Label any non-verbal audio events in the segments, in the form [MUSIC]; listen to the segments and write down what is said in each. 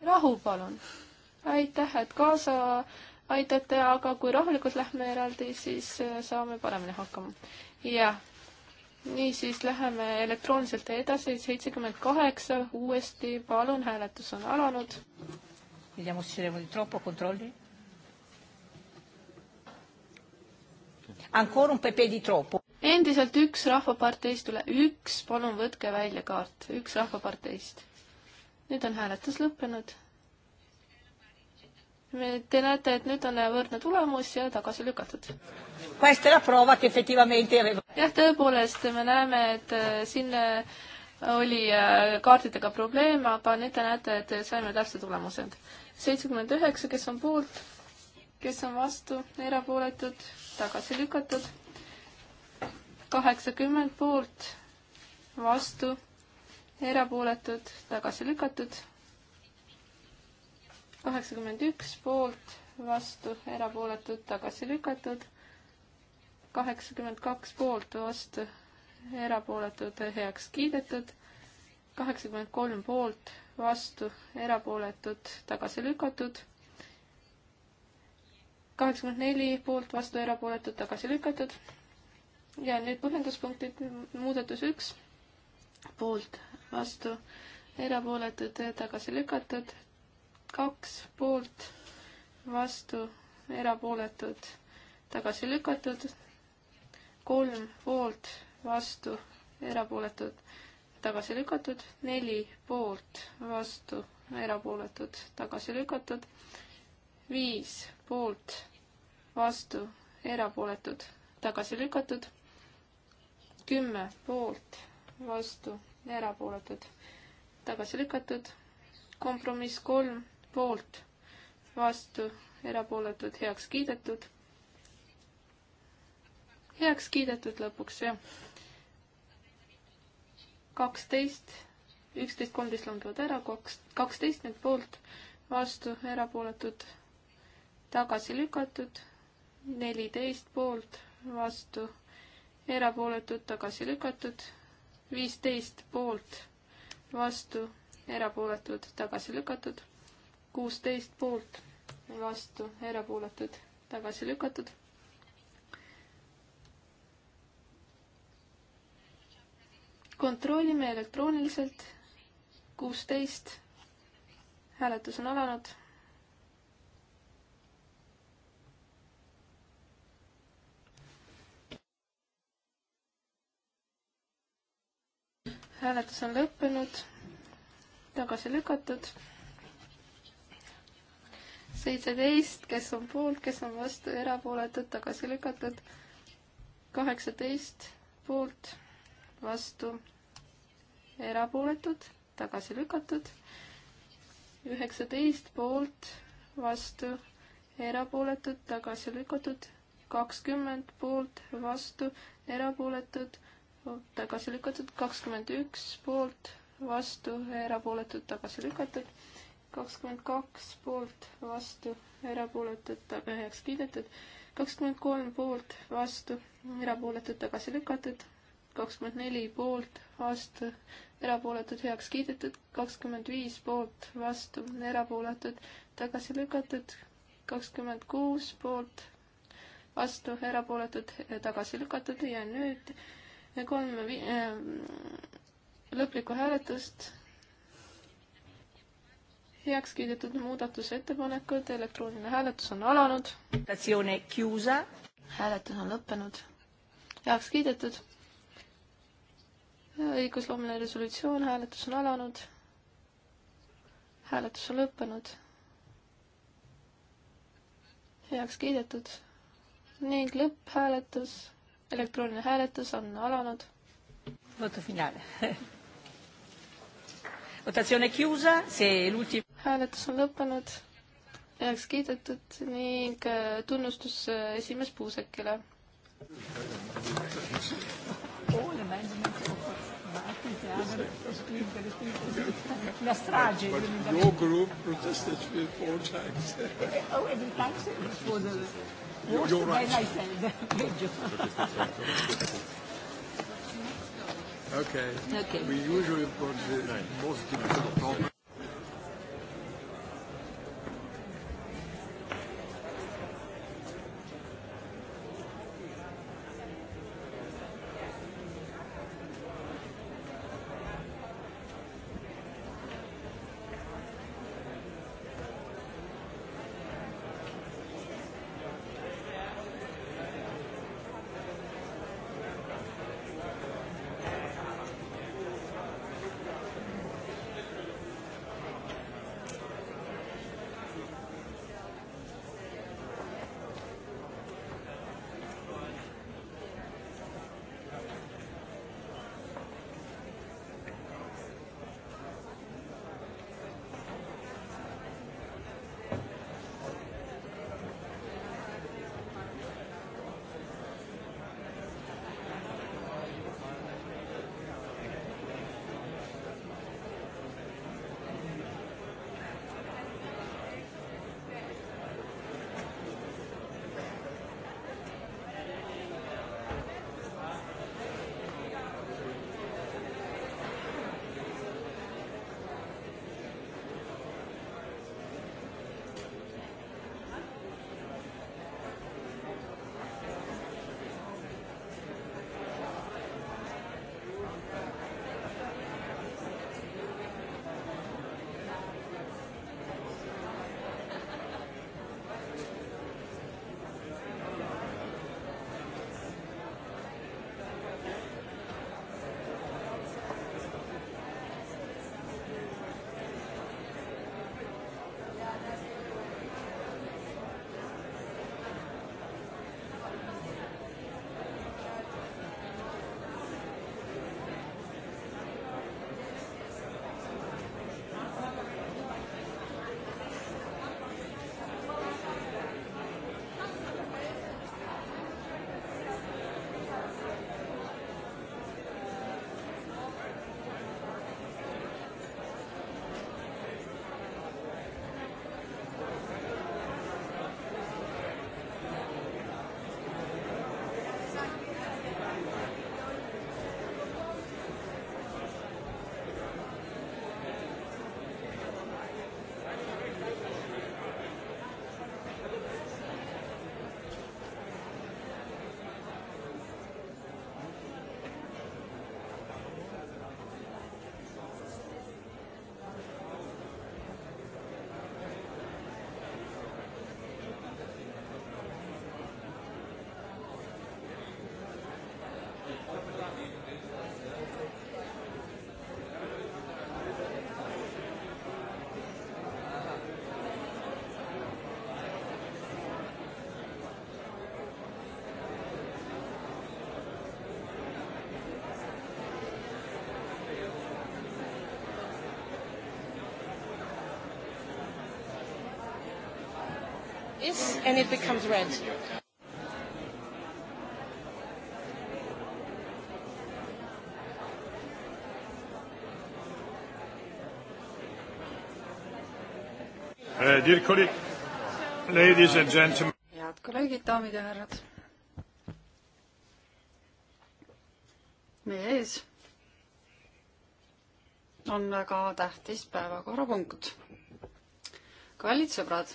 rahu, palun. aitäh, et kaasa aitate, aga kui rahulikult lähme eraldi, siis äh, saame paremini hakkama. jah, niisiis läheme elektrooniliselt edasi, seitsekümmend kaheksa uuesti, palun, hääletus on alanud. Vediamo se devo troppo controlli. Ancora un pepe di troppo. endiselt üks rahvaparteist üle, üks, palun võtke välja kaart, üks rahvaparteist nüüd on hääletus lõppenud. Te näete, et nüüd on võrdne tulemus ja tagasi lükatud. jah, tõepoolest me näeme, et äh, siin äh, oli äh, kaartidega probleeme, aga nüüd te näete, et saime täpse tulemused. seitsekümmend üheksa, kes on poolt, kes on vastu, erapooletud, tagasi lükatud. kaheksakümmend poolt, vastu erapooletud, tagasi lükatud. kaheksakümmend üks poolt, vastu, erapooletud, tagasi lükatud. kaheksakümmend kaks poolt, vastu, erapooletud, heaks kiidetud. kaheksakümmend kolm poolt, vastu, erapooletud, tagasi lükatud. kaheksakümmend neli poolt, vastu, erapooletud, tagasi lükatud. ja nüüd põhjenduspunktid, muudatus üks, poolt vastu, erapooletud, tagasi lükatud, kaks poolt, vastu, erapooletud, tagasi lükatud, kolm poolt, vastu, erapooletud, tagasi lükatud, neli poolt, vastu, erapooletud, tagasi lükatud, viis poolt, vastu, erapooletud, tagasi lükatud, kümme poolt, vastu, erapooletud, tagasi lükatud. kompromiss kolm, poolt, vastu, erapooletud, heaks kiidetud. heaks kiidetud lõpuks, jah. kaksteist, üksteist, kolmteist langevad ära, kaks, kaksteist nüüd poolt, vastu, erapooletud, tagasi lükatud, neliteist poolt, vastu, erapooletud, tagasi lükatud viisteist poolt, vastu, erapooletud, tagasi lükatud. kuusteist poolt, vastu, erapooletud, tagasi lükatud. kontrollime elektrooniliselt. kuusteist. hääletus on alanud hääletus on lõppenud, tagasi lükatud. seitseteist, kes on poolt, kes on vastu, erapooletud, tagasi lükatud. kaheksateist poolt, vastu, erapooletud, tagasi lükatud. üheksateist poolt, vastu, erapooletud, tagasi lükatud. kakskümmend poolt, vastu, erapooletud tagasi lükatud, kakskümmend üks poolt, vastu, erapooletud, tagasi lükatud, kakskümmend kaks poolt, vastu, erapooletud, heaks kiidetud, kakskümmend kolm poolt, vastu, erapooletud, tagasi lükatud, kakskümmend neli poolt, vastu, erapooletud, heaks kiidetud, kakskümmend viis poolt, vastu, erapooletud, tagasi lükatud, kakskümmend kuus poolt, vastu, erapooletud, tagasi lükatud ja nüüd kolm äh, lõplikku hääletust. heaks kiidetud muudatusettepanekud, elektrooniline hääletus on alanud. hääletus on lõppenud. heaks kiidetud. õigusloomine resolutsioon, hääletus on alanud. hääletus on lõppenud. heaks kiidetud ning lõpphääletus elektrooniline hääletus on alanud. Voto finale. [LAUGHS] Votatsioone chiusa, see l'ultim-. hääletus on lõppenud, heaks kiidetud ning äh, tunnustus äh, esimees Puusekile. La strage. But, but your group protested four times. oh, every time for the You're, you're right. Then I said, peggio. okay. okay. We usually put the most difficult problem. is and it becomes red. Uh, dear colleague, ladies and gentlemen. head kolleegid, daamid ja härrad. meie ees on väga tähtis päevakorrapunkt. kallid sõbrad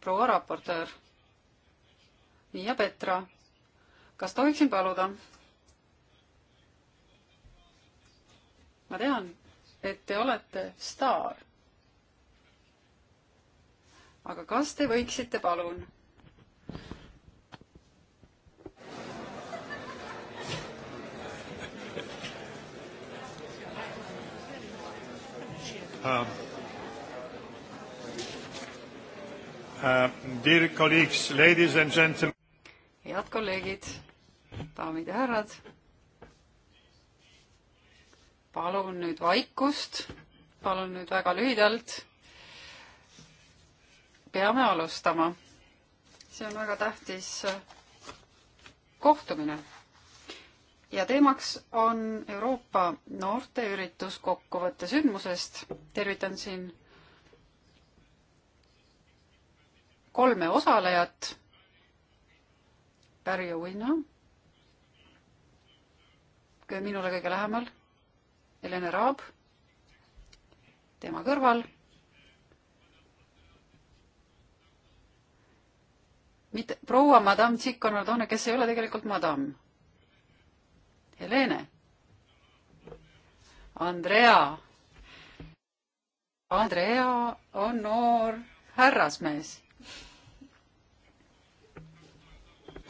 proua raportöör. Miia Petra, kas tohiksin paluda? ma tean, et te olete staar. aga kas te võiksite palun Um, Uh, dear colleagues, ladies and gentlemen. head kolleegid, daamid ja härrad. palun nüüd vaikust, palun nüüd väga lühidalt. peame alustama. see on väga tähtis uh, kohtumine. ja teemaks on Euroopa noorteüritus kokkuvõtte sündmusest. tervitan siin kolme osalejat. Pärju Winna, minule kõige lähemal, Helene Raab, tema kõrval. mitte proua madam Tšikonordone, kes ei ole tegelikult madam. Helene. Andrea. Andrea on noor härrasmees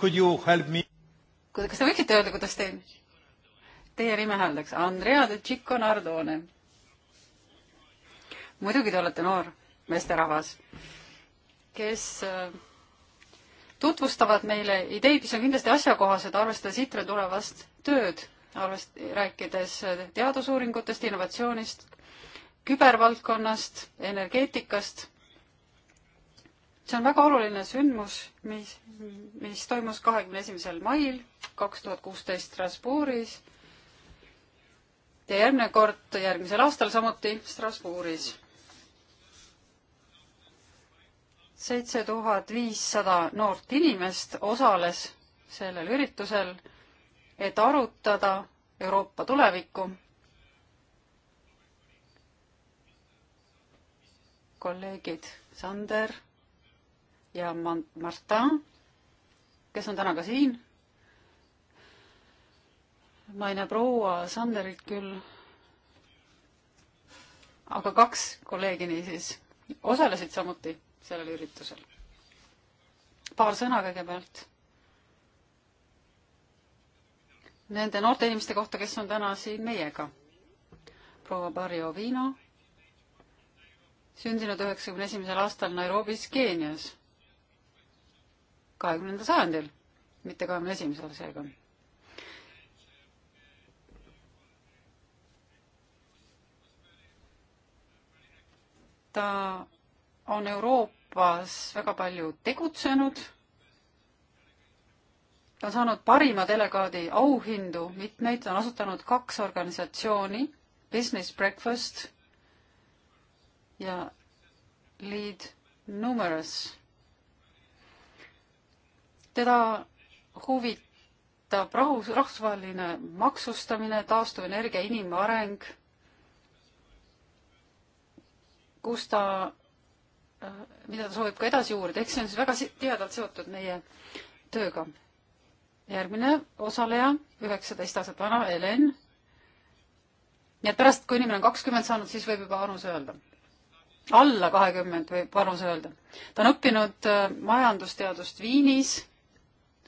Could you help me? kas te võiksite öelda, kuidas teil, teie nime hääldaks? Andrea de Chico Nardone. muidugi te olete noor meesterahvas, kes äh, tutvustavad meile ideid, mis on kindlasti asjakohased, arvestades ITRE tulevast tööd, arvest-, rääkides äh, teadusuuringutest, innovatsioonist, kübervaldkonnast, energeetikast see on väga oluline sündmus, mis, mis toimus kahekümne esimesel mail kaks tuhat kuusteist Strasbourgis ja järgmine kord järgmisel aastal samuti Strasbourgis. seitse tuhat viissada noort inimest osales sellel üritusel, et arutada Euroopa tulevikku. kolleegid Sander ja Martin, kes on täna ka siin. ma ei näe proua Sanderit küll. aga kaks kolleegi niisiis osalesid samuti sellel üritusel. paar sõna kõigepealt. Nende noorte inimeste kohta, kes on täna siin meiega. proua Barrio Vino, sündinud üheksakümne esimesel aastal Nairobis, Keenias kahekümnendal sajandil, mitte kahekümne esimesel seega. ta on Euroopas väga palju tegutsenud, ta on saanud parima delegaadi auhindu mitmeid, ta on asutanud kaks organisatsiooni, Business Breakfast ja Lead Numerous teda huvitab rahu, rahvusvaheline maksustamine, taastuvenergia, inimareng, kus ta, mida ta soovib ka edasi uurida, eks see on siis väga tihedalt seotud meie tööga. järgmine osaleja, üheksateist aastat vana, Helen. nii et pärast, kui inimene on kakskümmend saanud, siis võib juba vanuse öelda alla kahekümmend võib vanuse öelda. ta on õppinud äh, majandusteadust Viinis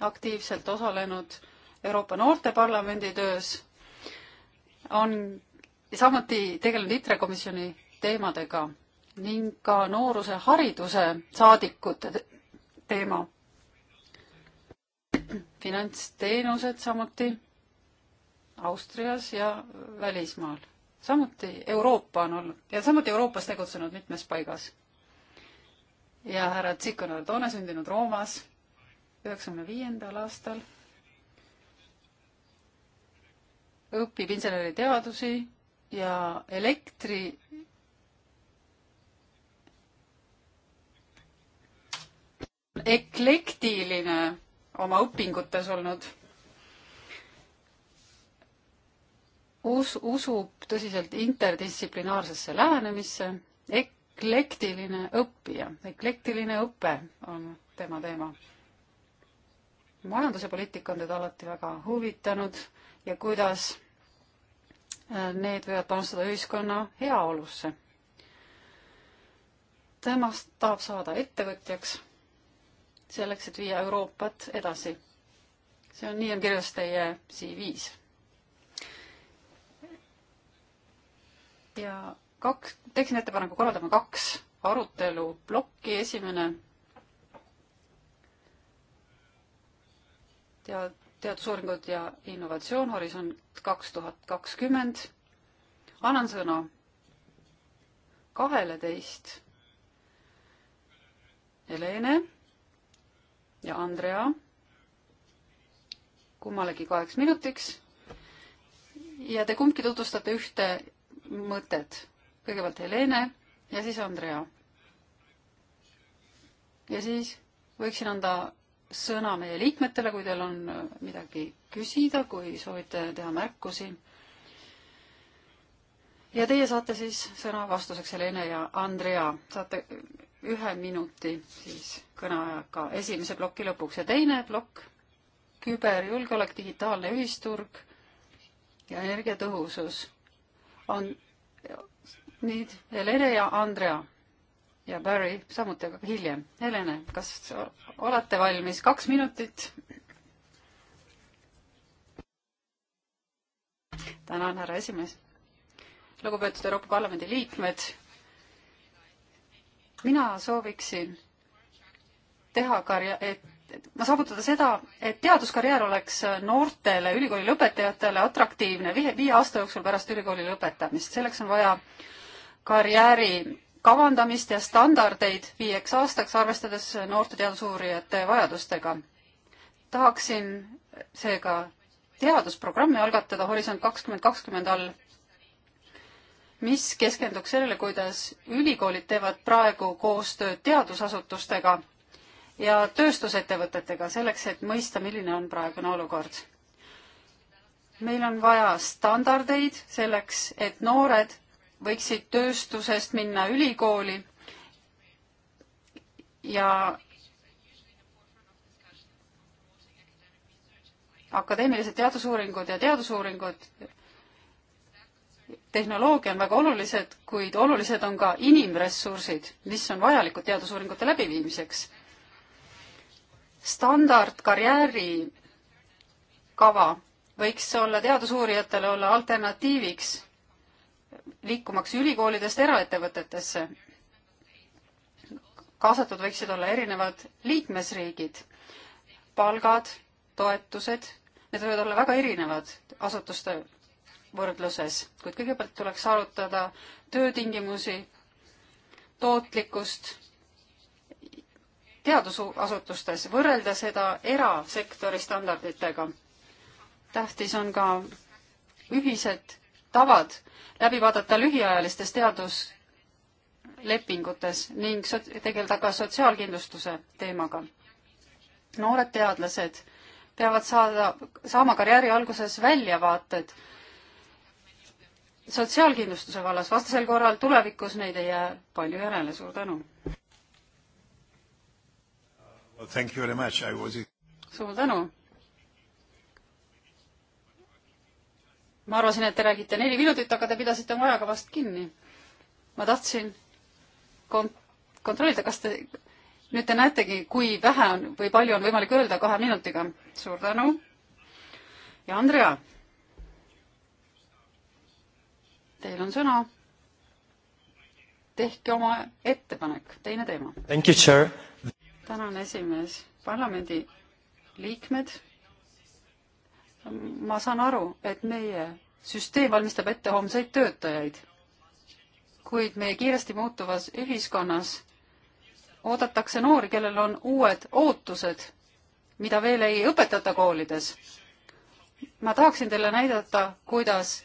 aktiivselt osalenud Euroopa Noorteparlamendi töös, on samuti tegelenud ITRE komisjoni teemadega ning ka nooruse hariduse saadikute teema. finantsteenused samuti Austrias ja välismaal. samuti Euroopa on olnud ja samuti Euroopas tegutsenud mitmes paigas. ja härra Tsikon on toona sündinud Roomas üheksakümne viiendal aastal õpib inseneriteadusi ja elektri eklektiline oma õpingutes olnud us-, usub tõsiselt interdistsiplinaarsesse lähenemisse, eklektiline õppija, eklektiline õpe on tema teema majanduse poliitika on teid alati väga huvitanud ja kuidas äh, need võivad panustada ühiskonna heaolusse. temast tahab saada ettevõtjaks, selleks, et viia Euroopat edasi. see on, nii on kirjas teie CV-s. ja kaks, teeksin ettepaneku korraldama kaks arutelu plokki, esimene tead-, teadusuuringud ja innovatsioon, Horisont kaks tuhat kakskümmend. annan sõna kaheleteist Helene ja Andrea kummalegi kaheks minutiks. ja te kumbki tutvustate ühte mõtet. kõigepealt Helene ja siis Andrea. ja siis võiksin anda sõna meie liikmetele, kui teil on äh, midagi küsida, kui soovite teha märkusi. ja teie saate siis sõna vastuseks, Helene ja Andrea, saate ühe minuti siis kõneajaga esimese ploki lõpuks ja teine plokk, küberjulgeolek, digitaalne ühisturg ja energiatõhusus on nüüd Helene ja Andrea ja Barry samuti, aga hiljem. Helene, kas olete valmis? kaks minutit. tänan, härra esimees. lugupeetud Euroopa Parlamendi liikmed. mina sooviksin teha karja-, et, et ma saavutada seda, et teaduskarjäär oleks noortele ülikooli lõpetajatele atraktiivne viie, viie aasta jooksul pärast ülikooli lõpetamist. selleks on vaja karjääri kavandamist ja standardeid viieks aastaks, arvestades noorte teadusuurijate vajadustega. tahaksin seega teadusprogrammi algatada Horisont kakskümmend kakskümmend all, mis keskenduks sellele, kuidas ülikoolid teevad praegu koostööd teadusasutustega ja tööstusettevõtetega selleks, et mõista, milline on praegune olukord. meil on vaja standardeid selleks, et noored võiksid tööstusest minna ülikooli ja akadeemilised teadusuuringud ja teadusuuringud, tehnoloogia on väga olulised, kuid olulised on ka inimressursid, mis on vajalikud teadusuuringute läbiviimiseks. standardkarjääri kava võiks olla teadusuurijatele olla alternatiiviks liikumaks ülikoolidest eraettevõtetesse. kaasatud võiksid olla erinevad liikmesriigid, palgad, toetused, need võivad olla väga erinevad asutuste võrdluses, kuid kõigepealt tuleks arutada töötingimusi, tootlikkust teadusasutustes, võrrelda seda erasektori standarditega. tähtis on ka ühised tavad läbi vaadata lühiajalistes teaduslepingutes ning tegeleda ka sotsiaalkindlustuse teemaga. noored teadlased peavad saada, saama karjääri alguses väljavaated sotsiaalkindlustuse vallas, vastasel korral tulevikus neid ei jää palju järele, suur tänu well,. suur tänu ma arvasin, et te räägite neli minutit, aga te pidasite oma ajaga vast kinni. ma tahtsin kont-, kontrollida, kas te, nüüd te näetegi, kui vähe on või palju on võimalik öelda kahe minutiga. suur tänu. ja Andrea. Teil on sõna. tehke oma ettepanek, teine teema. tänan, esimees. parlamendi liikmed ma saan aru, et meie süsteem valmistab ette homseid töötajaid, kuid meie kiiresti muutuvas ühiskonnas oodatakse noori, kellel on uued ootused, mida veel ei õpetata koolides. ma tahaksin teile näidata, kuidas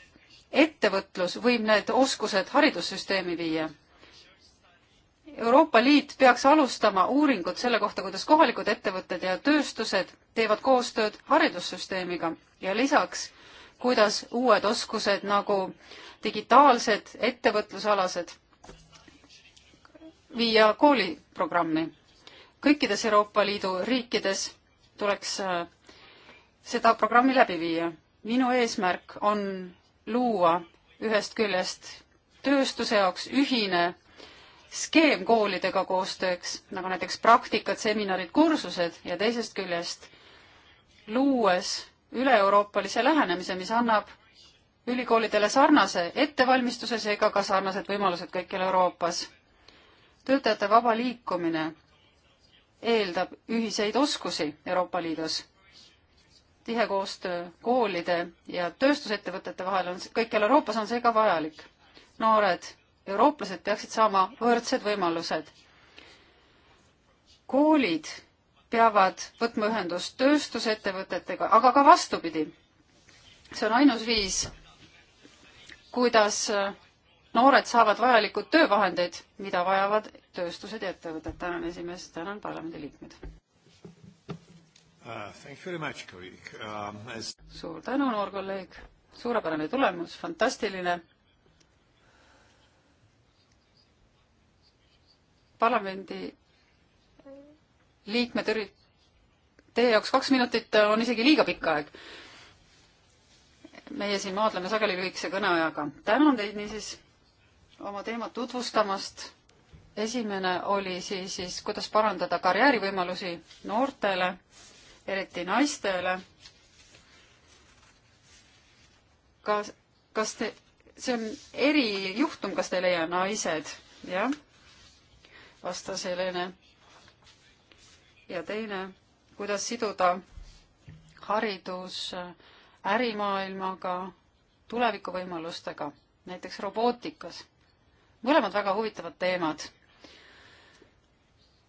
ettevõtlus võib need oskused haridussüsteemi viia Euroopa Liit peaks alustama uuringut selle kohta, kuidas kohalikud ettevõtted ja tööstused teevad koostööd haridussüsteemiga ja lisaks, kuidas uued oskused nagu digitaalsed ettevõtlusalased viia kooliprogrammi. kõikides Euroopa Liidu riikides tuleks äh, seda programmi läbi viia. minu eesmärk on luua ühest küljest tööstuse jaoks ühine skeem koolidega koostööks, nagu näiteks praktikad, seminarid, kursused ja teisest küljest luues üle-euroopalise lähenemise, mis annab ülikoolidele sarnase ettevalmistuse, seega ka sarnased võimalused kõikjal Euroopas. töötajate vaba liikumine eeldab ühiseid oskusi Euroopa Liidus. tihe koostöö koolide ja tööstusettevõtete vahel on, kõikjal Euroopas on seega vajalik. noored eurooplased peaksid saama võrdsed võimalused. koolid peavad võtma ühendust tööstusettevõtetega, aga ka vastupidi. see on ainus viis, kuidas äh, noored saavad vajalikud töövahendeid, mida vajavad tööstused ja ettevõtted. tänan esimees, tänan parlamendiliikmed uh,. Uh, as... suur tänu, noor kolleeg, suurepärane tulemus, fantastiline parlamendi liikmed ürit-, teie jaoks kaks minutit on isegi liiga pikk aeg. meie siin maadleme sageli lühikese kõneajaga. tänan teid niisiis oma teemat tutvustamast. esimene oli siis, siis kuidas parandada karjäärivõimalusi noortele, eriti naistele. kas, kas te, see on erijuhtum, kas te ei leia naised, jah? vastas Helene. ja teine, kuidas siduda haridus ärimaailmaga, tulevikuvõimalustega, näiteks robootikas. mõlemad väga huvitavad teemad.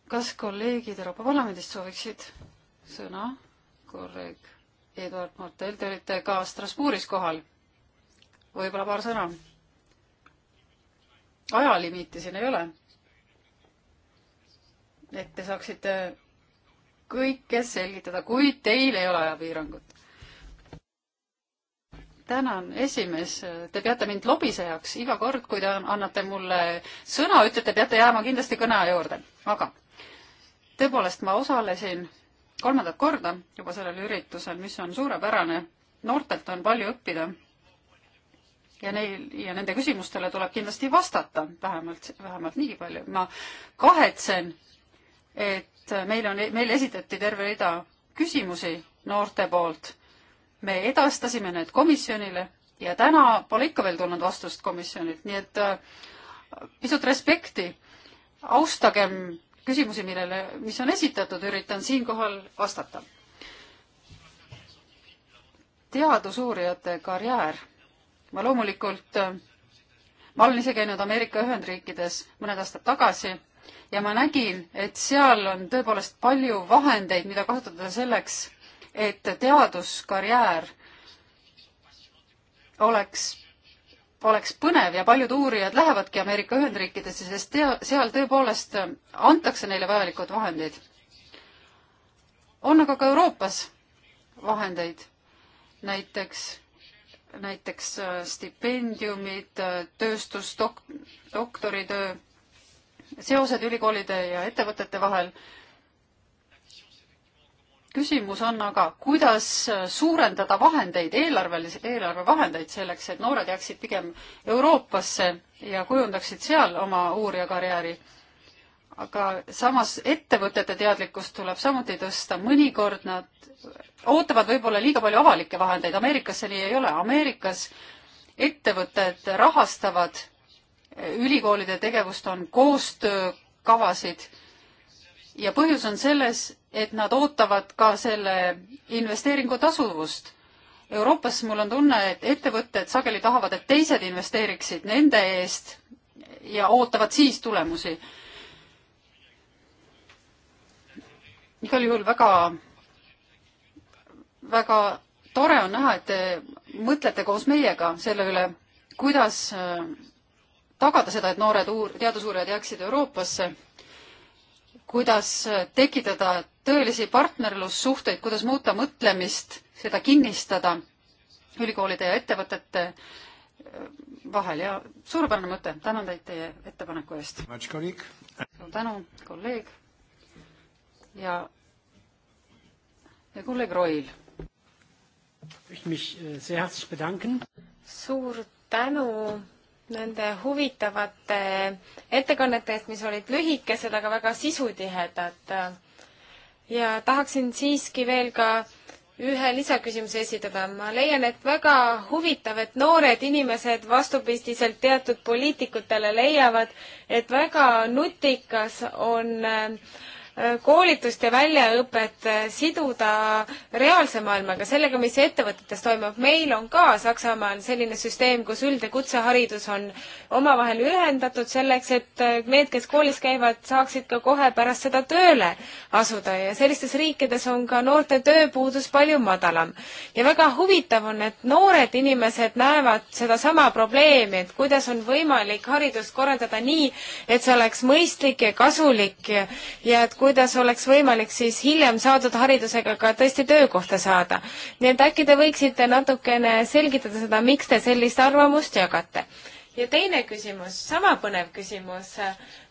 kas kolleegid Euroopa Parlamendist sooviksid sõna? kolleeg Eduard Martel, te olite ka Strasbourgis kohal. võib-olla paar sõna? ajalimiiti siin ei ole et te saaksite kõike selgitada, kuid teil ei ole ajapiirangut. tänan, esimees, te peate mind lobisejaks iga kord, kui te annate mulle sõna, ütlete, peate jääma kindlasti kõneaja juurde, aga tõepoolest, ma osalesin kolmandat korda juba sellel üritusel, mis on suurepärane. noortelt on palju õppida. ja neil ja nende küsimustele tuleb kindlasti vastata, vähemalt, vähemalt nii palju. ma kahetsen et meil on, meile esitati terve rida küsimusi noorte poolt. me edastasime need komisjonile ja täna pole ikka veel tulnud vastust komisjonilt, nii et äh, pisut respekti, austagem küsimusi, millele, mis on esitatud, üritan siinkohal vastata. teadusuurijate karjäär. ma loomulikult, äh, ma olen ise käinud Ameerika Ühendriikides mõned aastad tagasi ja ma nägin, et seal on tõepoolest palju vahendeid, mida kasutada selleks, et teaduskarjäär oleks, oleks põnev ja paljud uurijad lähevadki Ameerika Ühendriikidesse, sest tea-, seal tõepoolest antakse neile vajalikud vahendid. on aga ka Euroopas vahendeid, näiteks näiteks äh, stipendiumid, äh, tööstus, dok-, doktoritöö seosed ülikoolide ja ettevõtete vahel. küsimus on aga, kuidas suurendada vahendeid, eelarvelisi, eelarvevahendeid selleks, et noored jääksid pigem Euroopasse ja kujundaksid seal oma uurijakarjääri aga samas ettevõtete teadlikkust tuleb samuti tõsta, mõnikord nad ootavad võib-olla liiga palju avalikke vahendeid, Ameerikas see nii ei ole, Ameerikas ettevõtted rahastavad ülikoolide tegevust, on koostöökavasid ja põhjus on selles, et nad ootavad ka selle investeeringu tasuvust. Euroopas mul on tunne, et ettevõtted sageli tahavad, et teised investeeriksid nende eest ja ootavad siis tulemusi. igal juhul väga, väga tore on näha, et te mõtlete koos meiega selle üle, kuidas tagada seda, et noored uur-, teadusuurijad jääksid Euroopasse, kuidas äh, tekitada tõelisi partnerlussuhteid, kuidas muuta mõtlemist, seda kinnistada ülikoolide ja ettevõtete äh, vahel ja suurepärane mõte, tänan teid teie ettepaneku eest. suur tänu, kolleeg ja, ja kolleeg Roil. Äh, suur tänu nende huvitavate ettekannete eest, mis olid lühikesed, aga väga sisutihedad. ja tahaksin siiski veel ka ühe lisaküsimuse esitada. ma leian, et väga huvitav, et noored inimesed vastupidiselt teatud poliitikutele leiavad, et väga nutikas on äh, koolitust ja väljaõpet siduda reaalse maailmaga, sellega, mis ettevõtetes toimub. meil on ka Saksamaal selline süsteem, kus üld- ja kutseharidus on omavahel ühendatud selleks, et need, kes koolis käivad, saaksid ka kohe pärast seda tööle asuda ja sellistes riikides on ka noorte tööpuudus palju madalam. ja väga huvitav on, et noored inimesed näevad sedasama probleemi, et kuidas on võimalik haridust korraldada nii, et see oleks mõistlik ja kasulik ja et kui kuidas oleks võimalik siis hiljem saadud haridusega ka tõesti töökohta saada. nii et äkki te võiksite natukene selgitada seda, miks te sellist arvamust jagate? ja teine küsimus, sama põnev küsimus.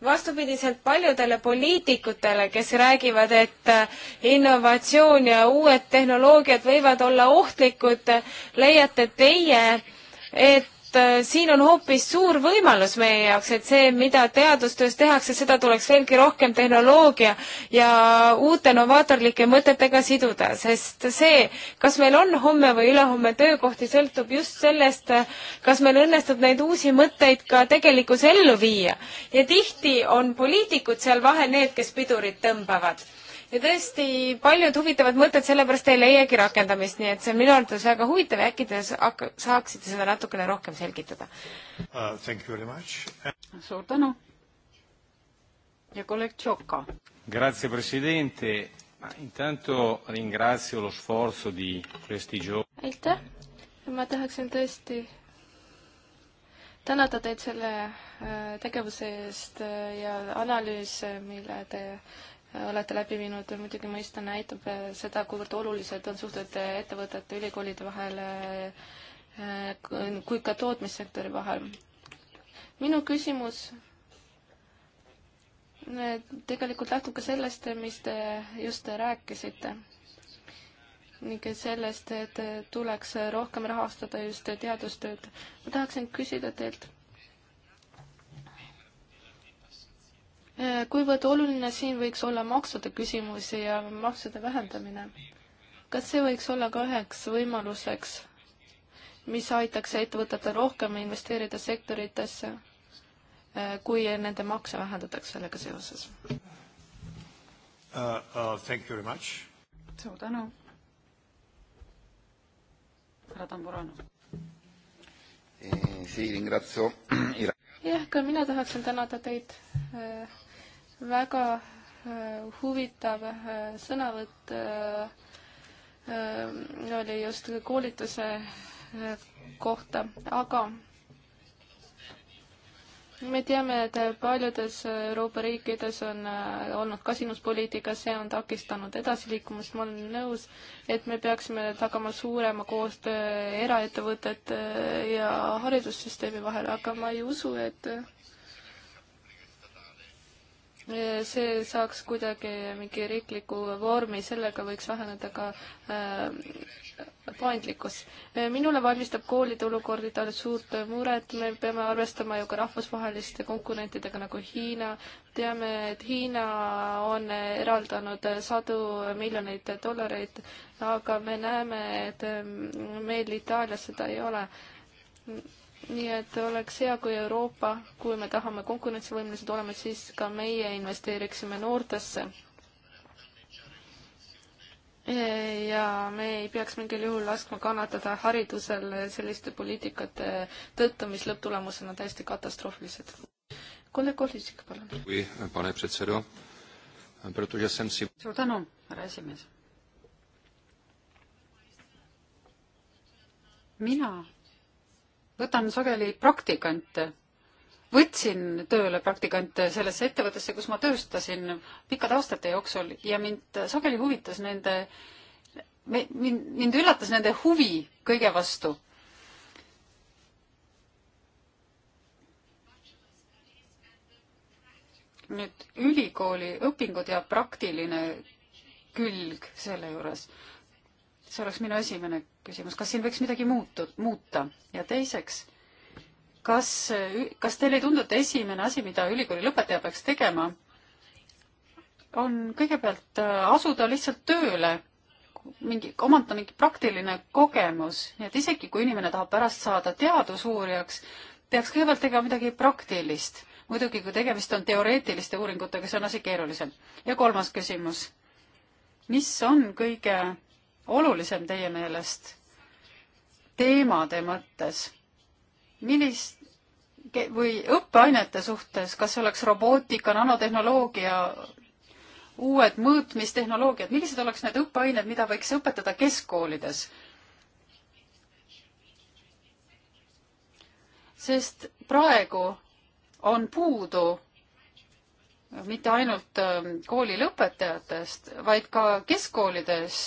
vastupidiselt paljudele poliitikutele, kes räägivad, et innovatsioon ja uued tehnoloogiad võivad olla ohtlikud, leiate teie, et Äh, siin on hoopis suur võimalus meie jaoks, et see, mida teadustöös tehakse, seda tuleks veelgi rohkem tehnoloogia ja uute novaatorlike mõtetega siduda, sest see, kas meil on homme või ülehomme töökohti, sõltub just sellest, äh, kas meil õnnestub neid uusi mõtteid ka tegelikkus ellu viia. ja tihti on poliitikud seal vahel need, kes pidurit tõmbavad ja tõesti paljud huvitavad mõtted sellepärast ei leiagi rakendamist, nii et see on minu arvates väga huvitav ja äkki te saaksite seda natukene rohkem selgitada uh,. suur tänu. ja kolleeg Tšoka. Grazie presidente, intanto ringrazio lo sforzo di questi giorni. aitäh, ma tahaksin tõesti tänada teid selle äh, tegevuse eest äh, ja analüüse, mille te olete läbi viinud, muidugi mõista näitab äh, seda, kuivõrd olulised on suhted äh, ettevõtete, ülikoolide vahel äh, kui ka tootmissektori vahel. minu küsimus tegelikult lähtub ka sellest, mis te just rääkisite. ning sellest, et tuleks rohkem rahastada just teadustööd. ma tahaksin küsida teilt Äh, kuivõrd oluline siin võiks olla maksude küsimus ja maksude vähendamine? kas see võiks olla ka üheks võimaluseks, mis aitaks ettevõtetel rohkem investeerida sektoritesse, äh, kui nende makse vähendatakse sellega seoses uh,? Uh, thank you very much. suur tänu. härra Tamburano. Eh, [CLEARS THROAT] jah, ka mina tahaksin tänada teid äh, väga äh, huvitav äh, sõnavõtt äh, oli just koolituse kohta, aga me teame, et paljudes Euroopa riikides on olnud kasinuspoliitika, see on takistanud edasiliikumist, ma olen nõus, et me peaksime tagama suurema koostöö eraettevõtete ja haridussüsteemi vahel, aga ma ei usu, et see saaks kuidagi mingi riikliku vormi, sellega võiks väheneda ka äh, paindlikkus. minule valmistab koolide olukord Itaalias suurt muret, me peame arvestama ju ka rahvusvaheliste konkurentidega nagu Hiina. teame, et Hiina on eraldanud sadu miljoneid dollareid, aga me näeme, et mm, meil Itaalias seda ei ole nii et oleks hea, kui Euroopa, kui me tahame konkurentsivõimelised olema, siis ka meie investeeriksime noortesse. ja me ei peaks mingil juhul laskma kannatada haridusel selliste poliitikate tõttu, mis lõpptulemusena täiesti katastroofilised. kolleeg Ohlitsik, palun. kui paneb Setserio, Bertuja Sensi. suur tänu, härra esimees. mina võtan sageli praktikante. võtsin tööle praktikante sellesse ettevõttesse, kus ma töötasin pikkade aastate jooksul ja mind sageli huvitas nende, mind, mind üllatas nende huvi kõige vastu nüüd ülikooli õpingud ja praktiline külg selle juures see oleks minu esimene küsimus, kas siin võiks midagi muutu-, muuta ja teiseks, kas, kas teile ei tundu, et esimene asi, mida ülikooli lõpetaja peaks tegema, on kõigepealt äh, asuda lihtsalt tööle, mingi, omandada mingi praktiline kogemus, nii et isegi kui inimene tahab pärast saada teadusuurijaks, peaks kõigepealt tegema midagi praktilist. muidugi, kui tegemist on teoreetiliste uuringutega, see on asi keerulisem. ja kolmas küsimus, mis on kõige olulisem teie meelest teemade mõttes? millist või õppeainete suhtes, kas oleks robootika, nanotehnoloogia, uued mõõtmistehnoloogiad, millised oleks need õppeained, mida võiks õpetada keskkoolides? sest praegu on puudu mitte ainult ähm, kooli lõpetajatest, vaid ka keskkoolides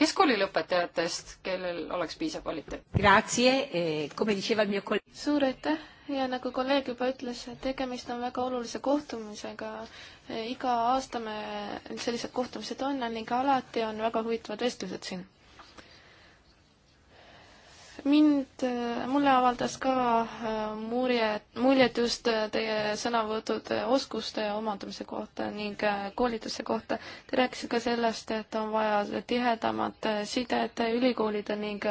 keskkoolilõpetajatest, kellel oleks piisav kvaliteet. Eh, suur aitäh ja nagu kolleeg juba ütles, tegemist on väga olulise kohtumisega. Eh, iga aasta me sellised kohtumised on ning alati on väga huvitavad vestlused siin mind, äh, mulle avaldas ka äh, mulje, muljet just äh, teie sõnavõtud oskuste omandamise kohta ning koolituse kohta. Te rääkisite ka sellest, et on vaja tihedamat sidet ülikoolide ning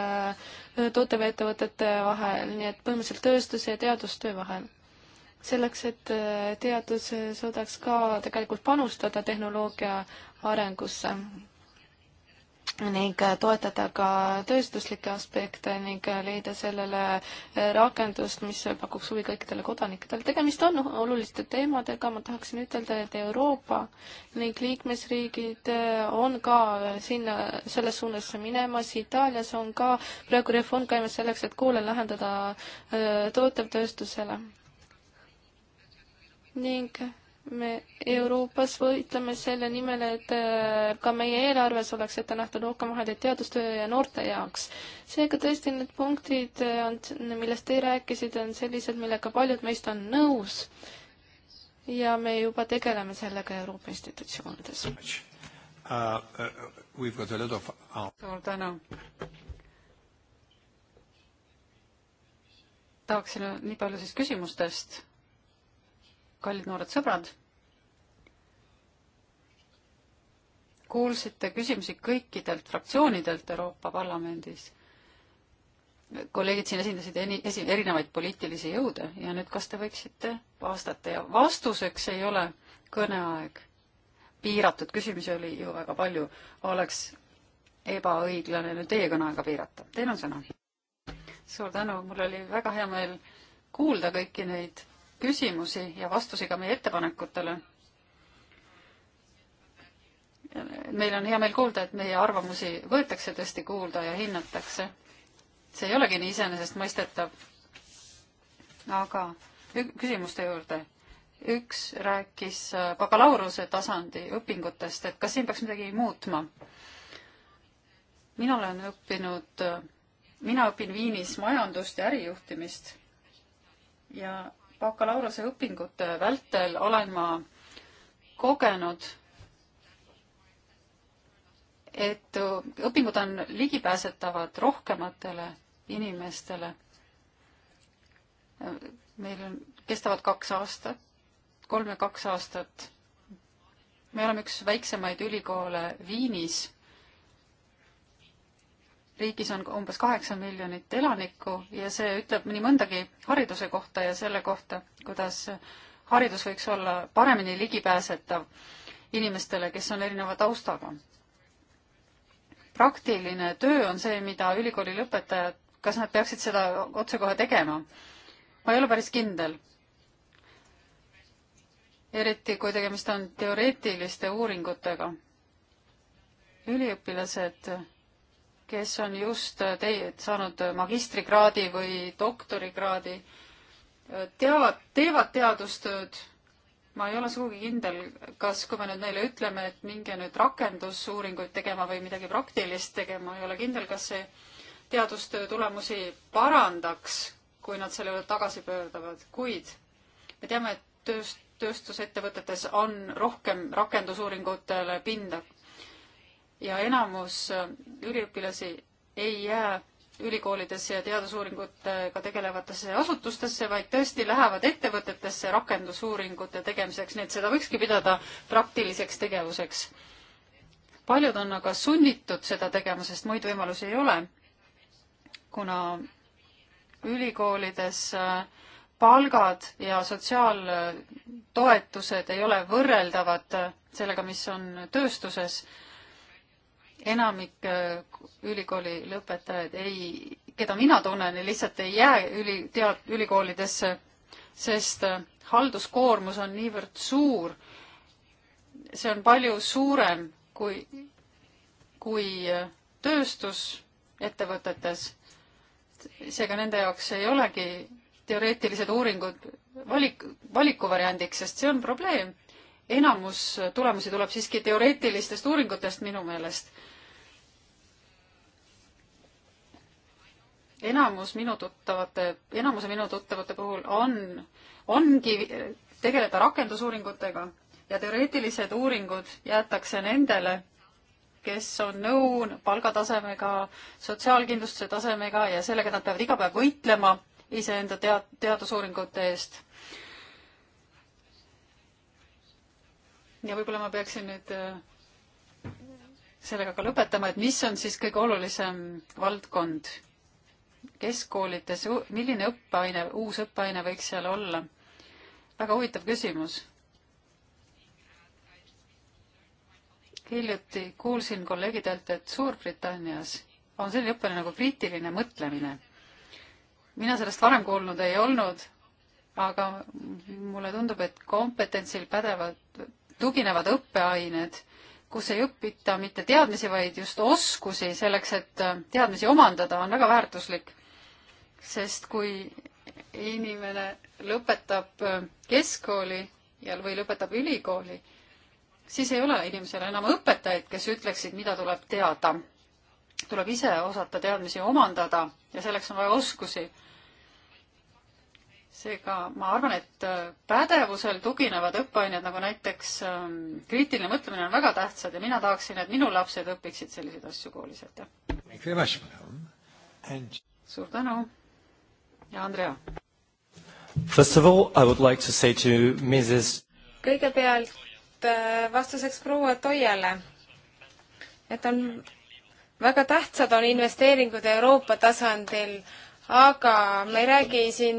tootevettevõtete vahel, nii et põhimõtteliselt tööstuse ja teadustöö vahel. selleks, et teadus suudaks ka tegelikult panustada tehnoloogia arengusse ning toetada ka tööstuslikke aspekte ning leida sellele rakendust, mis pakuks huvi kõikidele kodanikele. tegemist on oluliste teemadega, ma tahaksin ütelda, et Euroopa ning liikmesriigid on ka sinna, selles suunas minemas. Itaalias on ka praegu reform käimas selleks, et koole lahendada äh, tootevtööstusele. ning me Euroopas võitleme selle nimel, et äh, ka meie eelarves oleks ette nähtud rohkem vahendeid teadustöö ja noorte jaoks. seega tõesti need punktid, äh, millest te rääkisite, on sellised, millega paljud meist on nõus. ja me juba tegeleme sellega Euroopa institutsioonides. Uh, uh, uh, suur tänu. tahaksin nii palju siis küsimustest kallid noored sõbrad. kuulsite küsimusi kõikidelt fraktsioonidelt Euroopa Parlamendis. kolleegid siin esindasid eni-, esi-, erinevaid poliitilisi jõude ja nüüd kas te võiksite vastata ja vastuseks ei ole kõneaeg piiratud, küsimusi oli ju väga palju, oleks ebaõiglane nüüd teie kõneaega piirata. Teil on sõna. suur tänu, mul oli väga hea meel kuulda kõiki neid küsimusi ja vastusi ka meie ettepanekutele meil on hea meel kuulda, et meie arvamusi võetakse tõesti kuulda ja hinnatakse. see ei olegi nii iseenesestmõistetav. aga küsimuste juurde. üks rääkis äh, bakalaureuse tasandi õpingutest, et kas siin peaks midagi muutma? mina olen õppinud, äh, mina õpin Viinis majandust ja ärijuhtimist ja bakalaureuse õpingute vältel olen ma kogenud et äh, õpingud on ligipääsetavad rohkematele inimestele. Äh, meil on, kestavad kaks aastat, kolm ja kaks aastat. me oleme üks väiksemaid ülikoole Viinis. riigis on umbes kaheksa miljonit elanikku ja see ütleb nii mõndagi hariduse kohta ja selle kohta, kuidas haridus võiks olla paremini ligipääsetav inimestele, kes on erineva taustaga praktiline töö on see, mida ülikooli lõpetajad, kas nad peaksid seda otsekohe tegema? ma ei ole päris kindel. eriti, kui tegemist on teoreetiliste uuringutega. üliõpilased, kes on just tei-, saanud magistrikraadi või doktorikraadi, teavad, teevad teadustööd ma ei ole sugugi kindel, kas, kui me nüüd neile ütleme, et minge nüüd rakendusuuringuid tegema või midagi praktilist tegema, ei ole kindel, kas see teadustöö tulemusi parandaks, kui nad selle juurde tagasi pöörduvad, kuid me teame, et tööst-, tööstusettevõtetes on rohkem rakendusuuringutele pinda ja enamus äh, üliõpilasi ei jää ülikoolidesse ja teadusuuringutega tegelevatesse asutustesse, vaid tõesti lähevad ettevõtetesse rakendusuuringute tegemiseks, nii et seda võikski pidada praktiliseks tegevuseks. paljud on aga sunnitud seda tegema, sest muid võimalusi ei ole, kuna ülikoolides äh, palgad ja sotsiaaltoetused ei ole võrreldavad sellega, mis on tööstuses enamik äh, ülikooli lõpetajaid ei, keda mina tunnen, lihtsalt ei jää üli, tead, ülikoolidesse, sest äh, halduskoormus on niivõrd suur. see on palju suurem kui, kui äh, tööstusettevõtetes. seega nende jaoks ei olegi teoreetilised uuringud valik, valikuvariandiks, sest see on probleem enamus tulemusi tuleb siiski teoreetilistest uuringutest minu meelest. enamus minu tuttavate, enamuse minu tuttavate puhul on, ongi tegeleda rakendusuuringutega ja teoreetilised uuringud jäetakse nendele, kes on nõun palgatasemega, sotsiaalkindlustuse tasemega ja sellega nad peavad iga päev võitlema iseenda tead-, teadusuuringute eest ja võib-olla ma peaksin nüüd äh, sellega ka lõpetama, et mis on siis kõige olulisem valdkond keskkoolides, milline õppeaine, uus õppeaine võiks seal olla? väga huvitav küsimus. hiljuti kuulsin kolleegidelt, et Suurbritannias on selline õppeaine nagu kriitiline mõtlemine. mina sellest varem kuulnud ei olnud, aga mulle tundub, et kompetentsil pädevad, tuginevad õppeained, kus ei õpita mitte teadmisi, vaid just oskusi selleks, et äh, teadmisi omandada, on väga väärtuslik. sest kui inimene lõpetab äh, keskkooli ja, või lõpetab ülikooli, siis ei ole inimesel enam õpetajaid, kes ütleksid, mida tuleb teada. tuleb ise osata teadmisi omandada ja selleks on vaja oskusi seega ma arvan, et äh, pädevusel tuginevad õppeained nagu näiteks ähm, kriitiline mõtlemine on väga tähtsad ja mina tahaksin, et minu lapsed õpiksid selliseid asju koolis, aitäh. suur tänu ja Andrea. First of all I would like to say to Mrs. kõigepealt äh, vastuseks proua Toiale, et on väga tähtsad on investeeringud Euroopa tasandil aga me ei räägi siin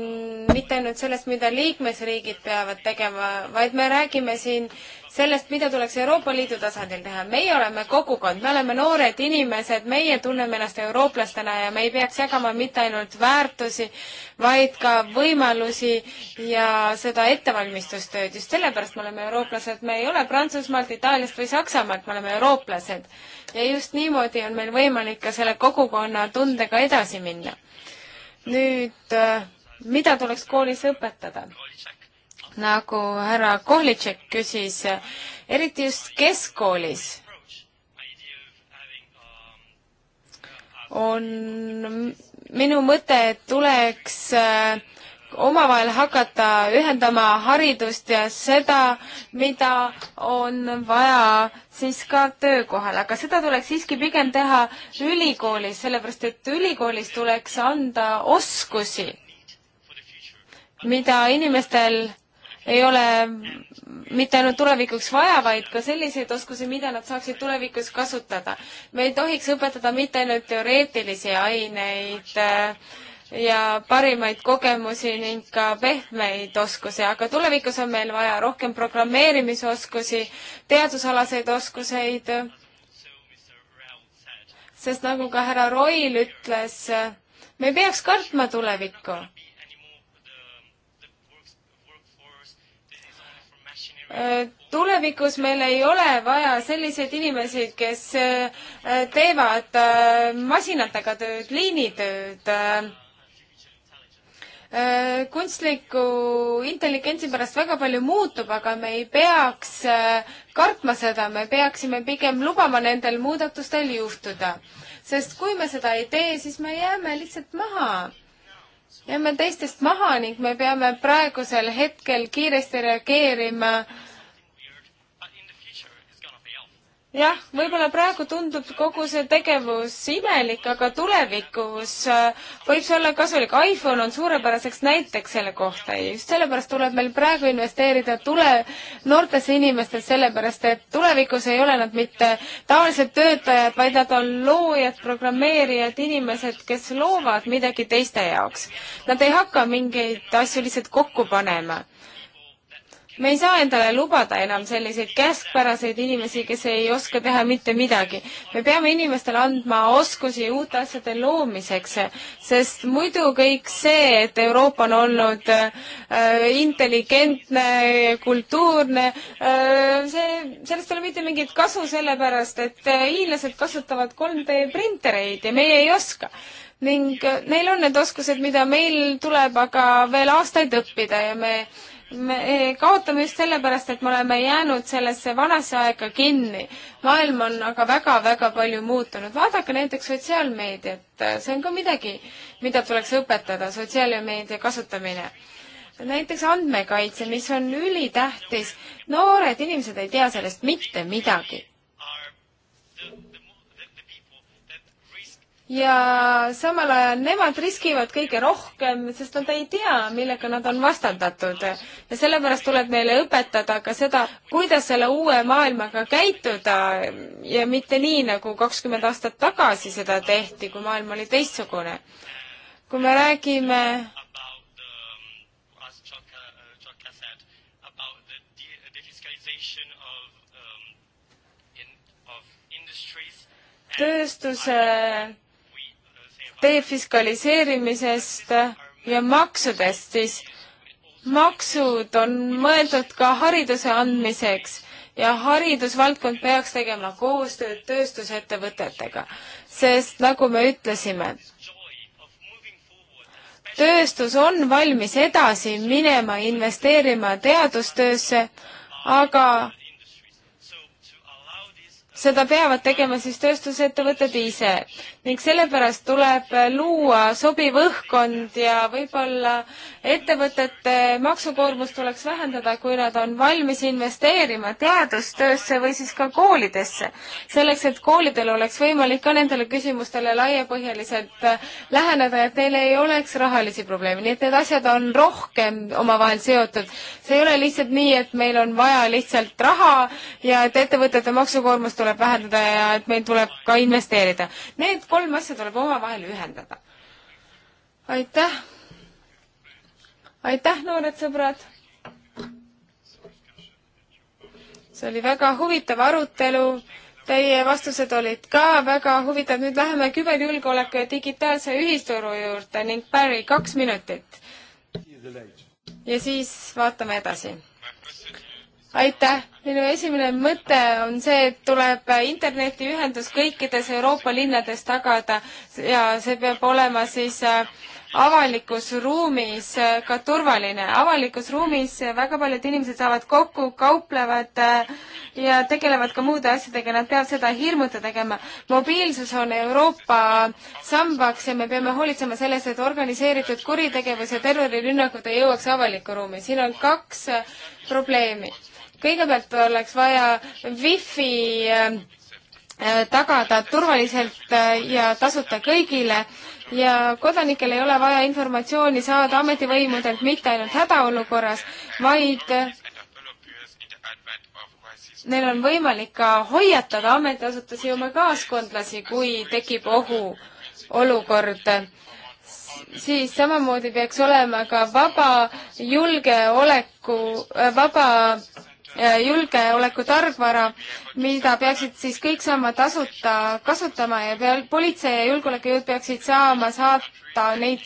mitte ainult sellest, mida liikmesriigid peavad tegema, vaid me räägime siin sellest, mida tuleks Euroopa Liidu tasandil teha. meie oleme kogukond, me oleme noored inimesed, meie tunneme ennast eurooplastena ja me ei peaks jagama mitte ainult väärtusi, vaid ka võimalusi ja seda ettevalmistustööd. just sellepärast me oleme eurooplased, me ei ole Prantsusmaalt, Itaaliast või Saksamaalt, me oleme eurooplased. ja just niimoodi on meil võimalik ka selle kogukonna tundega edasi minna nüüd, äh, mida tuleks koolis õpetada? nagu härra Kohlitšek küsis, eriti just keskkoolis on minu mõte, et tuleks äh, omavahel hakata ühendama haridust ja seda, mida on vaja siis ka töökohal, aga seda tuleks siiski pigem teha ülikoolis, sellepärast et ülikoolis tuleks anda oskusi, mida inimestel ei ole mitte ainult tulevikuks vaja, vaid ka selliseid oskusi, mida nad saaksid tulevikus kasutada. me ei tohiks õpetada mitte ainult teoreetilisi aineid äh, ja parimaid kogemusi ning ka pehmeid oskusi, aga tulevikus on meil vaja rohkem programmeerimisoskusi, teadusalaseid oskuseid, sest nagu ka härra Roil ütles, me ei peaks kartma tulevikku. tulevikus meil ei ole vaja selliseid inimesi, kes eh, teevad eh, masinatega tööd, liinitööd Äh, kunstliku intelligentsi pärast väga palju muutub, aga me ei peaks äh, kartma seda, me peaksime pigem lubama nendel muudatustel juhtuda. sest kui me seda ei tee, siis me jääme lihtsalt maha. jääme teistest maha ning me peame praegusel hetkel kiiresti reageerima äh, jah, võib-olla praegu tundub kogu see tegevus imelik, aga tulevikus äh, võib see olla kasulik. iPhone on suurepäraseks näiteks selle kohta ja just sellepärast tuleb meil praegu investeerida tule, noortesse inimestesse, sellepärast et tulevikus ei ole nad mitte tavalised töötajad, vaid nad on loojad, programmeerijad, inimesed, kes loovad midagi teiste jaoks. Nad ei hakka mingeid asju lihtsalt kokku panema me ei saa endale lubada enam selliseid käskpäraseid inimesi, kes ei oska teha mitte midagi. me peame inimestele andma oskusi uute asjade loomiseks, sest muidu kõik see, et Euroopa on olnud äh, intelligentne, kultuurne äh,, see, sellest ei ole mitte mingit kasu, sellepärast et äh, hiinlased kasutavad 3D printereid ja meie ei oska ning äh, neil on need oskused, mida meil tuleb aga veel aastaid õppida ja me me kaotame just sellepärast, et me oleme jäänud sellesse vanasse aega kinni. maailm on aga väga-väga palju muutunud. vaadake näiteks sotsiaalmeediat, see on ka midagi, mida tuleks õpetada, sotsiaalmeedia kasutamine. näiteks andmekaitse, mis on ülitähtis. noored inimesed ei tea sellest mitte midagi ja samal ajal nemad riskivad kõige rohkem, sest nad ei tea, millega nad on vastandatud. ja sellepärast tuleb neile õpetada ka seda, kuidas selle uue maailmaga käituda ja mitte nii, nagu kakskümmend aastat tagasi seda tehti, kui maailm oli teistsugune. kui me räägime tööstuse defiskaliseerimisest ja maksudest, siis maksud on mõeldud ka hariduse andmiseks ja haridusvaldkond peaks tegema koostööd tööstusettevõtetega, sest nagu me ütlesime, tööstus on valmis edasi minema, investeerima teadustöösse, aga seda peavad tegema siis tööstusettevõtted ise ning sellepärast tuleb luua sobiv õhkkond ja võib-olla ettevõtete maksukoormust tuleks vähendada, kui nad on valmis investeerima teadustöösse või siis ka koolidesse. selleks, et koolidel oleks võimalik ka nendele küsimustele laiapõhjaliselt läheneda, et neil ei oleks rahalisi probleeme, nii et need asjad on rohkem omavahel seotud. see ei ole lihtsalt nii, et meil on vaja lihtsalt raha ja et ettevõtete maksukoormus tuleb tuleb vähendada ja et meil tuleb ka investeerida. Need kolm asja tuleb omavahel ühendada. aitäh! aitäh, noored sõbrad! see oli väga huvitav arutelu. Teie vastused olid ka väga huvitavad. nüüd läheme küberjulgeoleku ja digitaalse ühisturu juurde ning Barry, kaks minutit. ja siis vaatame edasi aitäh, minu esimene mõte on see, et tuleb internetiühendus kõikides Euroopa linnades tagada ja see peab olema siis äh, avalikus ruumis äh, ka turvaline. avalikus ruumis äh, väga paljud inimesed saavad kokku, kauplevad ja tegelevad ka muude asjadega, nad peavad seda hirmuta tegema. mobiilsus on Euroopa sambaks ja me peame hoolitsema selles, et organiseeritud kuritegevus ja terrorirünnakud ei jõuaks avalikku ruumi. siin on kaks probleemi kõigepealt oleks vaja wifi äh, äh, tagada turvaliselt äh, ja tasuta kõigile ja kodanikel ei ole vaja informatsiooni saada ametivõimudelt mitte ainult hädaolukorras, vaid neil on võimalik ka hoiatada ametiasutusi oma kaaskondlasi, kui tekib ohuolukord. siis samamoodi peaks olema ka vaba julgeoleku, vaba Äh, julgeolekutarkvara, mida peaksid siis kõik saama tasuta kasutama ja peal, politsei ja julgeolekujõud peaksid saama saata neid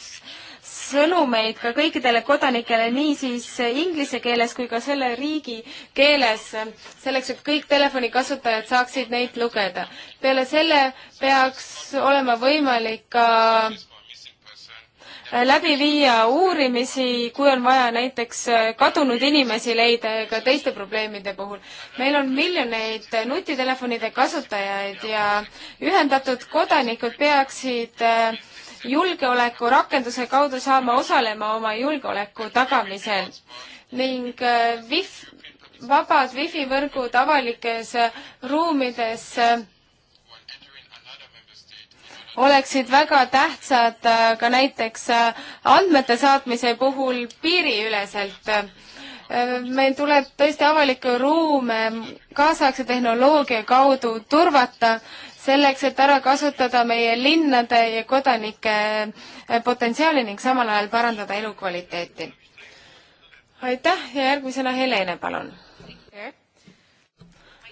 sõnumeid ka kõikidele kodanikele nii siis inglise keeles kui ka selle riigi keeles, selleks et kõik telefonikasutajad saaksid neid lugeda. peale selle peaks olema võimalik ka äh, läbi viia uurimisi, kui on vaja näiteks äh, kadunud inimesi leida ja ka teiste probleemide puhul. meil on miljoneid nutitelefonide kasutajaid ja ühendatud kodanikud peaksid äh, julgeoleku rakenduse kaudu saama osalema oma julgeoleku tagamisel ning VIF, äh, vabad wifi võrgud avalikes ruumides oleksid väga tähtsad äh, ka näiteks äh, andmete saatmise puhul piiriüleselt. Äh, meil tuleb tõesti avalikku ruume kaasaegse tehnoloogia kaudu turvata, selleks, et ära kasutada meie linnade ja kodanike potentsiaali ning samal ajal parandada elukvaliteeti. aitäh ja järgmisena Helene, palun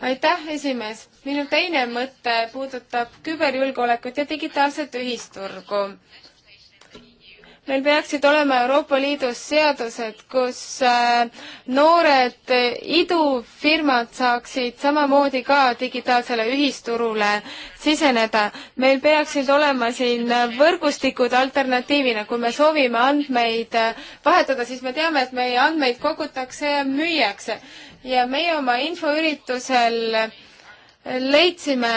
aitäh, esimees. minu teine mõte puudutab küberjulgeolekut ja digitaalset ühisturgu. meil peaksid olema Euroopa Liidus seadused, kus äh, noored äh, idufirmad saaksid samamoodi ka digitaalsele ühisturule siseneda. meil peaksid olema siin võrgustikud alternatiivina, kui me soovime andmeid äh, vahetada, siis me teame, et meie andmeid kogutakse ja müüakse ja meie oma infoüritusel leidsime,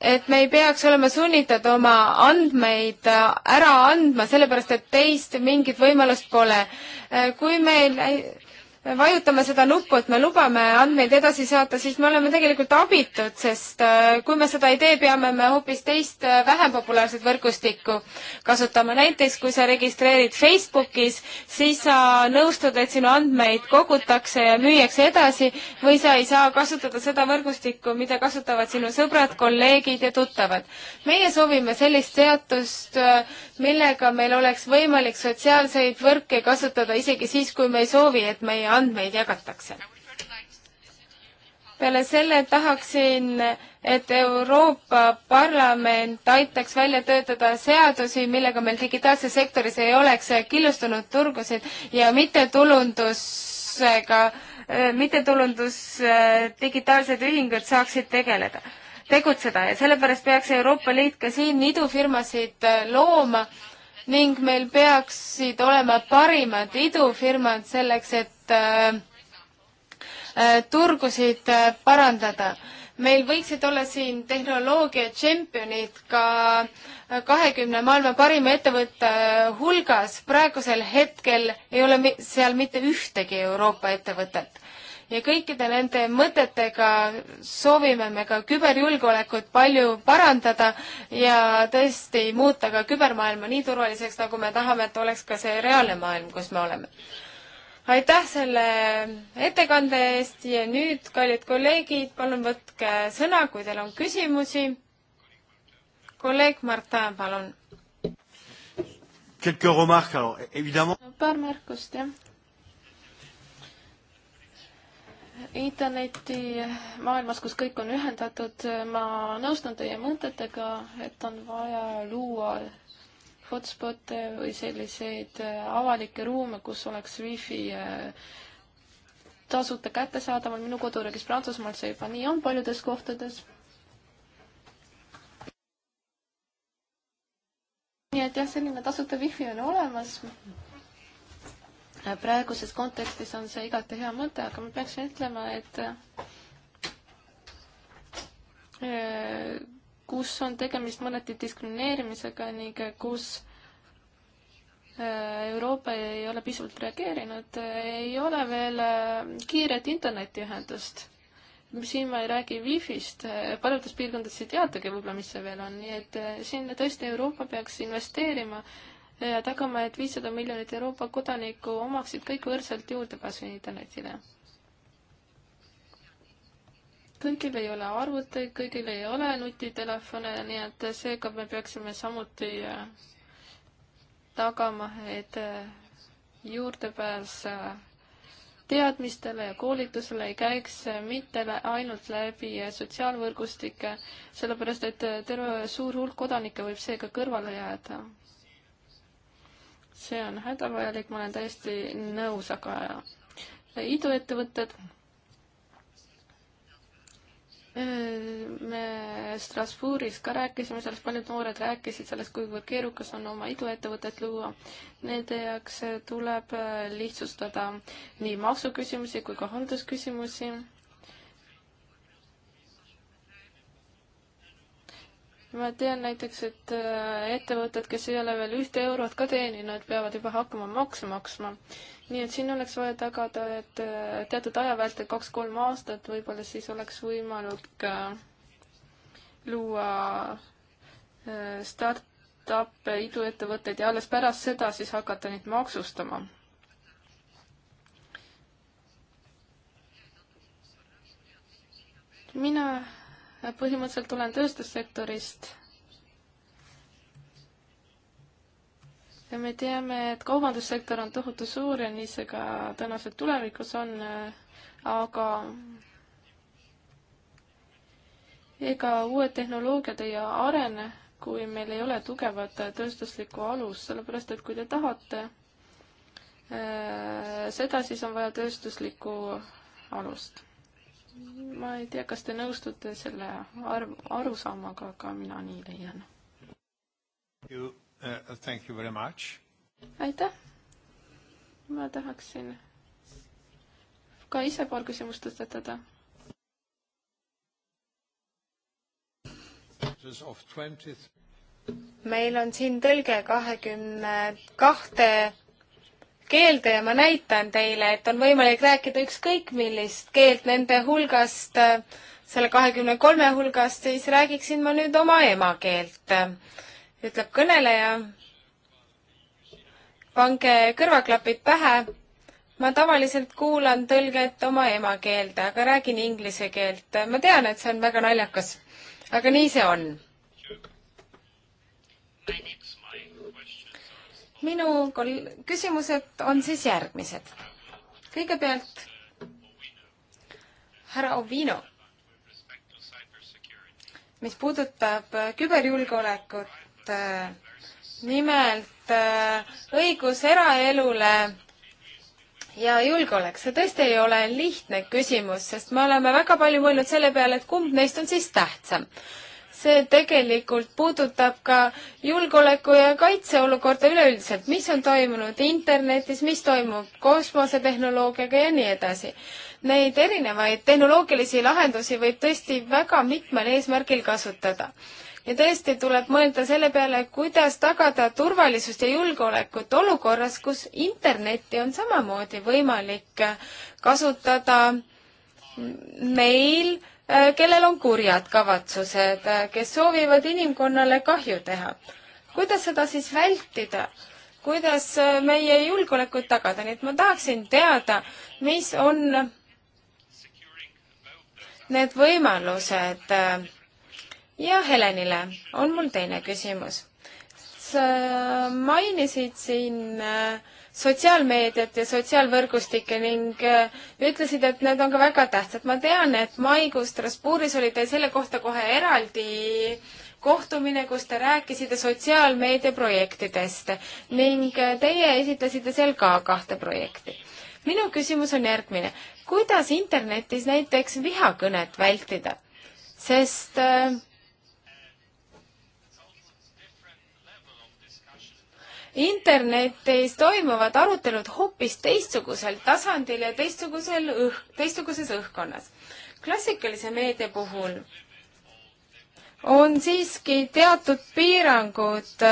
et me ei peaks olema sunnitud oma andmeid äh, ära andma, sellepärast et teist mingit võimalust pole. Äh, kui meil vajutame seda nuppu, et me lubame andmeid edasi saata, siis me oleme tegelikult abitud, sest äh, kui me seda ei tee, peame me hoopis teist äh, vähem populaarset võrgustikku kasutama. näiteks kui sa registreerid Facebookis, siis sa nõustud, et sinu andmeid kogutakse ja müüakse edasi või sa ei saa kasutada seda võrgustikku, mida kasutavad sinu sõbrad, kolleegid ja tuttavad. meie soovime sellist seadust, äh, millega meil oleks võimalik sotsiaalseid võrke kasutada isegi siis, kui me ei soovi, et meie ja andmeid jagatakse. peale selle tahaksin, et Euroopa Parlament aitaks välja töötada seadusi, millega meil digitaalses sektoris ei oleks killustunud turgusid ja mittetulundusega, mittetulundus äh, digitaalsed ühingud saaksid tegeleda tegutseda ja sellepärast peaks Euroopa Liit ka siin idufirmasid äh, looma ning meil peaksid olema parimad idufirmad selleks, et et äh, äh, turgusid äh, parandada. meil võiksid olla siin tehnoloogia tšempionid ka kahekümne maailma parima ettevõtte hulgas. praegusel hetkel ei ole seal mitte ühtegi Euroopa ettevõtet ja kõikide nende mõtetega soovime me ka küberjulgeolekut palju parandada ja tõesti muuta ka kübermaailma nii turvaliseks, nagu me tahame, et oleks ka see reaalne maailm, kus me oleme aitäh selle ettekande eest ja nüüd, kallid kolleegid, palun võtke sõna, kui teil on küsimusi. kolleeg Martin, palun. paar märkust, jah. interneti maailmas, kus kõik on ühendatud, ma nõustun teie mõtetega, et on vaja luua hotspot'e või selliseid äh, avalikke ruume, kus oleks wifi äh, tasuta kättesaadaval, minu koduriigis Prantsusmaal see juba nii on paljudes kohtades. nii et jah, selline tasuta wifi on olemas. praeguses kontekstis on see igati hea mõte, aga ma peaksin ütlema, et äh, kus on tegemist mõneti diskrimineerimisega ning kus äh, Euroopa ei ole piisavalt reageerinud, äh, ei ole veel äh, kiiret internetiühendust. siin ma ei räägi wifi'st, paljudes piirkondades ei teatagi võib-olla, mis see veel on, nii et siin tõesti Euroopa peaks investeerima ja tagama, et viissada miljonit Euroopa kodanikku omaksid kõik võrdselt juurdepääsu internetile kõigil ei ole arvuteid, kõigil ei ole nutitelefone, nii et seega me peaksime samuti äh, tagama, et äh, juurdepääs äh, teadmistele ja koolitusele ei käiks mitte ainult läbi sotsiaalvõrgustike, sellepärast et terve suur hulk kodanikke võib seega kõrvale jääda. see on hädavajalik, ma olen täiesti nõus, aga iduettevõtted me Strasbourgis ka rääkisime sellest, paljud noored rääkisid sellest, kuivõrd keerukas on oma iduettevõtet luua. Nende jaoks tuleb lihtsustada nii maksuküsimusi kui ka haldusküsimusi ma tean näiteks, et äh, ettevõtted, kes ei ole veel ühte eurot ka teeninud, peavad juba hakkama makse maksma. nii et siin oleks vaja tagada, et äh, teatud aja vältel, kaks-kolm aastat, võib-olla siis oleks võimalik luua äh, startup'e, iduettevõtteid ja alles pärast seda siis hakata neid maksustama. mina põhimõtteliselt olen tööstussektorist. ja me teame, et kaubandussektor on tohutu suur ja nii see ka tõenäoliselt tulevikus on, aga ega uued tehnoloogiad ei arene, kui meil ei ole tugevat tööstuslikku alust, sellepärast et kui te tahate äh, seda, siis on vaja tööstuslikku alust ma ei tea, kas te nõustute selle arv, arusaamaga, aga mina nii leian. Uh, aitäh. ma tahaksin ka ise paar küsimust tõstatada. meil on siin tõlge kahekümne kahte keelde ja ma näitan teile, et on võimalik rääkida ükskõik millist keelt nende hulgast, selle kahekümne kolme hulgast, siis räägiksin ma nüüd oma emakeelt, ütleb kõneleja. pange kõrvaklapid pähe. ma tavaliselt kuulan tõlget oma emakeelde, aga räägin inglise keelt. ma tean, et see on väga naljakas, aga nii see on. My next minu küsimused on siis järgmised. kõigepealt härra Ovino, mis puudutab äh, küberjulgeolekut, äh, nimelt äh, õigus eraelule ja julgeolek, see tõesti ei ole lihtne küsimus, sest me oleme väga palju mõelnud selle peale, et kumb neist on siis tähtsam see tegelikult puudutab ka julgeoleku ja kaitseolukorda üleüldiselt, mis on toimunud internetis, mis toimub kosmosetehnoloogiaga ja nii edasi. Neid erinevaid tehnoloogilisi lahendusi võib tõesti väga mitmel eesmärgil kasutada ja tõesti tuleb mõelda selle peale, kuidas tagada turvalisust ja julgeolekut olukorras, kus internetti on samamoodi võimalik kasutada meil Äh, kellel on kurjad kavatsused, äh, kes soovivad inimkonnale kahju teha. kuidas seda siis vältida? kuidas äh, meie julgeolekut tagada, nii et ma tahaksin teada, mis on need võimalused. ja Helenile on mul teine küsimus. sa mainisid siin äh, sotsiaalmeediat ja sotsiaalvõrgustikke ning äh, ütlesid, et need on ka väga tähtsad. ma tean, et maikuus Strasbourgis oli teil selle kohta kohe eraldi kohtumine, kus te rääkisite sotsiaalmeedia projektidest ning äh, teie esitlesite seal ka kahte projekti. minu küsimus on järgmine. kuidas internetis näiteks vihakõnet vältida? sest äh, internetis toimuvad arutelud hoopis teistsugusel tasandil ja teistsugusel õh-, teistsuguses õhkkonnas. klassikalise meedia puhul on siiski teatud piirangud,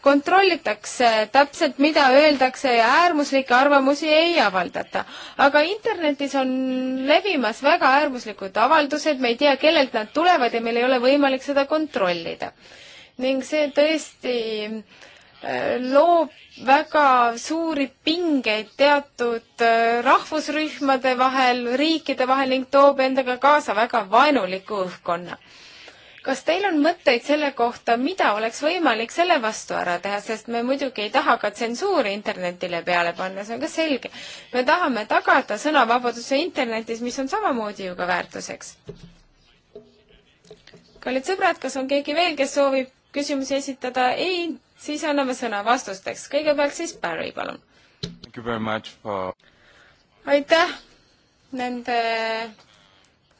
kontrollitakse täpselt, mida öeldakse ja äärmuslikke arvamusi ei avaldata. aga internetis on levimas väga äärmuslikud avaldused, me ei tea, kellelt nad tulevad ja meil ei ole võimalik seda kontrollida. ning see tõesti äh, loob väga suuri pingeid teatud äh, rahvusrühmade vahel, riikide vahel ning toob endaga kaasa väga vaenuliku õhkkonna. kas teil on mõtteid selle kohta, mida oleks võimalik selle vastu ära teha, sest me muidugi ei taha ka tsensuuri internetile peale panna, see on ka selge. me tahame tagada sõnavabaduse internetis, mis on samamoodi ju ka väärtuseks. kallid sõbrad, kas on keegi veel, kes soovib küsimusi esitada? ei siis anname sõna vastusteks. kõigepealt siis Barry, palun. For... aitäh nende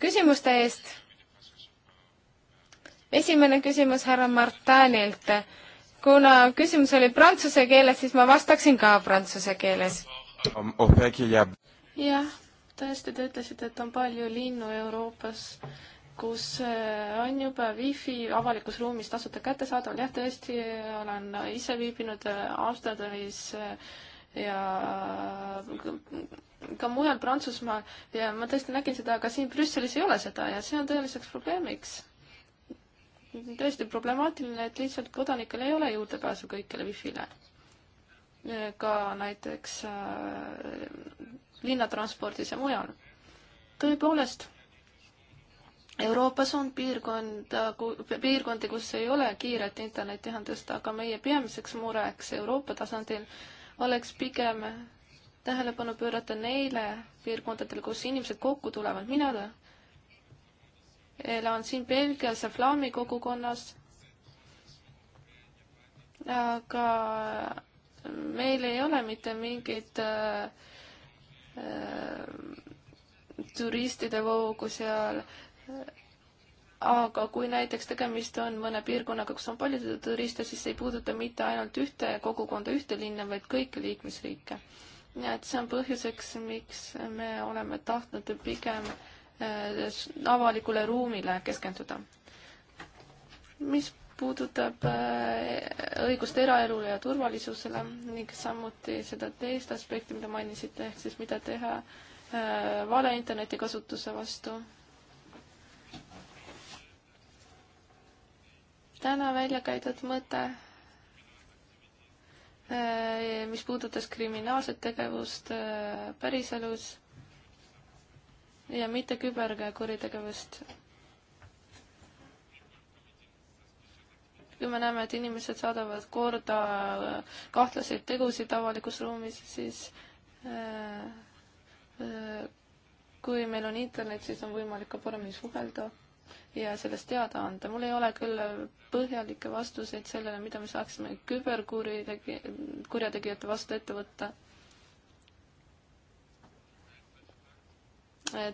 küsimuste eest. esimene küsimus härra Martanilt. kuna küsimus oli prantsuse keeles, siis ma vastaksin ka prantsuse keeles. Um, oh, jah, tõesti, te ütlesite, et on palju linnu Euroopas kus eh, on juba wifi avalikus ruumis tasuta kättesaadaval, jah, tõesti olen ise viibinud eh, Amsterdamis eh, ja ka mujal Prantsusmaal ja ma tõesti nägin seda, aga siin Brüsselis ei ole seda ja see on tõeliseks probleemiks. tõesti problemaatiline, et lihtsalt kodanikel ei ole juurdepääsu kõikjale wifi'le. ka näiteks äh, linnatranspordis ja mujal. tõepoolest Euroopas on piirkonda, piirkondi, kus ei ole kiiret internetiühendust, aga meie peamiseks mureks Euroopa tasandil oleks pigem tähelepanu pöörata neile piirkondadele, kus inimesed kokku tulevad. mina elan siin Belgias ja flaami kogukonnas, aga meil ei ole mitte mingit äh, äh turistide voogu seal aga kui näiteks tegemist on mõne piirkonnaga, kus on palju turiste, siis see ei puuduta mitte ainult ühte kogukonda, ühte linna, vaid kõiki liikmesriike. nii et see on põhjuseks, miks me oleme tahtnud pigem eh, avalikule ruumile keskenduda. mis puudutab eh, õigust eraelule ja turvalisusele ning samuti seda teist aspekti, mida mainisite, ehk siis mida teha eh, vale interneti kasutuse vastu täna välja käidud mõte, eh, mis puudutas kriminaalset tegevust eh, päriselus ja mitte küberkuritegevust. kui me näeme, et inimesed saadavad korda eh, kahtlaseid tegusid avalikus ruumis, siis kui meil on internet, siis on võimalik ka paremini suhelda ja sellest teada anda. mul ei ole küll põhjalikke vastuseid sellele, mida me saaksime küberkuritegi-, kurjategijate vastu ette võtta.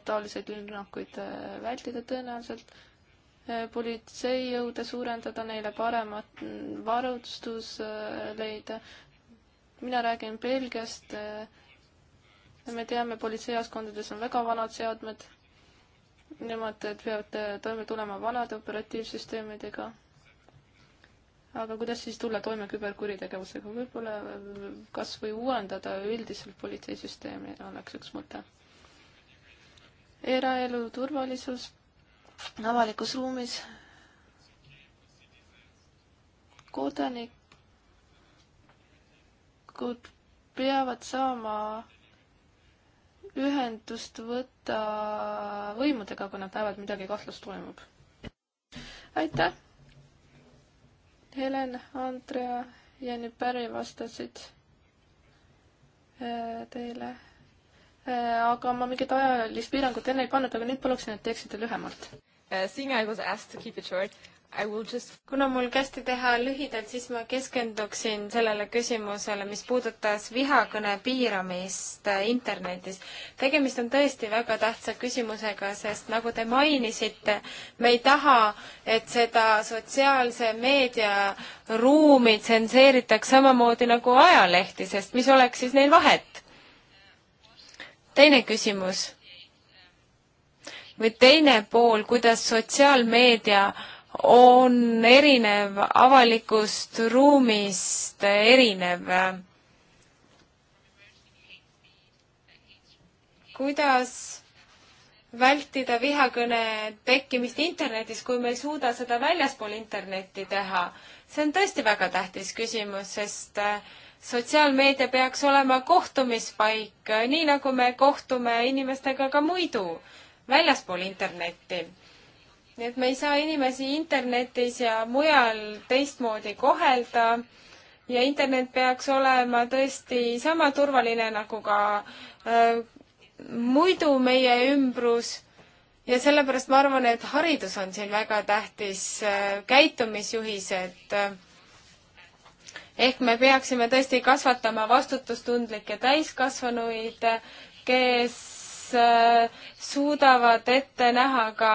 taoliseid rünnakuid äh, vältida tõenäoliselt, äh, politseijõude suurendada, neile paremat mm, varustus äh, leida. mina räägin Belgiast, me teame, politseijaoskondades on väga vanad seadmed Nemad peavad äh, toime tulema vanade operatiivsüsteemidega. aga kuidas siis tulla toime küberkuritegevusega, võib-olla äh, kas või uuendada üldiselt politseisüsteemi oleks üks mõte. eraelu turvalisus avalikus ruumis. kodanikud peavad saama ühendust võtta võimudega, kui nad näevad midagi kahtlust toimub. aitäh! Helen, Andrea ja nüüd Päri vastasid äh, teile. Äh, aga ma mingit ajalist piirangut enne ei pannud, aga nüüd paluksin, et teeksite lühemalt. Äh, Seeing I was asked to keep it short, Just... kuna mul kästi teha lühidalt, siis ma keskenduksin sellele küsimusele, mis puudutas vihakõne piiramist äh, internetis. tegemist on tõesti väga tähtsa küsimusega, sest nagu te mainisite, me ei taha, et seda sotsiaalse meedia ruumi tsenseeritaks samamoodi nagu ajalehti, sest mis oleks siis neil vahet? teine küsimus või teine pool, kuidas sotsiaalmeedia on erinev avalikust ruumist erinev. kuidas vältida vihakõne tekkimist internetis, kui me ei suuda seda väljaspool internetti teha? see on tõesti väga tähtis küsimus, sest äh, sotsiaalmeedia peaks olema kohtumispaik, äh, nii nagu me kohtume inimestega ka muidu väljaspool internetti nii et me ei saa inimesi internetis ja mujal teistmoodi kohelda ja internet peaks olema tõesti sama turvaline nagu ka äh, muidu meie ümbrus ja sellepärast ma arvan, et haridus on siin väga tähtis äh,, käitumisjuhised äh, ehk me peaksime tõesti kasvatama vastutustundlikke täiskasvanuid, kes suudavad ette näha ka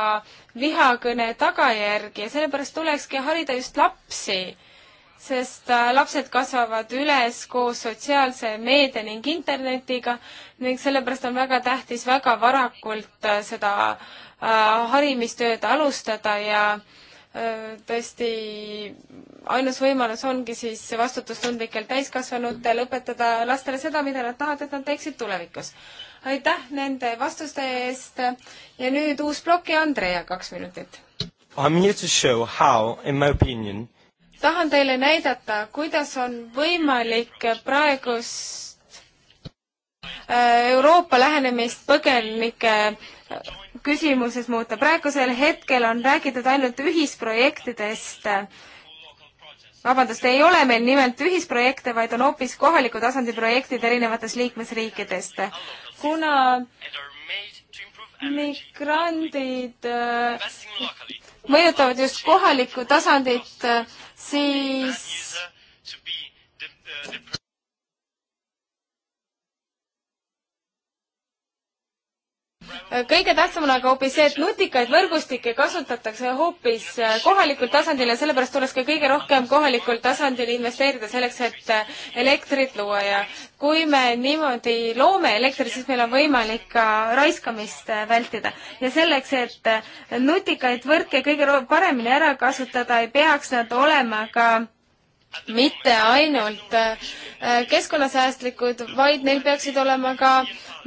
vihakõne tagajärgi ja sellepärast tulekski harida just lapsi, sest äh, lapsed kasvavad üles koos sotsiaalse meedia ning internetiga ning sellepärast on väga tähtis väga varakult äh, seda äh, harimistööd alustada ja tõesti ainus võimalus ongi siis vastutustundlikel täiskasvanutel õpetada lastele seda, mida nad tahavad, et nad teeksid tulevikus aitäh nende vastuste eest ja nüüd uus plokk ja Andrea kaks minutit. I am here to show how, in my opinion, tahan teile näidata, kuidas on võimalik praegust äh, Euroopa lähenemist põgenike äh, küsimuses muuta. praegusel hetkel on räägitud ainult ühisprojektidest vabandust, ei ole meil nimelt ühisprojekte, vaid on hoopis kohaliku tasandi projektid erinevatest liikmesriikidest. kuna migrandid äh, mõjutavad just kohalikku tasandit, äh, siis kõige tähtsam on aga hoopis see, et nutikaid võrgustikke kasutatakse hoopis äh, kohalikul tasandil ja sellepärast tuleks ka kõige rohkem kohalikul tasandil investeerida selleks, et äh, elektrit luua ja kui me niimoodi loome elektrit, siis meil on võimalik ka raiskamist äh, vältida. ja selleks, et nutikaid võrke kõige paremini ära kasutada, ei peaks nad olema ka mitte ainult äh, keskkonnasäästlikud, vaid neil peaksid olema ka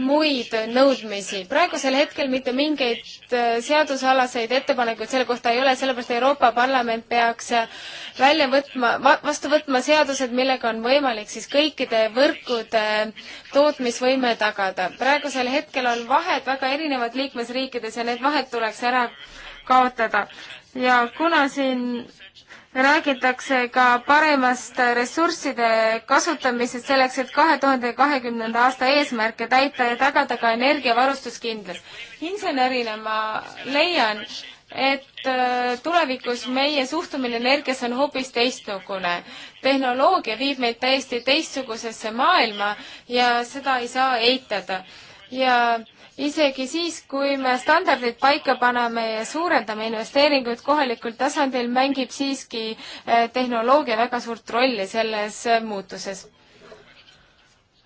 muid nõudmisi. praegusel hetkel mitte mingeid äh, seadusalaseid ettepanekuid selle kohta ei ole, sellepärast Euroopa Parlament peaks äh, välja võtma, vastu võtma seadused, millega on võimalik siis kõikide võrkude tootmisvõime tagada. praegusel hetkel on vahed väga erinevad liikmesriikides ja need vahed tuleks ära kaotada. ja kuna siin räägitakse ka paremast ressursside kasutamisest selleks, et kahe tuhande kahekümnenda aasta eesmärke täita ja tagada ka energiavarustuskindlus. insenerina ma leian, et äh, tulevikus meie suhtumine energiasse on hoopis teistsugune. tehnoloogia viib meid täiesti teistsugusesse maailma ja seda ei saa eitada. ja äh, isegi siis, kui me standardid paika paneme ja suurendame investeeringuid kohalikul tasandil, mängib siiski eh, tehnoloogia väga suurt rolli selles eh, muutuses.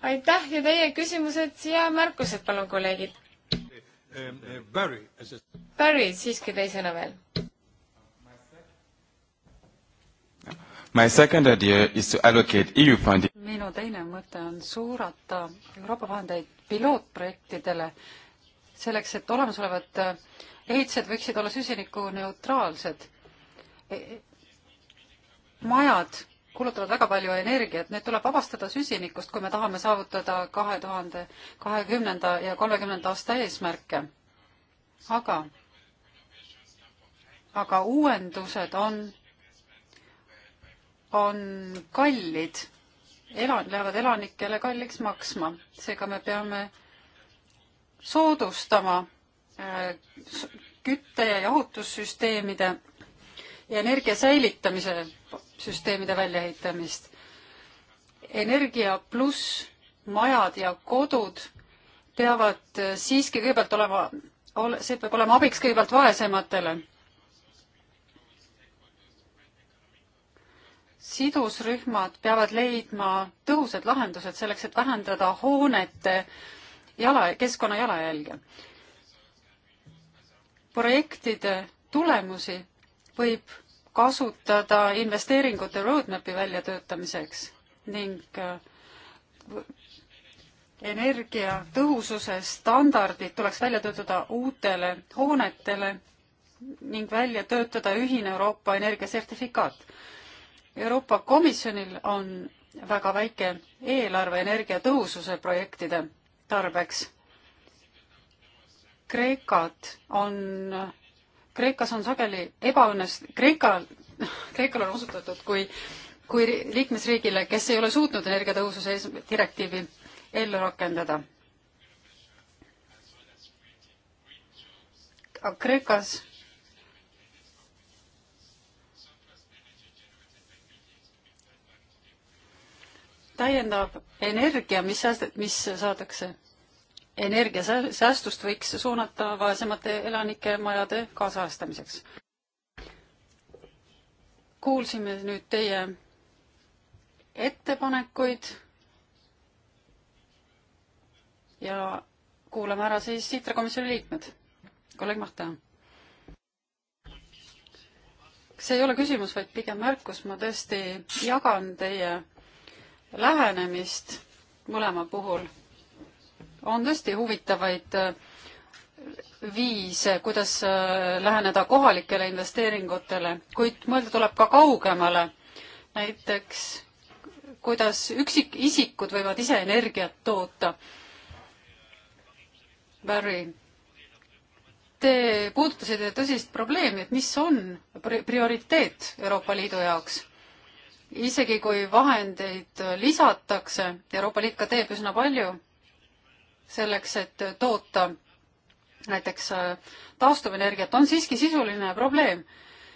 aitäh ja teie küsimused ja märkused, palun, kolleegid. Barry, siiski teisena veel. My second idea is to allocate EU funding. minu teine mõte on suunata Euroopa vahendeid pilootprojektidele, selleks, et olemasolevad äh, ehitised võiksid olla süsinikuneutraalsed. E, majad kulutavad väga palju energiat, need tuleb vabastada süsinikust, kui me tahame saavutada kahe tuhande kahekümnenda ja kolmekümnenda aasta eesmärke. aga, aga uuendused on, on kallid, elan-, lähevad elanikele kalliks maksma, seega me peame soodustama äh, kütte- ja jahutussüsteemide ja energia säilitamise süsteemide väljaehitamist. energia pluss majad ja kodud peavad äh, siiski kõigepealt olema, see peab olema abiks kõigepealt vaesematele. sidusrühmad peavad leidma tõhusad lahendused selleks, et vähendada hoonete äh, jala, keskkonna jalajälge. projektide tulemusi võib kasutada investeeringute roadmap'i väljatöötamiseks ning äh, energiatõhususe standardid tuleks välja töötada uutele hoonetele ning välja töötada ühine Euroopa energiasertifikaat. Euroopa Komisjonil on väga väike eelarve energiatõhususe projektide tarbeks. Kreekat on, Kreekas on sageli ebaõnnest-, Kreekal, Kreekal on osutatud kui, kui liikmesriigile, kes ei ole suutnud energiatõhususe direktiivi ellu rakendada. Kreekas täiendav energia, mis sääst-, mis saadakse energiasäästust, võiks suunata vaesemate elanike majade kaasajastamiseks. kuulsime nüüd teie ettepanekuid ja kuulame ära siis ITRE komisjoni liikmed. kolleeg Mahta. see ei ole küsimus, vaid pigem märkus, ma tõesti jagan teie lähenemist mõlema puhul. on tõesti huvitavaid äh, viise, kuidas äh, läheneda kohalikele investeeringutele, kuid mõelda tuleb ka kaugemale. näiteks kuidas üksikisikud võivad ise energiat toota. Barry, te puudutasite tõsist probleemi, et mis on prioriteet Euroopa Liidu jaoks isegi kui vahendeid lisatakse, Euroopa Liit ka teeb üsna palju selleks, et toota näiteks äh, taastuvenergiat, on siiski sisuline probleem,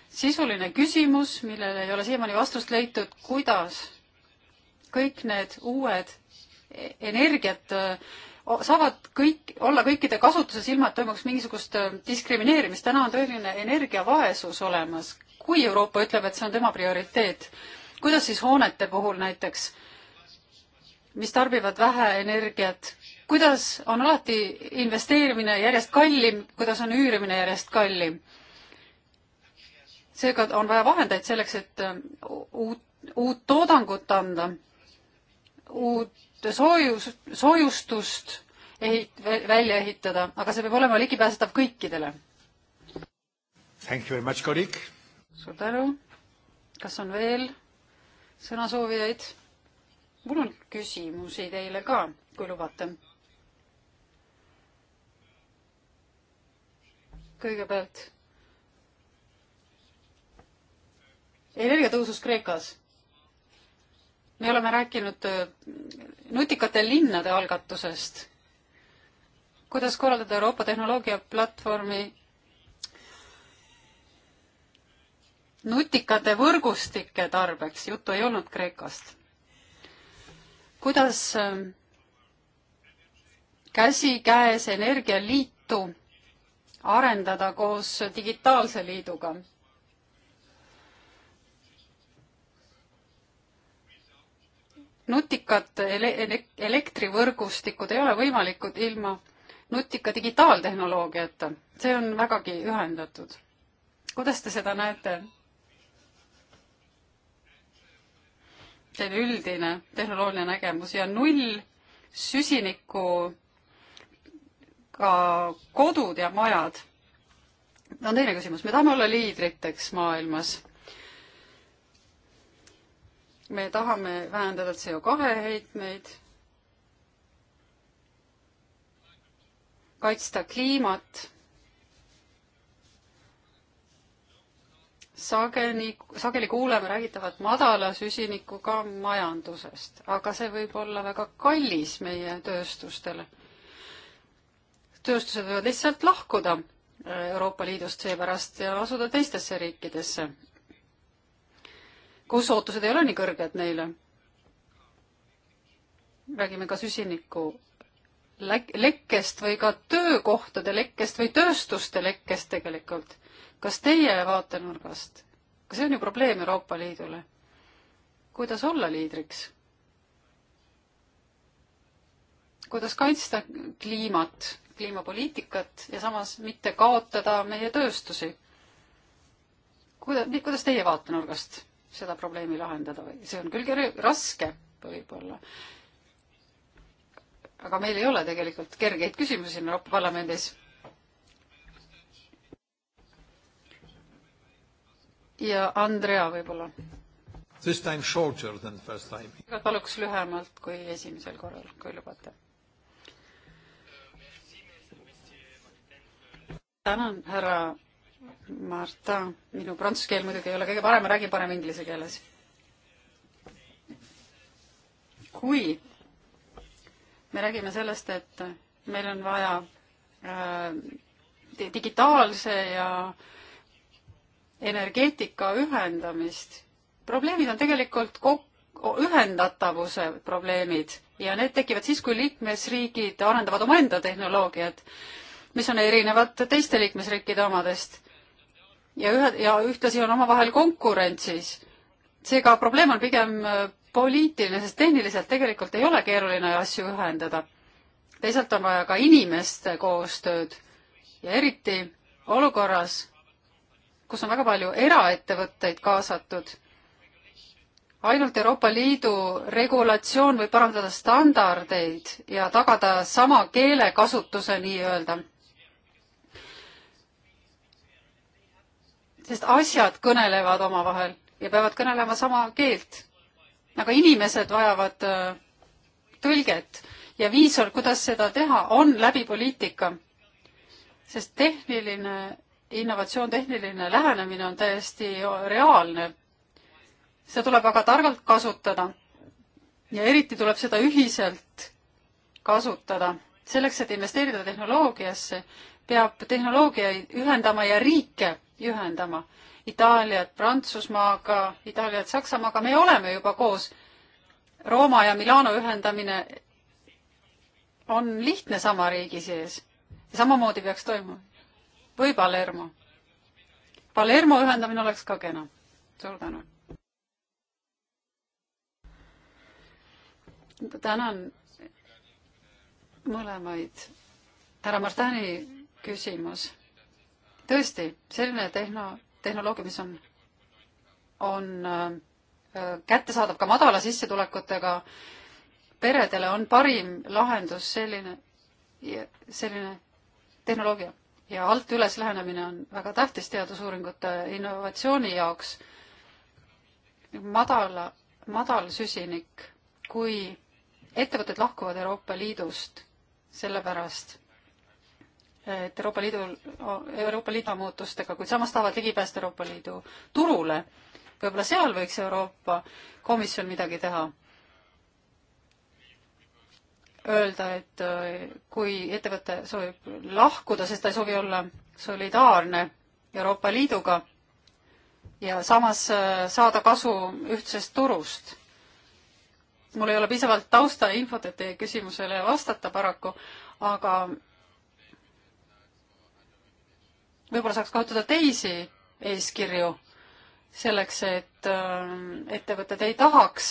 sisuline küsimus, millele ei ole siiamaani vastust leitud, kuidas kõik need uued e-, energiat äh, saavad kõik, olla kõikide kasutuses, ilma et toimuks mingisugust äh, diskrimineerimist. täna on tõeline energiavaesus olemas, kui Euroopa ütleb, et see on tema prioriteet kuidas siis hoonete puhul näiteks, mis tarbivad vähe energiat, kuidas on alati investeerimine järjest kallim, kuidas on üürimine järjest kallim? seega on vaja vahendeid selleks, et äh, uut, uut toodangut anda, uut soojus, soojustust ehit-, välja ehitada, aga see peab olema ligipääsetav kõikidele. Thank you very much, kolleeg. suur tänu. kas on veel sõnasoovijaid? mul on küsimusi teile ka, kui lubate. kõigepealt energiatõusus Kreekas. me oleme rääkinud äh, nutikate linnade algatusest. kuidas korraldada Euroopa tehnoloogiaplatvormi nutikate võrgustike tarbeks, juttu ei olnud Kreekast. kuidas ähm, käsikäes energialiitu arendada koos digitaalse liiduga? nutikad ele-, elektrivõrgustikud ei ole võimalikud ilma nutika digitaaltehnoloogiata, see on vägagi ühendatud. kuidas te seda näete? selline üldine tehnoloogiline nägemus ja null süsiniku ka kodud ja majad. no teine küsimus, me tahame olla liidriteks maailmas. me tahame vähendada CO2 heitmeid, kaitsta kliimat sageli, sageli kuuleme räägitavat madala süsinikuga majandusest, aga see võib olla väga kallis meie tööstustele. tööstused võivad lihtsalt lahkuda Euroopa Liidust seepärast ja asuda teistesse riikidesse, kus ootused ei ole nii kõrged neile. räägime ka süsiniku lekkest või ka töökohtade lekkest või tööstuste lekkest tegelikult kas teie vaatenurgast, kas see on ju probleem Euroopa Liidule? kuidas olla liidriks? kuidas kaitsta kliimat, kliimapoliitikat ja samas mitte kaotada meie tööstusi? kuidas, kuidas teie vaatenurgast seda probleemi lahendada või see on küll raske võib-olla. aga meil ei ole tegelikult kergeid küsimusi siin Euroopa Parlamendis ja Andrea võib-olla. This time shorter than first time. paluks lühemalt kui esimesel korral, kui lubate. tänan, härra Marta, minu prantsuse keel muidugi ei ole kõige parem, ma räägin parem inglise keeles. kui me räägime sellest, et meil on vaja äh, digitaalse ja äh, energeetika ühendamist. probleemid on tegelikult kok-, ühendatavuse probleemid ja need tekivad siis, kui liikmesriigid arendavad omaenda tehnoloogiat, mis on erinevad teiste liikmesriikide omadest. ja ühe, ja ühtlasi on omavahel konkurentsis. seega probleem on pigem äh, poliitiline, sest tehniliselt tegelikult ei ole keeruline asju ühendada. teisalt on vaja ka inimeste koostööd ja eriti olukorras, kus on väga palju eraettevõtteid kaasatud. ainult Euroopa Liidu regulatsioon võib parandada standardeid ja tagada sama keelekasutuse nii-öelda. sest asjad kõnelevad omavahel ja peavad kõnelema sama keelt. aga inimesed vajavad äh, tõlget ja viis, kuidas seda teha, on läbi poliitika. sest tehniline innovatsioon, tehniline lähenemine on täiesti reaalne. seda tuleb väga targalt kasutada. ja eriti tuleb seda ühiselt kasutada. selleks, et investeerida tehnoloogiasse, peab tehnoloogiaid ühendama ja riike ühendama. Itaaliat Prantsusmaaga, Itaaliat Saksamaaga, me oleme juba koos. Rooma ja Milano ühendamine on lihtne sama riigi sees. samamoodi peaks toimuma või Palermo. Palermo ühendamine oleks ka kena. suur tänu. tänan mõlemaid. härra Martani küsimus. tõesti, selline tehno, tehnoloogia, mis on, on äh, kättesaadav ka madala sissetulekutega peredele, on parim lahendus selline, selline tehnoloogia ja alt üles lähenemine on väga tähtis teadusuuringute innovatsiooni jaoks. madala, madal süsinik, kui ettevõtted lahkuvad Euroopa Liidust sellepärast, et Euroopa Liidul, Euroopa Liidu muutustega, kuid samas tahavad ligipääst Euroopa Liidu turule, võib-olla seal võiks Euroopa Komisjon midagi teha öelda, et äh, kui ettevõte soovib lahkuda, sest ta ei soovi olla solidaarne Euroopa Liiduga ja samas äh, saada kasu ühtsest turust. mul ei ole piisavalt taustainfot, et teie küsimusele vastata paraku, aga võib-olla saaks kasutada teisi eeskirju selleks, et äh, ettevõtted ei tahaks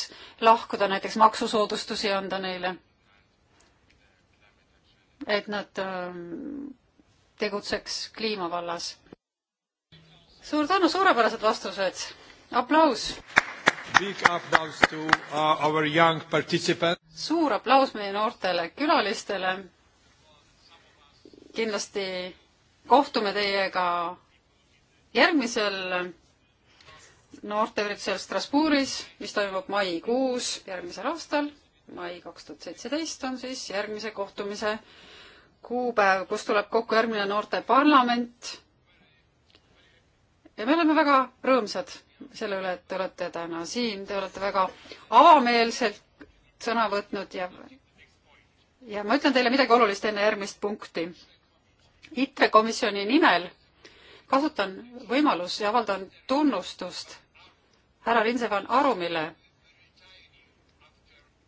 lahkuda, näiteks maksusoodustusi anda neile et nad ähm, tegutseks kliima vallas. suur tänu, suurepärased vastused. aplaus. Uh, suur aplaus meie noortele külalistele. kindlasti kohtume teiega järgmisel noorteüritusel Strasbourgis, mis toimub maikuus järgmisel aastal, mai kaks tuhat seitseteist on siis järgmise kohtumise kuupäev, kus tuleb kokku järgmine noorte parlament. ja me oleme väga rõõmsad selle üle, et te olete täna siin, te olete väga avameelselt sõna võtnud ja, ja ma ütlen teile midagi olulist enne järgmist punkti. ITRE komisjoni nimel kasutan võimalust ja avaldan tunnustust härra Rinsevan Arumile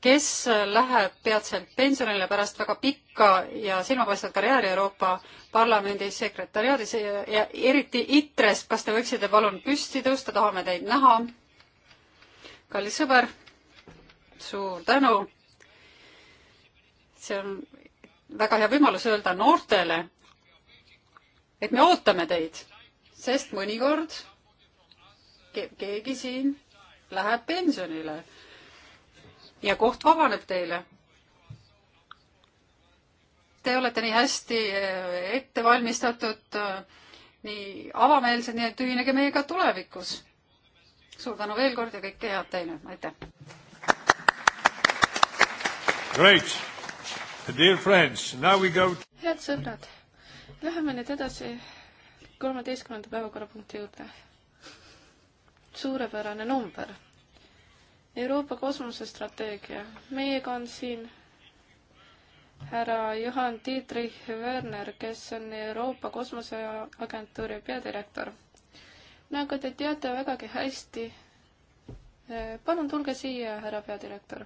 kes läheb peatselt pensionile pärast väga pikka ja silmapaistvat karjääri Euroopa Parlamendi sekretäriaadis ja eriti ITRE-s, kas te võiksite palun püsti tõusta, tahame teid näha. kallis sõber, suur tänu. see on väga hea võimalus öelda noortele, et me ootame teid, sest mõnikord ke keegi siin läheb pensionile ja koht vabaneb teile. Te olete nii hästi eh, ette valmistatud, eh, nii avameelsed, nii et ühinege meiega tulevikus. suur tänu veel kord ja kõike head teile, aitäh! Great! Dear friends, now we go to... head sõbrad, läheme nüüd edasi kolmeteistkümnenda päevakorrapunkti juurde. suurepärane number Euroopa kosmosestrateegia, meiega on siin härra Johan Dietrich Werner, kes on Euroopa Kosmoseagentuuri peadirektor. nagu te teate vägagi hästi, eh, palun tulge siia, härra peadirektor.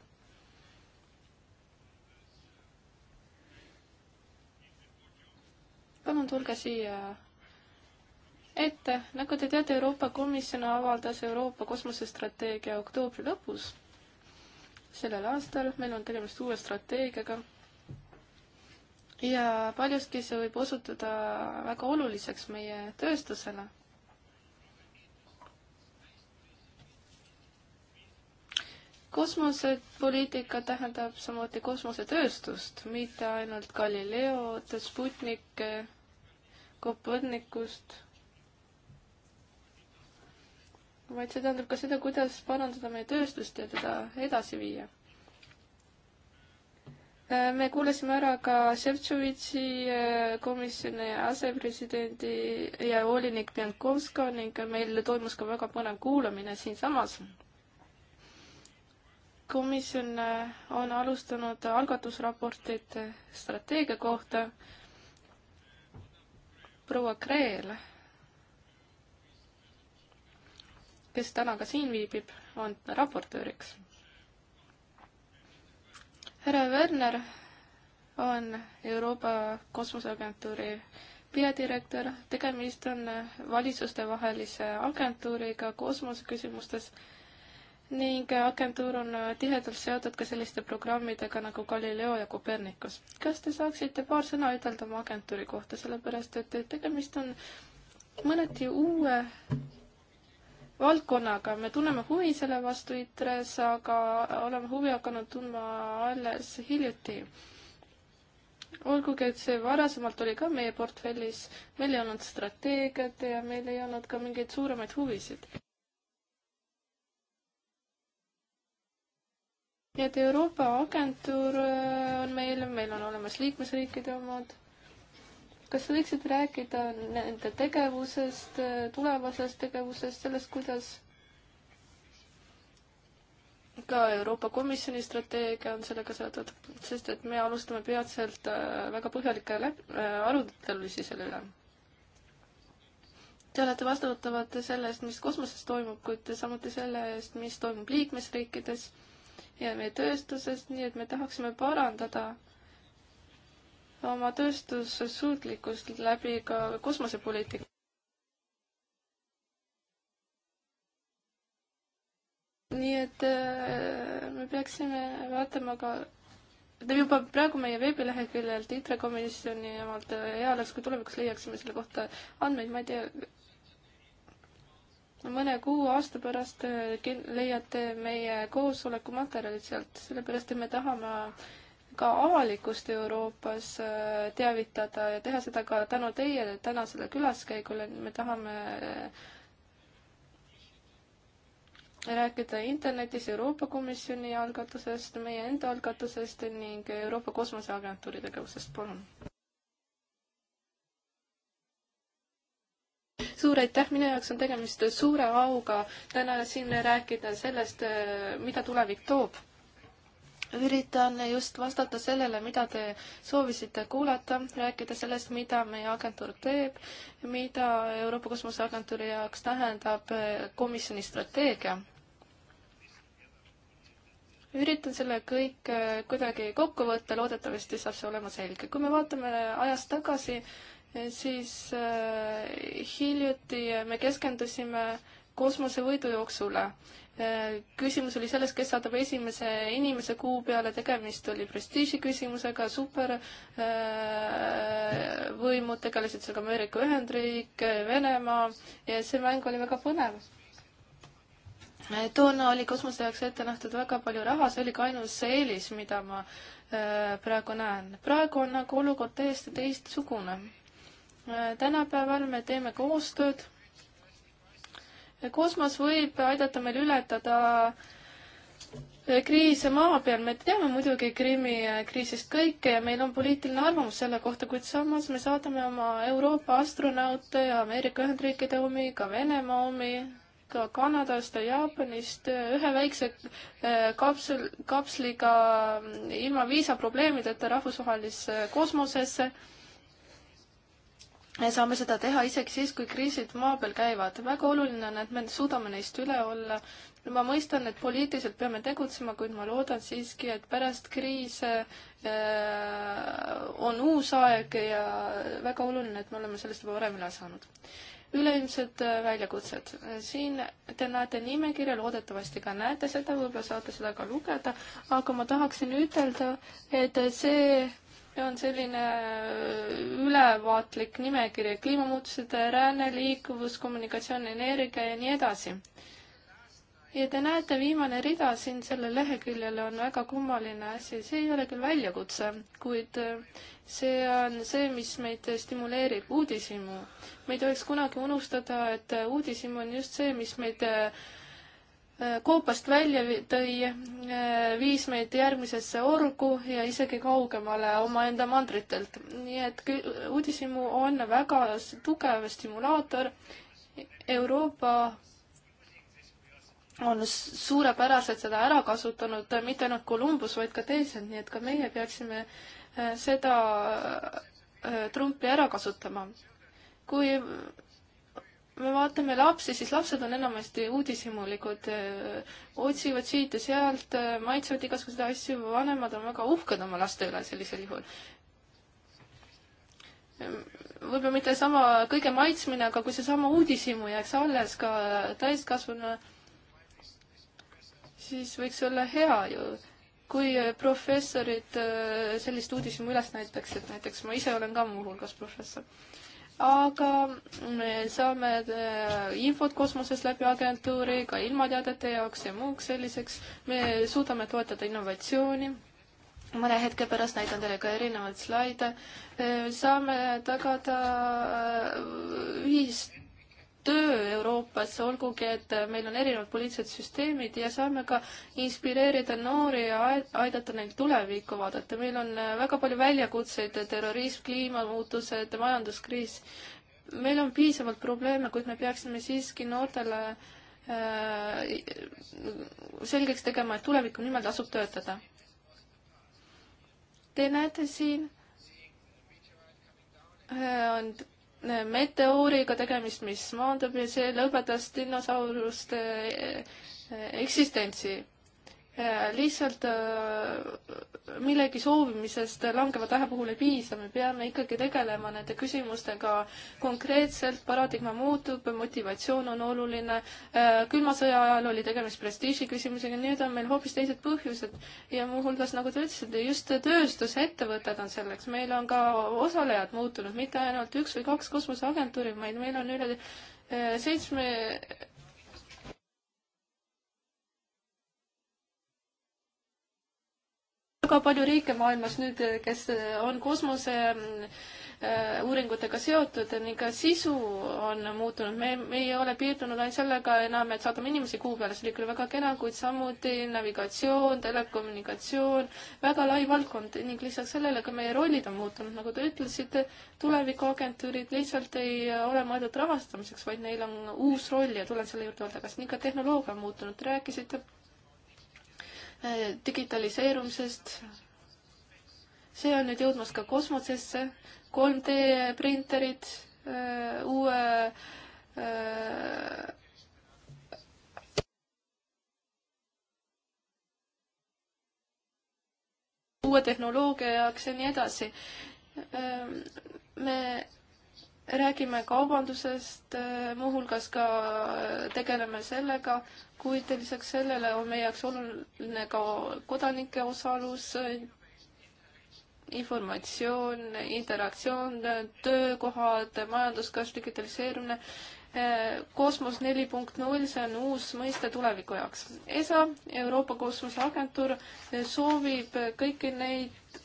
palun tulge siia et nagu te teate, Euroopa Komisjon avaldas Euroopa kosmosestrateegia oktoobri lõpus sellel aastal, meil on tegemist uue strateegiaga ja paljuski see võib osutuda väga oluliseks meie tööstusele. kosmosepoliitika tähendab samuti kosmosetööstust, mitte ainult Galileod, Sputnik, Kopernikust vaid see tähendab ka seda, kuidas parandada meie tööstust ja teda edasi viia. Äh, me kuulasime ära ka Šefčovitši äh, komisjoni asepresidendi ja volinik Pjankovska ning meil toimus ka väga põnev kuulamine siinsamas. komisjon äh, on alustanud algatusraportit strateegia kohta. proua Kreel kes täna ka siin viibib, on raportööriks. härra Werner on Euroopa Kosmoseagentuuri peadirektor, tegemist on valitsustevahelise agentuuriga kosmoseküsimustes ning agentuur on tihedalt seotud ka selliste programmidega nagu Galileo ja Copernicus. kas te saaksite paar sõna ütelda oma agentuuri kohta, sellepärast et tegemist on mõneti uue valdkonnaga, me tunneme huvi selle vastu ITRE-s, aga oleme huvi hakanud tundma alles hiljuti. olgugi, et see varasemalt oli ka meie portfellis, meil ei olnud strateegiat ja meil ei olnud ka mingeid suuremaid huvisid. nii et Euroopa agentuur äh, on meil, meil on olemas liikmesriikide omad kas sa võiksid rääkida nende tegevusest, tulevasest tegevusest, sellest, kuidas ka Euroopa Komisjoni strateegia on sellega seotud, sest et me alustame peatselt äh, väga põhjalikke äh, arutelusi selle üle. Te olete vastutavad selle eest, mis kosmoses toimub, kuid samuti selle eest, mis toimub liikmesriikides ja meie tööstuses, nii et me tahaksime parandada äh, oma tööstussuutlikkust läbi ka kosmosepoliitika. nii et äh, me peaksime vaatama ka, juba praegu meie veebileheküljelt ITRE komisjoni omalt äh, hea oleks, kui tulevikus leiaksime selle kohta andmeid, ma ei tea, mõne kuu aasta pärast äh, leiate meie koosoleku materjalid sealt, sellepärast et me tahame äh, ka avalikkust Euroopas äh, teavitada ja teha seda ka tänu teie tänasele külaskäigule, me tahame äh, rääkida internetis Euroopa Komisjoni algatusest, meie enda algatusest ning Euroopa Kosmoseagentuuri tegevusest, palun. suur aitäh, minu jaoks on tegemist suure auga täna siin rääkida sellest, äh, mida tulevik toob üritan just vastata sellele, mida te soovisite kuulata, rääkida sellest, mida meie agentuur teeb, mida Euroopa Kosmoseagentuuri jaoks tähendab eh, komisjoni strateegia. üritan selle kõik eh, kuidagi kokku võtta, loodetavasti saab see olema selge. kui me vaatame ajas tagasi, eh, siis hiljuti me keskendusime kosmosevõidujooksule Äh, küsimus oli selles, kes saadab esimese inimese kuu peale, tegemist oli prestiiži küsimusega, supervõimud äh, tegelesid sellega Ameerika Ühendriik, Venemaa ja see mäng oli väga põnev. Äh, toona oli kosmose jaoks ette nähtud väga palju raha, see oli ka ainus eelis, mida ma praegu näen. praegu on nagu olukord täiesti teistsugune. tänapäeval me teeme koostööd kosmos võib aidata meil ületada eh, kriise maa peal, me teame muidugi Krimmi eh, kriisist kõike ja meil on poliitiline arvamus selle kohta, kuid samas me saadame oma Euroopa astronaute ja Ameerika Ühendriikide omi, ka Venemaa omi, ka Kanadast ja Jaapanist eh, ühe väikse kapsel, kapsliga mm, ilma viisaprobleemideta rahvusvahelisse kosmosesse saame seda teha isegi siis, kui kriisid maa peal käivad. väga oluline on, et me suudame neist üle olla. ma mõistan, et poliitiliselt peame tegutsema, kuid ma loodan siiski, et pärast kriise äh, on uus aeg ja väga oluline, et me oleme sellest juba varem üle saanud. üleilmsed äh, väljakutsed. siin te näete nimekirja, loodetavasti ka näete seda, võib-olla saate seda ka lugeda, aga ma tahaksin ütelda, et see on selline äh, ülevaatlik nimekiri, kliimamuutused, ränne, liikuvus, kommunikatsioon, energia ja nii edasi. ja te näete, viimane rida siin sellel leheküljel on väga kummaline asi, see ei ole küll väljakutse, kuid äh, see on see, mis meid stimuleerib, uudishimu. me ei tohiks kunagi unustada, et äh, uudishimu on just see, mis meid äh, Äh, koopast välja tõi, äh, viis meid järgmisesse orgu ja isegi kaugemale omaenda mandritelt. nii et uudishimu on väga tugev stimulaator. Euroopa on suurepäraselt seda ära kasutanud, äh, mitte ainult Kolumbus, vaid ka teised, nii et ka meie peaksime seda trumpi ära kasutama. kui me vaatame lapsi, siis lapsed on enamasti uudishimulikud, äh, otsivad siit ja sealt, äh, maitsevad igasuguseid asju, vanemad on väga uhked oma laste üle sellisel juhul. Ehm, võib-olla mitte sama kõige maitsmine, aga kui seesama uudishimu jääks alles ka täiskasvanuna, siis võiks olla hea ju, kui professorid äh, sellist uudishimu üles näitaks, et näiteks ma ise olen ka muuhulgas professor aga me mm, saame äh, infot kosmosest läbi agentuuri ka ilmateadete jaoks ja muuks selliseks. me suudame toetada innovatsiooni mõne hetke pärast näitan teile ka erinevaid slaide. Äh, saame tagada äh, ühist töö Euroopas, olgugi et meil on erinevad poliitilised süsteemid ja saame ka inspireerida noori ja aidata neil tulevikku vaadata. meil on äh, väga palju väljakutseid, terrorism, kliimamuutused, majanduskriis. meil on piisavalt probleeme, kuid me peaksime siiski noortele äh, selgeks tegema, et tuleviku nimel tasub töötada. Te näete siin äh, on meteooriga tegemist, mis maandub ja see lõpetas dinosauruste eh, eksistentsi. Äh, lihtsalt äh, millegi soovimisest langeva tähe puhul ei piisa, me peame ikkagi tegelema nende küsimustega konkreetselt, paradigma muutub, motivatsioon on oluline, äh, külma sõja ajal oli tegemist prestiiži küsimusega, nüüd on meil hoopis teised põhjused ja muuhulgas, nagu te ütlesite, just tööstusettevõtted on selleks, meil on ka osalejad muutunud, mitte ainult üks või kaks kosmoseagentuuri, vaid meil on üle seitsme väga palju riike maailmas nüüd, kes on kosmose äh, uuringutega seotud ning ka sisu on muutunud. me, me ei ole piirdunud ainult sellega enam, et saadame inimesi kuu peale, see oli küll väga kena, kuid samuti navigatsioon, telekommunikatsioon, väga lai valdkond ning lisaks sellele ka meie rollid on muutunud, nagu te ütlesite, tulevikuagentuurid lihtsalt ei ole mõeldud rahastamiseks, vaid neil on uus roll ja tulen selle juurde öelda, kas nii ka tehnoloogia on muutunud, rääkisite digitaliseerumisest. see on nüüd jõudmas ka kosmosesse, 3D printerid, äh, uue öö, äh, uue tehnoloogia jaoks ja nii edasi. Ähm, me räägime kaubandusest, äh, muuhulgas ka tegeleme sellega, kuid lisaks sellele on meie jaoks oluline ka kodanike osalus, informatsioon, interaktsioon, töökohad, majanduskasv, digitaliseerimine. kosmos neli punkt null, see on uus mõiste tuleviku jaoks. ESA, Euroopa Kosmoseagentuur, soovib kõiki neid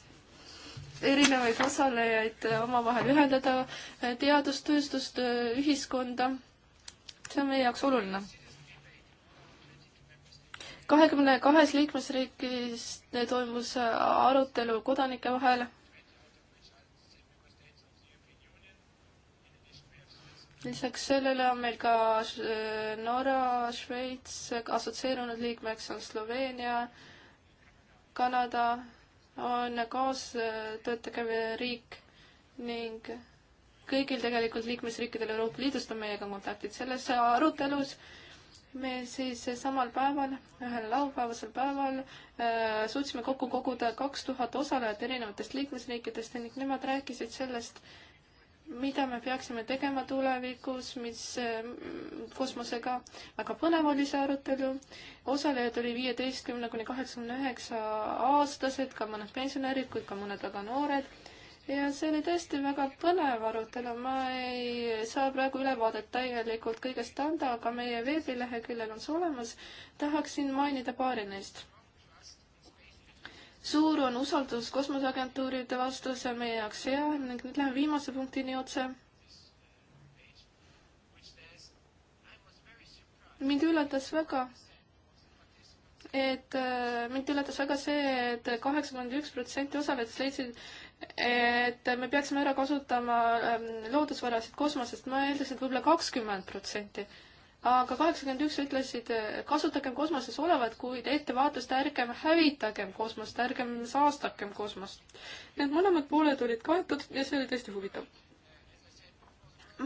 erinevaid osalejaid omavahel ühendada, teadustööstust, ühiskonda. see on meie jaoks oluline kahekümne kahes liikmesriigis toimus arutelu kodanike vahel. lisaks sellele on meil ka äh, Norra, Šveits, assotsieerunud liikmeks on Sloveenia, Kanada on kaastöötav riik ning kõigil tegelikult liikmesriikidel Euroopa Liidust on meiega kontaktid. selles arutelus äh, me siis samal päeval, ühel laupäevasel päeval äh, suutsime kokku koguda kaks tuhat osalejat erinevatest liikmesriikidest ning nemad rääkisid sellest, mida me peaksime tegema tulevikus, mis äh, kosmosega. väga põnev oli see arutelu. osalejaid oli viieteistkümne kuni kaheksakümne üheksa aastased, ka mõned pensionärid, kuid ka mõned väga noored ja see oli tõesti väga põnev arutelu, ma ei saa praegu ülevaadet täielikult kõigest anda, aga meie veebileheküljel on see olemas. tahaksin mainida paari neist. suur on usaldus kosmoseagentuuride vastu, see on meie jaoks hea ning nüüd läheme viimase punktini otse. mind üllatas väga, et äh, mind üllatas väga see et, et kaheksakümmend üks protsenti osalejaid leidsid et me peaksime ära kasutama ähm, loodusvarasid kosmosest, ma eeldasin, et võib-olla kakskümmend protsenti. aga kaheksakümmend üks ütlesid, kasutagem kosmoses olevat, kuid ettevaatust ärgem hävitagem kosmost, ärgem saastakem kosmost. Need mõlemad pooled olid kaetud ja see oli tõesti huvitav.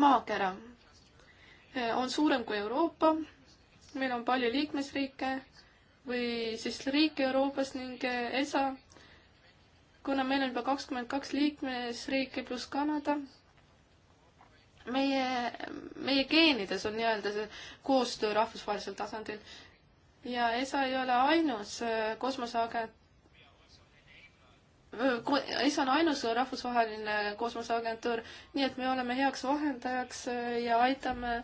maakera eh, on suurem kui Euroopa, meil on palju liikmesriike või siis riike Euroopas ning eh, ESA kuna meil on juba kakskümmend kaks liikmesriiki pluss Kanada, meie, meie geenides on nii-öelda see koostöö rahvusvahelisel tasandil ja ESA ei ole ainus äh, kosmoseagent, äh, ESA on ainus rahvusvaheline kosmoseagentuur, nii et me oleme heaks vahendajaks äh, ja aitame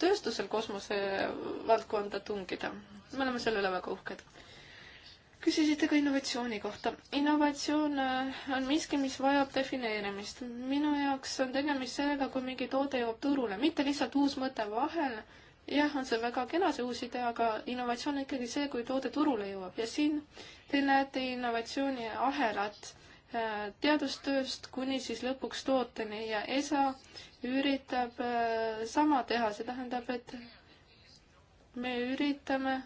tööstusel kosmose valdkonda tungida. me oleme selle üle väga uhked küsisite ka innovatsiooni kohta. innovatsioon äh, on miski, mis vajab defineerimist. minu jaoks on tegemist sellega, kui mingi toode jõuab turule, mitte lihtsalt uus mõte vahel. jah, on see väga kena, see uus idee, aga innovatsioon on ikkagi see, kui toode turule jõuab ja siin te näete innovatsiooni ahelat äh, teadustööst kuni siis lõpuks tooteni ja ESA üritab äh, sama teha, see tähendab, et me üritame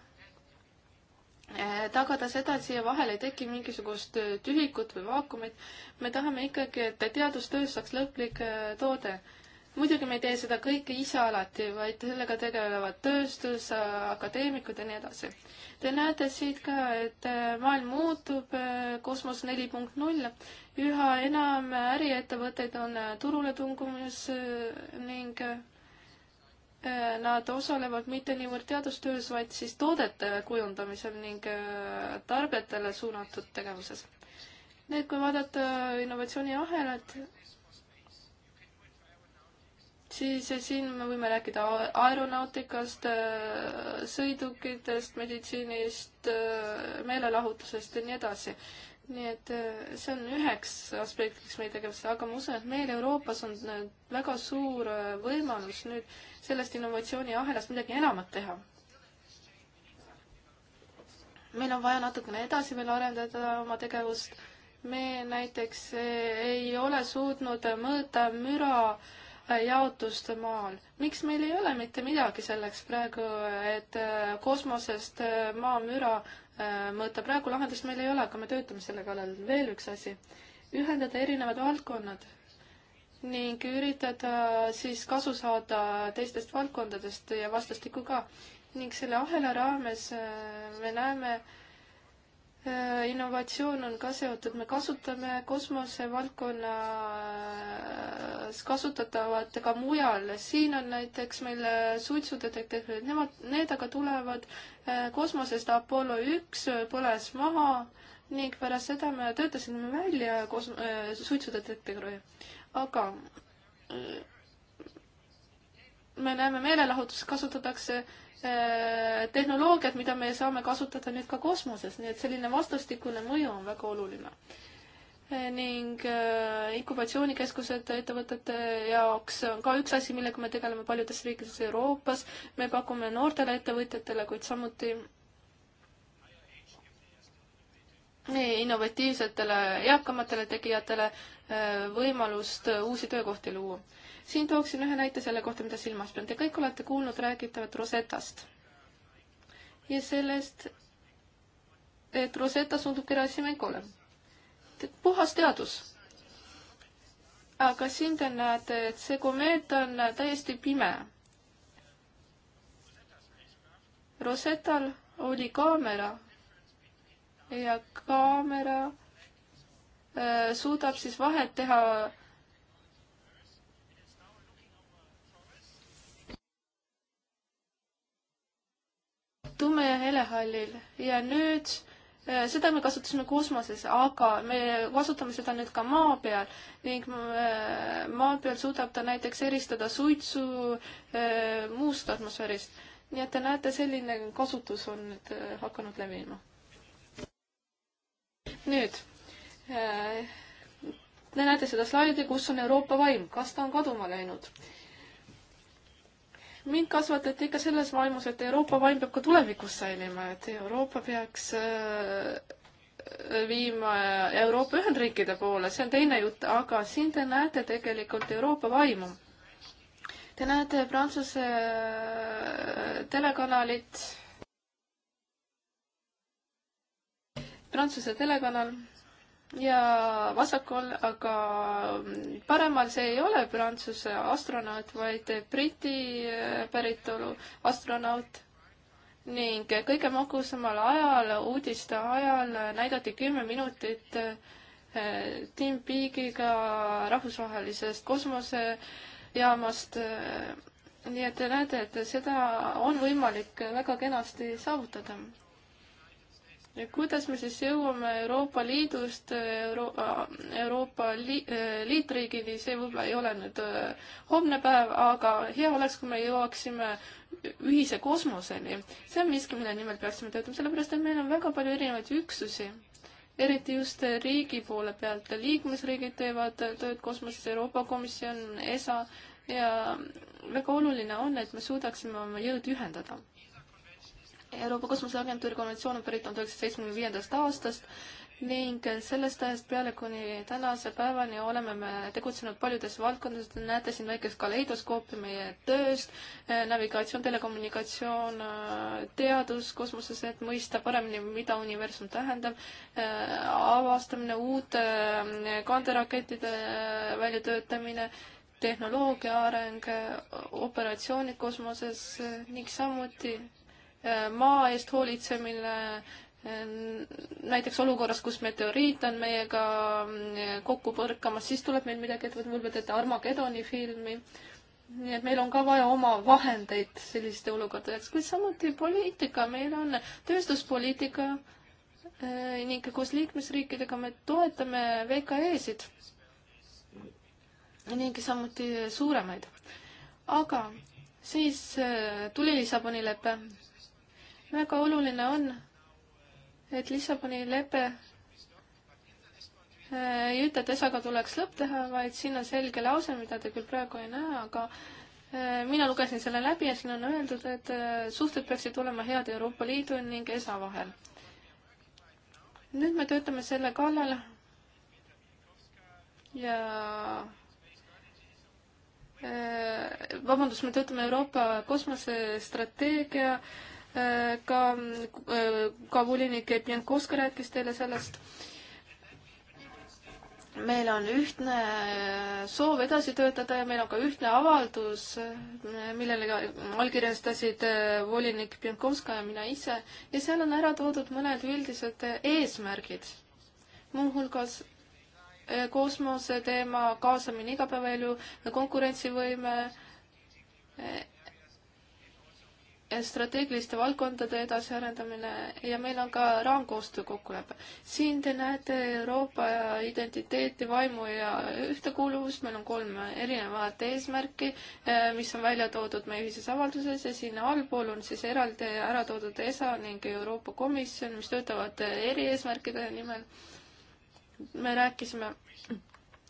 Eh, tagada seda, et siia vahele ei teki mingisugust eh, tühikut või vaakumit. me tahame ikkagi, et teadustöös saaks lõplik eh, toode. muidugi me ei tee seda kõike ise alati, vaid sellega tegelevad tööstus, akadeemikud ja nii edasi. Te näete siit ka, et maailm muutub, kosmos neli punkt null, üha enam äriettevõtteid on turule tungumas ning Äh, nad osalevad mitte niivõrd teadustöös, vaid siis toodete kujundamisel ning äh, tarbijatele suunatud tegevuses. nüüd, kui vaadata innovatsiooniahelat, siis siin me võime rääkida aeronautikast, äh, sõidukitest, meditsiinist, meelelahutusest ja nii edasi nii et äh, see on üheks aspektiks meie tegevust, aga ma usun, et meil Euroopas on äh, väga suur äh, võimalus nüüd sellest innovatsiooniahelast midagi enamat teha. meil on vaja natukene edasi veel arendada oma tegevust. me näiteks ei ole suutnud mõõta müra äh, jaotust maal. miks meil ei ole mitte midagi selleks praegu, et äh, kosmosest äh, maamüra äh, mõõta, praegu lahendust meil ei ole, aga me töötame selle kallal. veel üks asi, ühendada erinevad valdkonnad ning üritada siis kasu saada teistest valdkondadest ja vastastikku ka. ning selle ahela raames me näeme, Äh, innovatsioon on ka seotud, me kasutame kosmosevaldkonnas äh, kasutatavat ka mujal, siin on näiteks meil äh, suitsudetektorid, nemad, need aga tulevad kosmosest, Apollo üks põles maha ning pärast seda me töötasime välja kos-, suitsudetektori. aga me näeme, meelelahutus kasutatakse äh, Äh, tehnoloogiat, mida me saame kasutada nüüd ka kosmoses, nii et selline vastastikune mõju on väga oluline. Äh, ning äh, inkubatsioonikeskused ettevõtete jaoks on ka üks asi, millega me tegeleme paljudes riikides Euroopas, me pakume noortele ettevõtjatele, kuid samuti nii innovatiivsetele eakamatele tegijatele äh, võimalust äh, uusi töökohti luua. siin tooksin ühe näite selle kohta, mida silmas pean. Te kõik olete kuulnud räägitavat Rosettast ja sellest, et Rosetta suundub Gerasimenkole. puhas teadus. aga siin te näete, et see komeet on äh, täiesti pime. Rosettal oli kaamera, ja kaamera äh, suudab siis vahet teha tume ja helehallil ja nüüd äh, seda me kasutasime kosmoses, aga me kasutame seda nüüd ka maa peal ning äh, maa peal suudab ta näiteks eristada suitsu muust atmosfäärist. nii et te näete, selline kasutus on nüüd hakanud levima nüüd äh, Te näete seda slaidi, kus on Euroopa vaim, kas ta on kaduma läinud? mind kasvatati ikka selles vaimus, et Euroopa vaim peab ka tulevikus säilima, et Euroopa peaks äh, viima Euroopa Ühendriikide poole, see on teine jutt, aga siin te näete tegelikult Euroopa vaimu. Te näete Prantsuse äh, telekanalit Prantsuse telekanal ja vasakul, aga paremal see ei ole Prantsuse astronaut, vaid Briti äh, päritolu astronaut. ning kõige magusamal ajal, uudiste ajal näidati kümme minutit äh, Tim Peagiga rahvusvahelisest kosmosejaamast. Äh, nii et te näete, et seda on võimalik väga kenasti saavutada kuidas me siis jõuame Euroopa Liidust Euro äh, Euroopa li äh, Liitriigini, see võib-olla ei ole nüüd äh, homne päev, aga hea oleks, kui me jõuaksime ühise kosmoseni. see on miski, mille nimel peaksime töötama, sellepärast et meil on väga palju erinevaid üksusi, eriti just riigi poole pealt. liikmesriigid teevad tööd kosmoses, Euroopa Komisjon, ESA ja väga oluline on, et me suudaksime oma jõud ühendada Euroopa Kosmoseagentuuri konventsioon on pärit tuhande üheksasaja seitsmekümne viiendast aastast ning sellest ajast peale kuni tänase päevani oleme me tegutsenud paljudes valdkondades, te näete siin väikest kaleidoskoopi meie tööst, navigatsioon, telekommunikatsioon, teadus kosmoses, et mõista paremini, mida universum tähendab, avastamine, uute kanderakettide väljatöötamine, tehnoloogia areng, operatsioonid kosmoses ning samuti Äh, maa eest hoolitsemine, äh, näiteks olukorras, kus meteoriit on meiega äh, kokku põrkamas, siis tuleb meil midagi ette võtta, võib-olla teete Armagedoni filmi. nii et meil on ka vaja oma vahendeid selliste olukordadeks, kuid samuti poliitika, meil on tööstuspoliitika ning koos liikmesriikidega me toetame VKE-sid ning samuti suuremaid. aga siis tuli Lissaboni lepe väga oluline on, et Lissaboni lepe äh, ei ütle, et ESA-ga tuleks lõpp teha, vaid siin on selge lause, mida te küll praegu ei näe, aga äh, mina lugesin selle läbi ja siin on öeldud, et äh, suhted peaksid olema head Euroopa Liidu ning ESA vahel. nüüd me töötame selle kallal ja vabandust, me töötame Euroopa kosmosestrateegia Äh, ka, äh, ka volinik Jevgenkovski rääkis teile sellest. meil on ühtne äh, soov edasi töötada ja meil on ka ühtne avaldus, millele allkirjastasid volinik Pjankovska ja mina ise ja seal on ära toodud mõned üldised eesmärgid, muuhulgas kosmose teema, kaasamine igapäevaelu, konkurentsivõime strateegiliste valdkondade edasiarendamine ja meil on ka raamkoostöö kokkulepe. siin te näete Euroopa identiteeti, vaimu ja ühtekuuluvust, meil on kolm erinevat eesmärki, eh, mis on välja toodud meie ühises avalduses ja siin allpool on siis eraldi ära toodud ESA ning Euroopa Komisjon, mis töötavad eri eesmärkide nimel. me rääkisime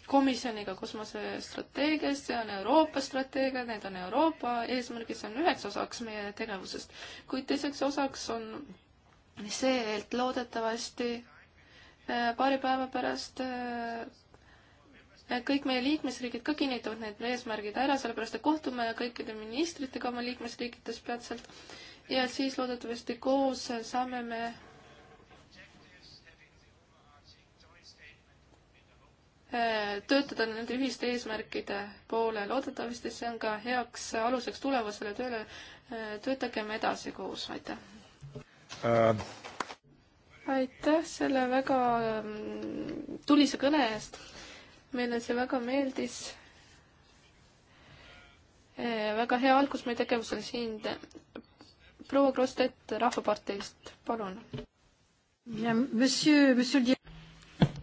komisjoniga kosmosestrateegias, see on Euroopa strateegia, need on Euroopa eesmärgid, see on üheks osaks meie tegevusest. kuid teiseks osaks on see, et loodetavasti äh, paari päeva pärast äh, kõik meie liikmesriigid ka kinnitavad need eesmärgid ära, sellepärast et kohtume kõikide ministritega oma liikmesriikides peatselt ja siis loodetavasti koos saame me Äh, töötada nende ühiste eesmärkide poole. loodetavasti see on ka heaks aluseks tulevasele tööle. Äh, töötagem edasi koos, aitäh uh.! aitäh selle väga mm, tulise kõne eest. meile see väga meeldis. väga hea algus meie tegevusele siin. proua Krostet Rahvaparteist, palun.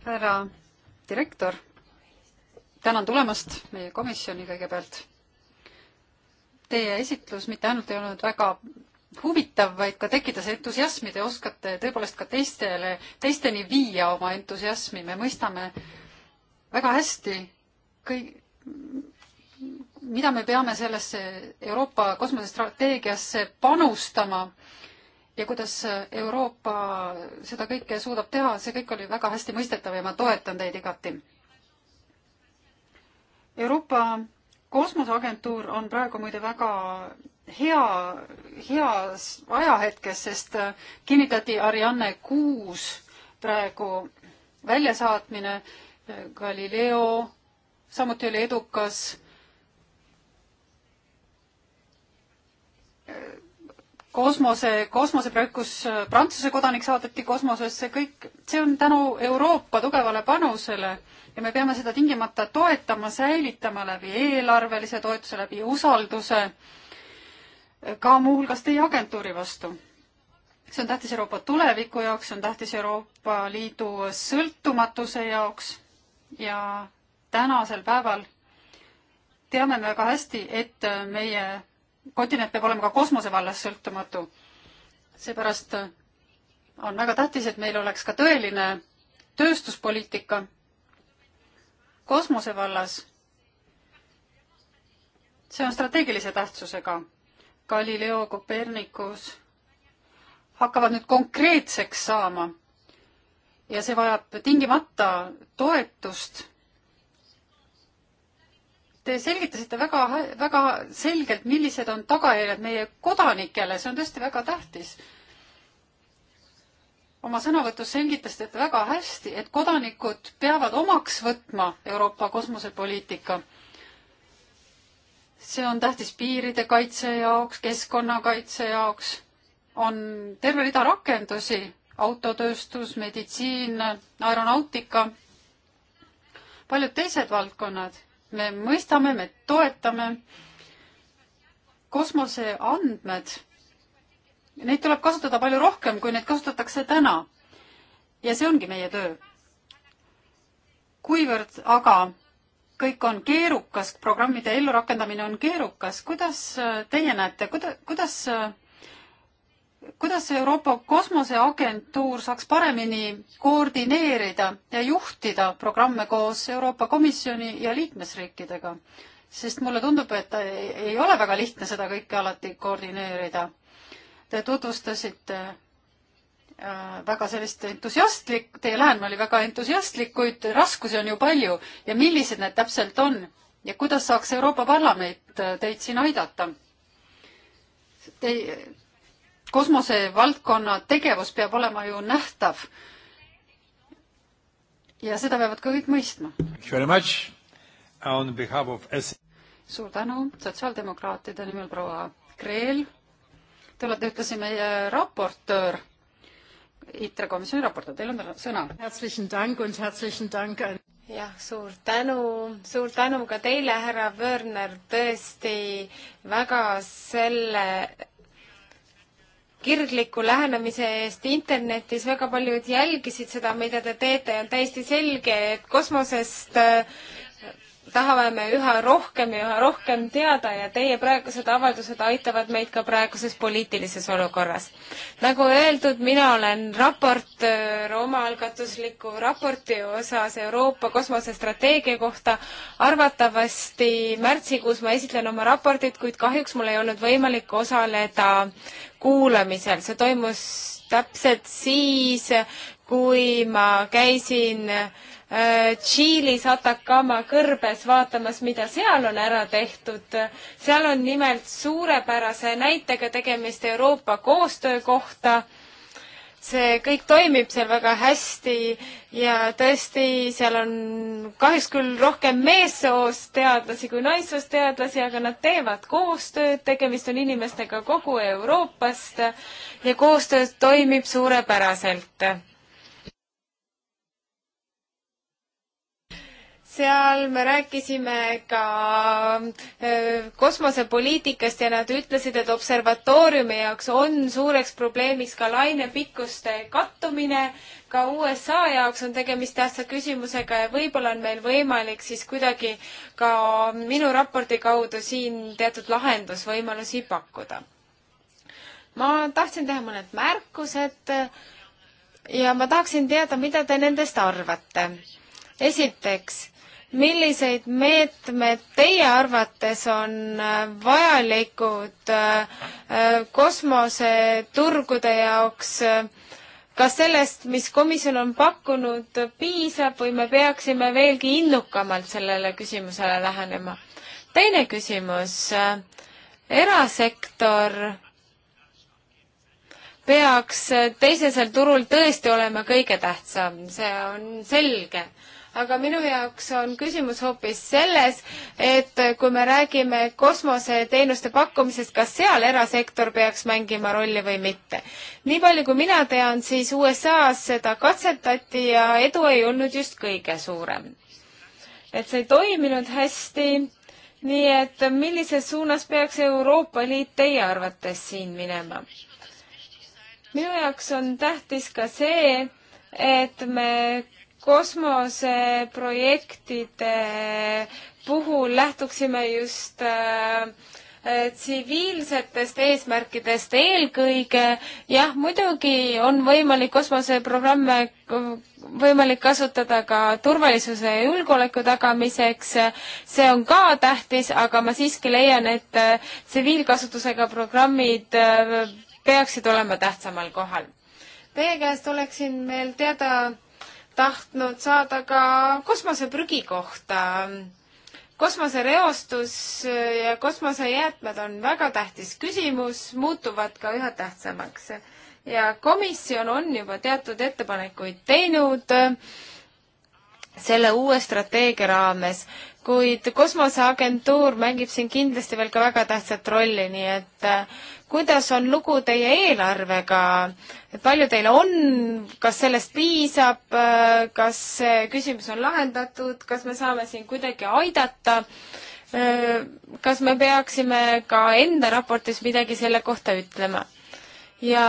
härra direktor, tänan tulemast meie komisjoni kõigepealt. Teie esitlus mitte ainult ei olnud väga huvitav, vaid ka tekitas entusiasmi, te oskate tõepoolest ka teistele, teisteni viia oma entusiasmi, me mõistame väga hästi kõik, mida me peame sellesse Euroopa kosmosestrateegiasse panustama ja kuidas Euroopa seda kõike suudab teha, see kõik oli väga hästi mõistetav ja ma toetan teid igati. Euroopa kosmoseagentuur on praegu muide väga hea, heas ajahetkes, sest kinnitati Ariane kuus praegu väljasaatmine, Galileo samuti oli edukas kosmose, kosmoseprojekt, kus äh, Prantsuse kodanik saadeti kosmosesse, kõik, see on tänu Euroopa tugevale panusele ja me peame seda tingimata toetama, säilitama läbi eelarvelise toetuse, läbi usalduse, äh, ka muuhulgas teie agentuuri vastu. see on tähtis Euroopa tuleviku jaoks, see on tähtis Euroopa Liidu sõltumatuse jaoks ja tänasel päeval teame me väga hästi, et äh, meie kontinent peab olema ka kosmose vallas sõltumatu. seepärast on väga tähtis, et meil oleks ka tõeline tööstuspoliitika kosmose vallas. see on strateegilise tähtsusega. Galileo Copernicus hakkavad nüüd konkreetseks saama ja see vajab tingimata toetust Te selgitasite väga, väga selgelt, millised on tagajärjed meie kodanikele, see on tõesti väga tähtis. oma sõnavõtus selgitasite väga hästi, et kodanikud peavad omaks võtma Euroopa kosmosepoliitika see on tähtis piiride kaitse jaoks, keskkonnakaitse jaoks, on terve rida rakendusi, autotööstus, meditsiin, aeronautika, paljud teised valdkonnad me mõistame, me toetame. kosmoseandmed, neid tuleb kasutada palju rohkem, kui neid kasutatakse täna. ja see ongi meie töö. kuivõrd aga kõik on keerukas, programmide ellurakendamine on keerukas, kuidas äh, teie näete, kuida-, kuidas äh, kuidas Euroopa Kosmoseagentuur saaks paremini koordineerida ja juhtida programme koos Euroopa Komisjoni ja liikmesriikidega? sest mulle tundub, et ei ole väga lihtne seda kõike alati koordineerida. Te tutvustasite äh, väga sellist entusiastlik, teie lähenemine oli väga entusiastlik, kuid raskusi on ju palju ja millised need täpselt on ja kuidas saaks Euroopa Parlament äh, teid siin aidata? Te, kosmosevaldkonna tegevus peab olema ju nähtav. ja seda peavad ka kõik mõistma. suur tänu sotsiaaldemokraatide nimel proua Kreel. Te olete ühtlasi meie raportöör, ITRE komisjoni raportöör, teil on sõna. jah, suur tänu, suur tänu ka teile, härra Wörner, tõesti väga selle kirgliku lähenemise eest internetis, väga paljud jälgisid seda, mida te teete ja on täiesti selge, et kosmosest äh, tahame me üha rohkem ja üha rohkem teada ja teie praegused avaldused aitavad meid ka praeguses poliitilises olukorras. nagu öeldud, mina olen raportöör omaalgatusliku raporti osas Euroopa kosmosestrateegia kohta. arvatavasti märtsikuus ma esitlen oma raportit, kuid kahjuks mul ei olnud võimalik osaleda kuulamisel, see toimus täpselt siis, kui ma käisin äh, Äh, Tšiilis Atacama kõrbes vaatamas, mida seal on ära tehtud. seal on nimelt suurepärase näitega tegemist Euroopa koostöö kohta see kõik toimib seal väga hästi ja tõesti, seal on kahjuks küll rohkem meessoost teadlasi kui naissoost teadlasi, aga nad teevad koostööd, tegemist on inimestega kogu Euroopast ja koostöö toimib suurepäraselt seal me rääkisime ka äh, kosmosepoliitikast ja nad ütlesid, et observatooriumi jaoks on suureks probleemiks ka lainepikkuste kattumine. ka USA jaoks on tegemist tähtsa küsimusega ja võib-olla on meil võimalik siis kuidagi ka minu raporti kaudu siin teatud lahendusvõimalusi pakkuda. ma tahtsin teha mõned märkused ja ma tahaksin teada, mida te nendest arvate esiteks, milliseid meetmed teie arvates on äh, vajalikud äh, äh, kosmoseturgude jaoks? kas sellest, mis komisjon on pakkunud, piisab või me peaksime veelgi innukamalt sellele küsimusele lähenema? teine küsimus, erasektor peaks teisesel turul tõesti olema kõige tähtsam, see on selge aga minu jaoks on küsimus hoopis selles, et kui me räägime kosmoseteenuste pakkumisest, kas seal erasektor peaks mängima rolli või mitte. nii palju, kui mina tean, siis USA-s seda katsetati ja edu ei olnud just kõige suurem. et see ei toiminud hästi, nii et millises suunas peaks Euroopa Liit teie arvates siin minema? minu jaoks on tähtis ka see, et me kosmoseprojektide puhul lähtuksime just äh, tsiviilsetest eesmärkidest eelkõige. jah, muidugi on võimalik kosmoseprogramme võimalik kasutada ka turvalisuse ja julgeoleku tagamiseks. see on ka tähtis, aga ma siiski leian, et äh, tsiviilkasutusega programmid äh, peaksid olema tähtsamal kohal. Teie käest oleksin veel teada tahtnud saada ka kosmoseprügi kohta. kosmosereostus ja kosmosejäätmed on väga tähtis küsimus, muutuvad ka üha tähtsamaks. ja komisjon on juba teatud ettepanekuid teinud äh, selle uue strateegia raames, kuid kosmoseagentuur mängib siin kindlasti veel ka väga tähtsat rolli, nii et äh, kuidas on lugu teie eelarvega, et palju teil on, kas sellest piisab, äh, kas see küsimus on lahendatud, kas me saame siin kuidagi aidata? Äh, kas me peaksime ka enda raportis midagi selle kohta ütlema? ja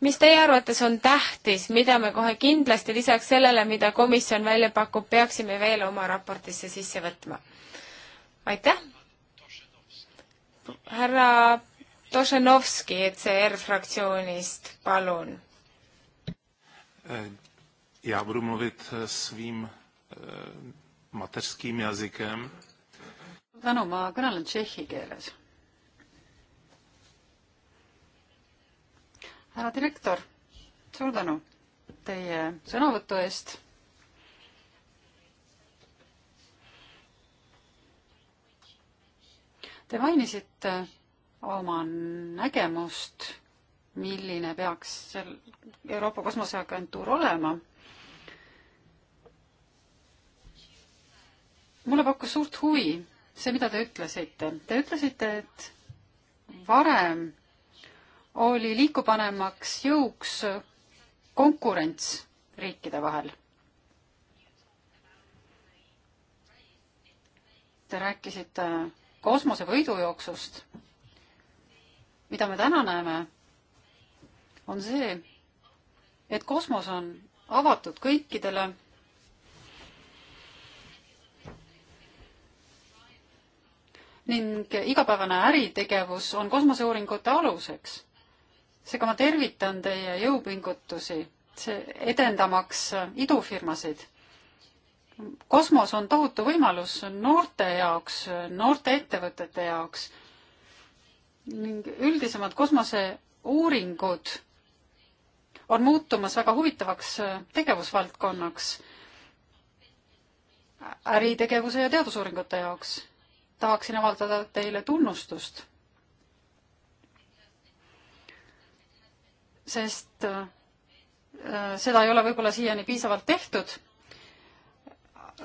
mis teie arvates on tähtis, mida me kohe kindlasti lisaks sellele, mida komisjon välja pakub, peaksime veel oma raportisse sisse võtma? aitäh! härra Tošenovski ECR fraktsioonist, palun. Eh, já budu mluvit eh, svým eh, mateřským jazykem. Tänu, ma kõnelen tšehhi keeles härra direktor, suur tänu teie sõnavõtu eest. Te mainisite oma nägemust, milline peaks seal Euroopa Kosmoseagentuur olema mulle pakkus suurt huvi see, mida te ütlesite. Te ütlesite, et varem oli liikupanemaks jõuks konkurents riikide vahel. Te rääkisite kosmose võidujooksust. mida me täna näeme, on see, et kosmos on avatud kõikidele ning igapäevane äritegevus on kosmoseuuringute aluseks seega ma tervitan teie jõupingutusi, see edendamaks idufirmasid. kosmos on tohutu võimalus noorte jaoks, noorte ettevõtete jaoks ning üldisemad kosmoseuuringud on muutumas väga huvitavaks tegevusvaldkonnaks äritegevuse ja teadusuuringute jaoks. tahaksin avaldada teile tunnustust sest äh, seda ei ole võib-olla siiani piisavalt tehtud.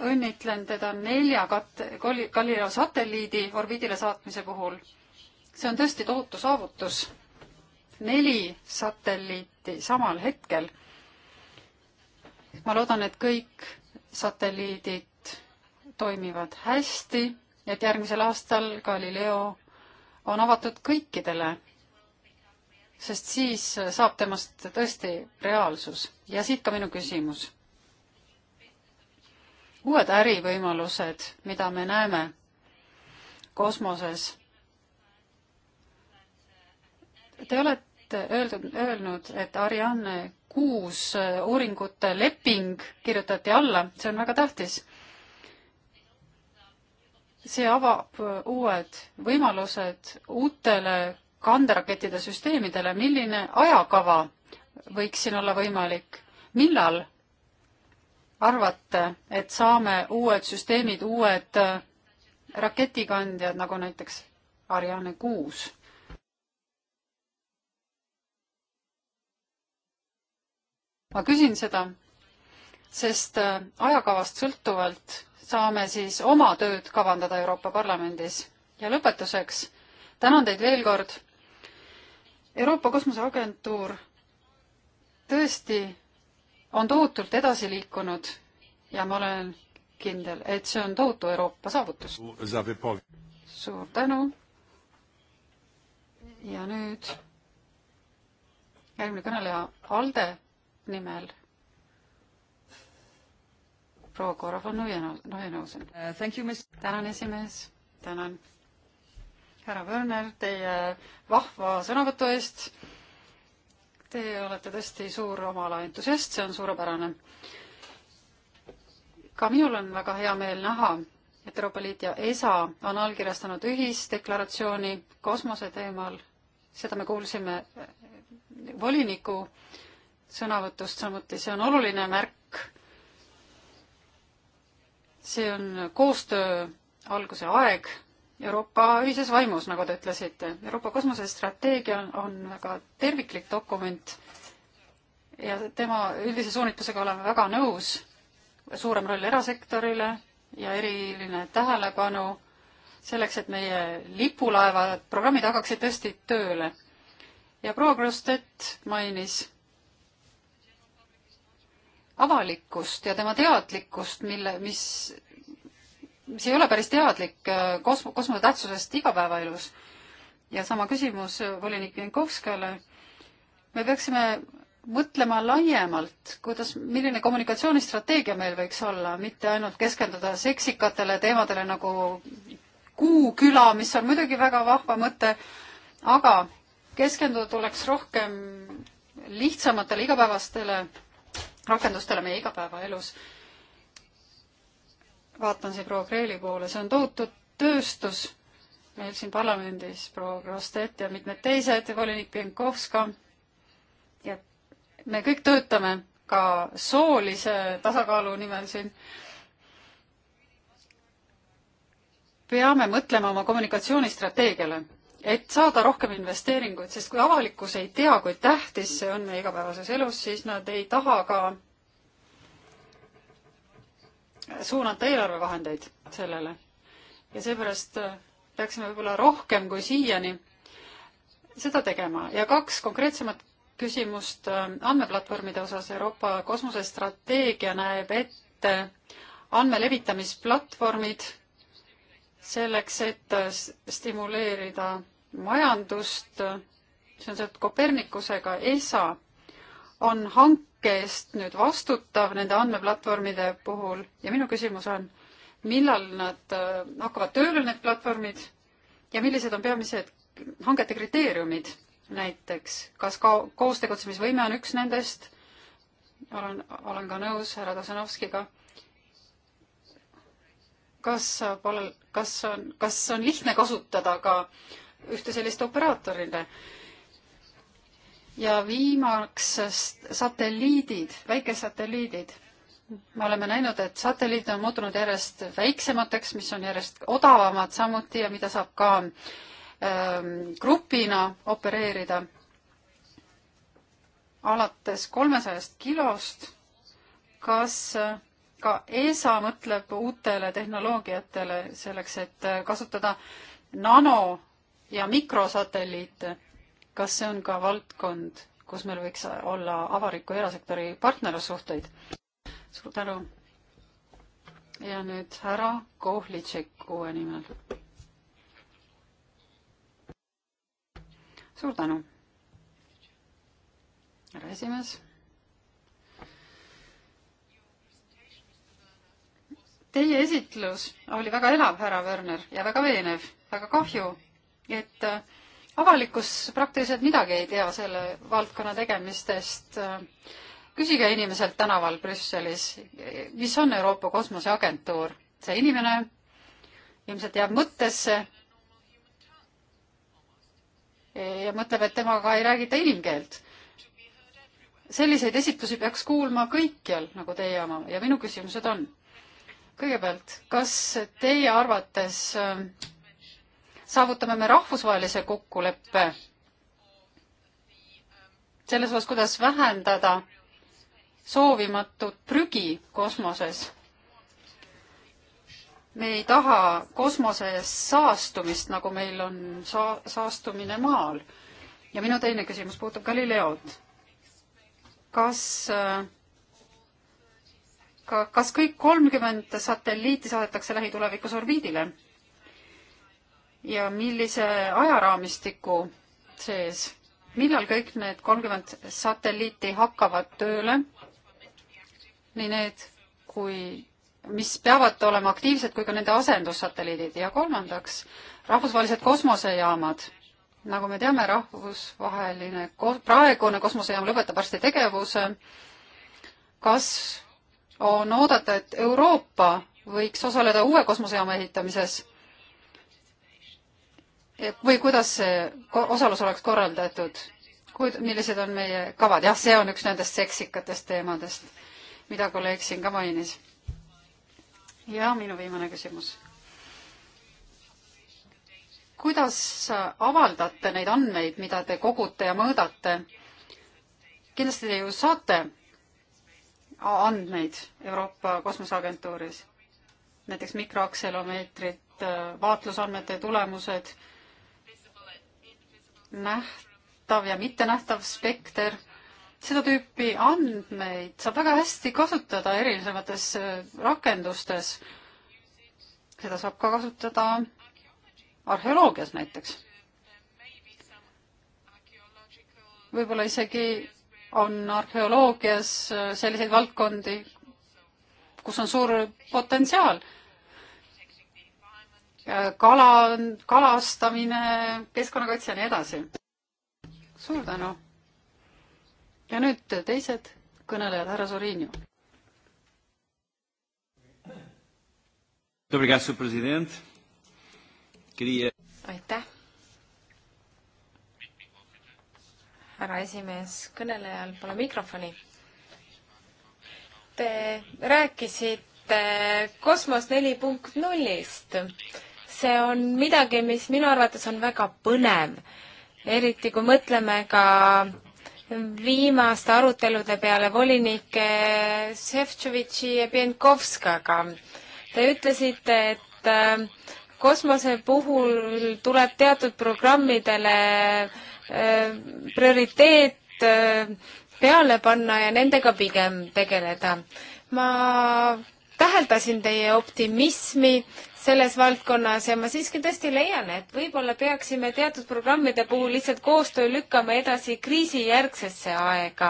õnnitlen teda nelja kat-, Galileo satelliidi orbiidile saatmise puhul. see on tõesti tohutu saavutus. neli satelliiti samal hetkel. ma loodan, et kõik satelliidid toimivad hästi, et järgmisel aastal Galileo on avatud kõikidele sest siis saab temast tõesti reaalsus. ja siit ka minu küsimus. uued ärivõimalused, mida me näeme kosmoses. Te olete öeldud, öelnud, et Ariane kuus uuringute leping kirjutati alla, see on väga tähtis. see avab uued võimalused uutele kanderakettide süsteemidele, milline ajakava võiks siin olla võimalik, millal arvate, et saame uued süsteemid, uued äh, raketikandjad, nagu näiteks Ariane kuus? ma küsin seda, sest äh, ajakavast sõltuvalt saame siis oma tööd kavandada Euroopa Parlamendis. ja lõpetuseks tänan teid veel kord Euroopa Kosmoseagentuur tõesti on tohutult edasi liikunud ja ma olen kindel, et see on tohutu Euroopa saavutus. suur tänu. ja nüüd järgmine kõneleja Alde nimel. proua Korov on Nojenausen. tänan, esimees. tänan härra Werner, teie vahva sõnavõtu eest. Te olete tõesti suur oma ala entusiast, see on suurepärane. ka minul on väga hea meel näha, et Euroopa Liit ja ESA on allkirjastanud ühisdeklaratsiooni kosmose teemal. seda me kuulsime voliniku sõnavõtust samuti, see on oluline märk. see on koostöö alguse aeg Euroopa ühises vaimus, nagu te ütlesite. Euroopa kosmosestrateegia on väga terviklik dokument ja tema üldise suunitlusega oleme väga nõus, suurem roll erasektorile ja eriline tähelepanu selleks, et meie lipulaevad, programmid hakkaksid tõesti tööle. ja proua Krustet mainis avalikkust ja tema teadlikkust, mille, mis mis ei ole päris teadlik äh, kosmo, kosmose tähtsusest igapäevaelus. ja sama küsimus äh, volinik Jankovskale. me peaksime mõtlema laiemalt, kuidas, milline kommunikatsioonistrateegia meil võiks olla, mitte ainult keskenduda seksikatele teemadele nagu kuuküla, mis on muidugi väga vahva mõte, aga keskenduda tuleks rohkem lihtsamatele igapäevastele rakendustele meie igapäevaelus vaatan siin proua Kreeli poole, see on tohutu tööstus meil siin parlamendis, proua Krostet ja mitmed teised, volinik Pienkovska. ja me kõik töötame ka soolise tasakaalu nimel siin. peame mõtlema oma kommunikatsioonistrateegiale, et saada rohkem investeeringuid, sest kui avalikkus ei tea, kui tähtis see on meie igapäevases elus, siis nad ei taha ka suunata eelarvevahendeid sellele. ja seepärast äh, peaksime võib-olla rohkem kui siiani seda tegema ja kaks konkreetsemat küsimust äh, andmeplatvormide osas. Euroopa kosmosestrateegia näeb ette andmelevitamisplatvormid selleks, et äh, stimuleerida majandust. see on seotud Kopernikusega. ESA on hank-, kes nüüd vastutab nende andmeplatvormide puhul ja minu küsimus on, millal nad äh, hakkavad tööle, need platvormid, ja millised on peamised hangete kriteeriumid näiteks, kas ka koostegutsemisvõime on üks nendest, olen, olen ka nõus härra Tosanovskiga, kas saab olla, kas on, kas on lihtne kasutada ka ühte sellist operaatorile äh, ja viimaks satelliidid, väikesatelliidid. me oleme näinud, et satelliidid on muutunud järjest väiksemateks, mis on järjest odavamad samuti ja mida saab ka ähm, grupina opereerida. alates kolmesajast kilost, kas äh, ka ESA mõtleb uutele tehnoloogiatele selleks, et äh, kasutada nano- ja mikrosatelliite kas see on ka valdkond, kus meil võiks olla avaliku erasektori partnerlussuhteid? suur tänu. ja nüüd härra Kohlitšek uue nimel. suur tänu, härra esimees. Teie esitlus oli väga elav, härra Werner, ja väga veenev. väga kahju, et äh, avalikkus praktiliselt midagi ei tea selle valdkonna tegemistest. küsige inimeselt tänaval Brüsselis, mis on Euroopa Kosmoseagentuur. see inimene ilmselt jääb mõttesse ja mõtleb, et temaga ei räägita inimkeelt. selliseid esitusi peaks kuulma kõikjal, nagu teie oma ja minu küsimused on. kõigepealt, kas teie arvates äh, saavutame me rahvusvahelise kokkuleppe selles osas, kuidas vähendada soovimatut prügi kosmoses. me ei taha kosmoses saastumist, nagu meil on saa-, saastumine Maal. ja minu teine küsimus puudutab Galileod. kas äh, ka, kas kõik kolmkümmend satelliiti saadetakse lähitulevikus orbiidile? ja millise ajaraamistiku sees, millal kõik need kolmkümmend satelliiti hakkavad tööle, nii need kui, mis peavad olema aktiivsed, kui ka nende asendussatelliidid ja kolmandaks, rahvusvahelised kosmosejaamad. nagu me teame, rahvusvaheline ko-, praegune kosmosejaam lõpetab varsti tegevuse. kas on oodata, et Euroopa võiks osaleda uue kosmosejaama ehitamises või kuidas see osalus oleks korraldatud, kuid millised on meie kavad, jah, see on üks nendest seksikatest teemadest, mida kolleeg siin ka mainis. ja minu viimane küsimus. kuidas avaldate neid andmeid, mida te kogute ja mõõdate? kindlasti te ju saate andmeid Euroopa Kosmoseagentuuris, näiteks mikroakselomeetrid, vaatlusandmete tulemused nähtav ja mittenähtav spekter. seda tüüpi andmeid saab väga hästi kasutada erinevates äh, rakendustes. seda saab ka kasutada arheoloogias näiteks. võib-olla isegi on arheoloogias äh, selliseid valdkondi, kus on suur potentsiaal kala, kalastamine, keskkonnakaitse ja nii edasi. suur tänu. ja nüüd teised kõnelejad, härra Sorinio. aitäh. härra esimees, kõnelejal pole mikrofoni. Te rääkisite kosmos neli punkt nullist see on midagi, mis minu arvates on väga põnev, eriti kui mõtleme ka viimaste arutelude peale volinike Šefčovitši ja Pienkovskaga. Te ütlesite, et äh, kosmose puhul tuleb teatud programmidele äh, prioriteet äh, peale panna ja nendega pigem tegeleda. ma täheldasin teie optimismi selles valdkonnas ja ma siiski tõesti leian, et võib-olla peaksime teatud programmide puhul lihtsalt koostöö lükkama edasi kriisijärgsesse aega.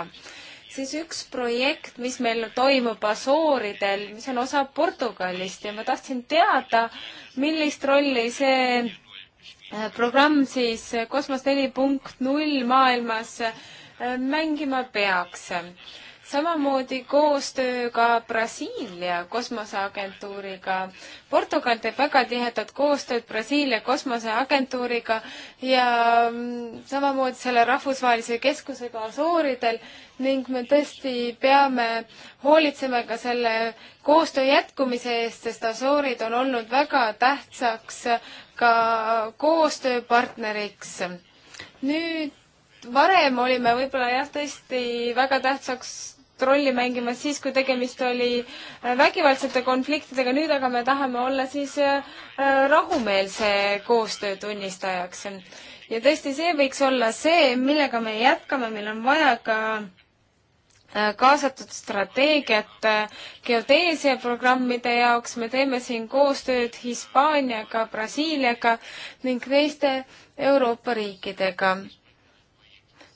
siis üks projekt, mis meil toimub Asooridel, mis on osa Portugalist ja ma tahtsin teada, millist rolli see äh, programm siis äh, Kosmos neli punkt null maailmas äh, mängima peaks samamoodi koostööga Brasiilia kosmoseagentuuriga. Portugal teeb väga tihedat koostööd Brasiilia kosmoseagentuuriga ja mm, samamoodi selle rahvusvahelise keskusega Asooridel ning me tõesti peame hoolitsema ka selle koostöö jätkumise eest, sest Asoorid on olnud väga tähtsaks ka koostööpartneriks. nüüd varem olime võib-olla jah, tõesti väga tähtsaks rolli mängima siis, kui tegemist oli äh, vägivaldsete konfliktidega, nüüd aga me tahame olla siis äh, äh, rahumeelse koostöö tunnistajaks. ja tõesti, see võiks olla see, millega me jätkame, meil on vaja ka kaasatud strateegiat geodeesiaprogrammide jaoks, me teeme siin koostööd Hispaaniaga, Brasiiliaga ning teiste Euroopa riikidega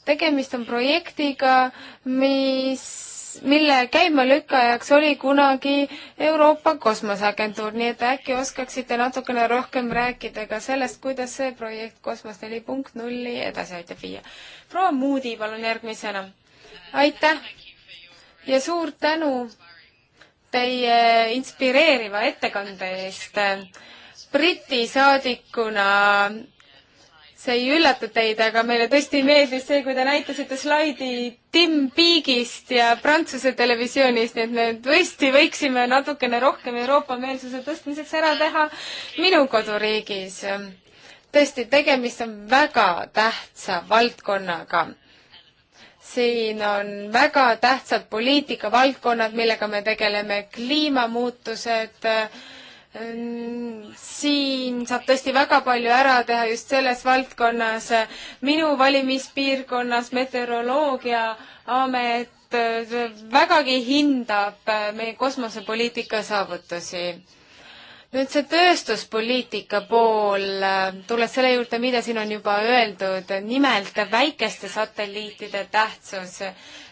tegemist on projektiga, mis mille käimalükkajaks oli kunagi Euroopa Kosmoseagentuur, nii et äkki oskaksite natukene rohkem rääkida ka sellest, kuidas see projekt Kosmos neli punkt nulli edasi aitab viia. proua Moody, palun järgmisena. aitäh ja suur tänu teie inspireeriva ettekande eest. Briti saadikuna see ei üllata teid, aga meile tõesti meeldis see, kui te näitasite slaidi Tim Peagist ja Prantsuse televisioonist, nii et me tõesti võiksime natukene rohkem Euroopa meelsuse tõstmiseks ära teha minu koduriigis. tõesti, tegemist on väga tähtsa valdkonnaga. siin on väga tähtsad poliitikavaldkonnad, millega me tegeleme, kliimamuutused äh,, siin saab tõesti väga palju ära teha just selles valdkonnas. minu valimispiirkonnas Meteoroloogiaamet äh, vägagi hindab äh, meie kosmosepoliitika saavutusi nüüd see tööstuspoliitika pool, äh, tulles selle juurde, mida siin on juba öeldud, nimelt väikeste satelliitide tähtsus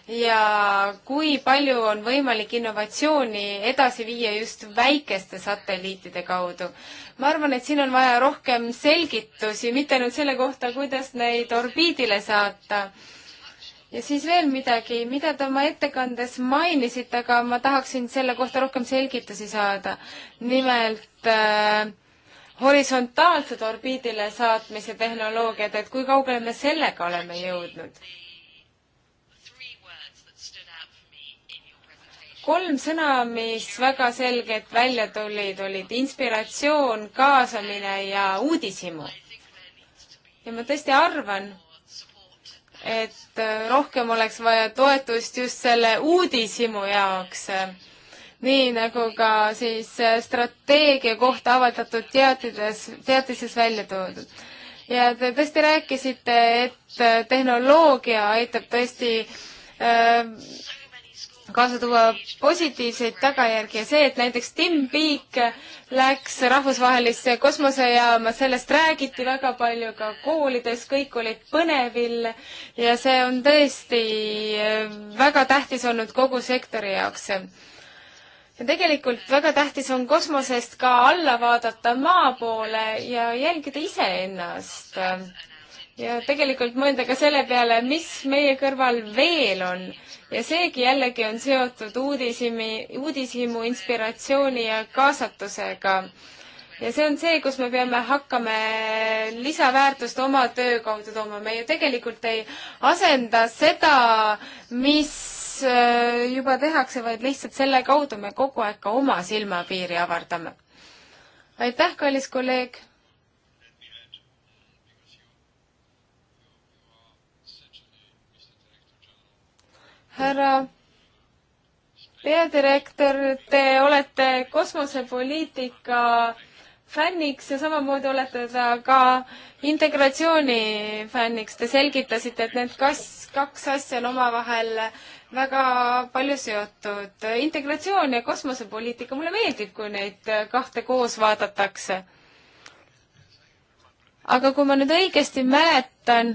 ja kui palju on võimalik innovatsiooni edasi viia just väikeste satelliitide kaudu. ma arvan, et siin on vaja rohkem selgitusi, mitte ainult selle kohta, kuidas neid orbiidile saata. ja siis veel midagi, mida te oma ettekandes mainisite, aga ma tahaksin selle kohta rohkem selgitusi saada. nimelt äh, horisontaalsed orbiidile saatmise tehnoloogiad, et kui kaugele me sellega oleme jõudnud kolm sõna, mis väga selgelt välja tulid, olid inspiratsioon, kaasamine ja uudishimu. ja ma tõesti arvan, et rohkem oleks vaja toetust just selle uudishimu jaoks. nii nagu ka siis strateegia kohta avaldatud teatides, teatises välja toodud. ja te tõesti rääkisite, et tehnoloogia aitab tõesti äh, kaasa tuua positiivseid tagajärgi ja see, et näiteks Tim Peak läks rahvusvahelisse kosmosejaama, sellest räägiti väga palju ka koolides, kõik olid põnevil ja see on tõesti äh, väga tähtis olnud kogu sektori jaoks ja tegelikult väga tähtis on kosmosest ka alla vaadata maa poole ja jälgida iseennast ja tegelikult mõelda ka selle peale, mis meie kõrval veel on. ja seegi jällegi on seotud uudishimi, uudishimu, inspiratsiooni ja kaasatusega. ja see on see, kus me peame hakkama lisaväärtust oma töö kaudu tooma. me ju tegelikult ei asenda seda, mis äh, juba tehakse, vaid lihtsalt selle kaudu me kogu aeg ka oma silmapiiri avardame. aitäh, kallis kolleeg! härra peadirektor, te olete kosmosepoliitika fänniks ja samamoodi olete te ka integratsiooni fänniks. Te selgitasite, et need kas-, kaks asja on omavahel väga palju seotud. integratsioon ja kosmosepoliitika, mulle meeldib, kui neid kahte koos vaadatakse. aga kui ma nüüd õigesti mäletan,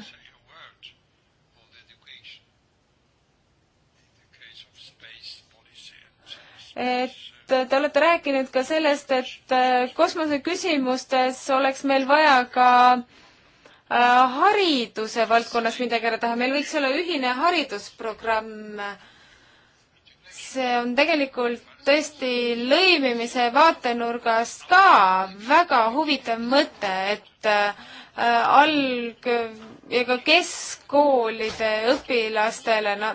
et te olete rääkinud ka sellest, et äh, kosmoseküsimustes oleks meil vaja ka äh, hariduse valdkonnas midagi ära teha, meil võiks olla ühine haridusprogramm. see on tegelikult tõesti lõimimise vaatenurgast ka väga huvitav mõte, et äh, alg- ja ka keskkoolide õpilastele no,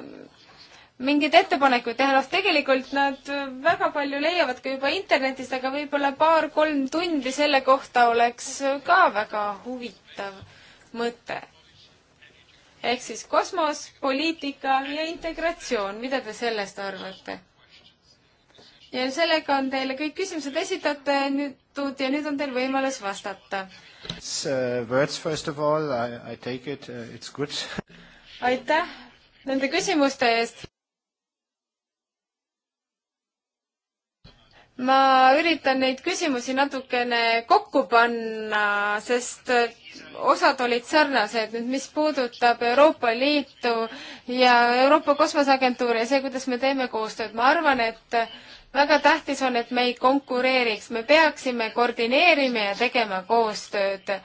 mingeid ettepanekuid teha, noh tegelikult nad väga palju leiavad ka juba internetist, aga võib-olla paar-kolm tundi selle kohta oleks ka väga huvitav mõte. ehk siis kosmos, poliitika ja integratsioon, mida te sellest arvate? ja sellega on teile kõik küsimused esitatud ja nüüd on teil võimalus vastata. Uh, words first of all, I take it, uh, it's good. aitäh nende küsimuste eest ma üritan neid küsimusi natukene kokku panna, sest osad olid sarnased, nüüd mis puudutab Euroopa Liitu ja Euroopa Kosmoseagentuuri ja see, kuidas me teeme koostööd, ma arvan, et väga tähtis on, et me ei konkureeriks, me peaksime koordineerima ja tegema koostööd.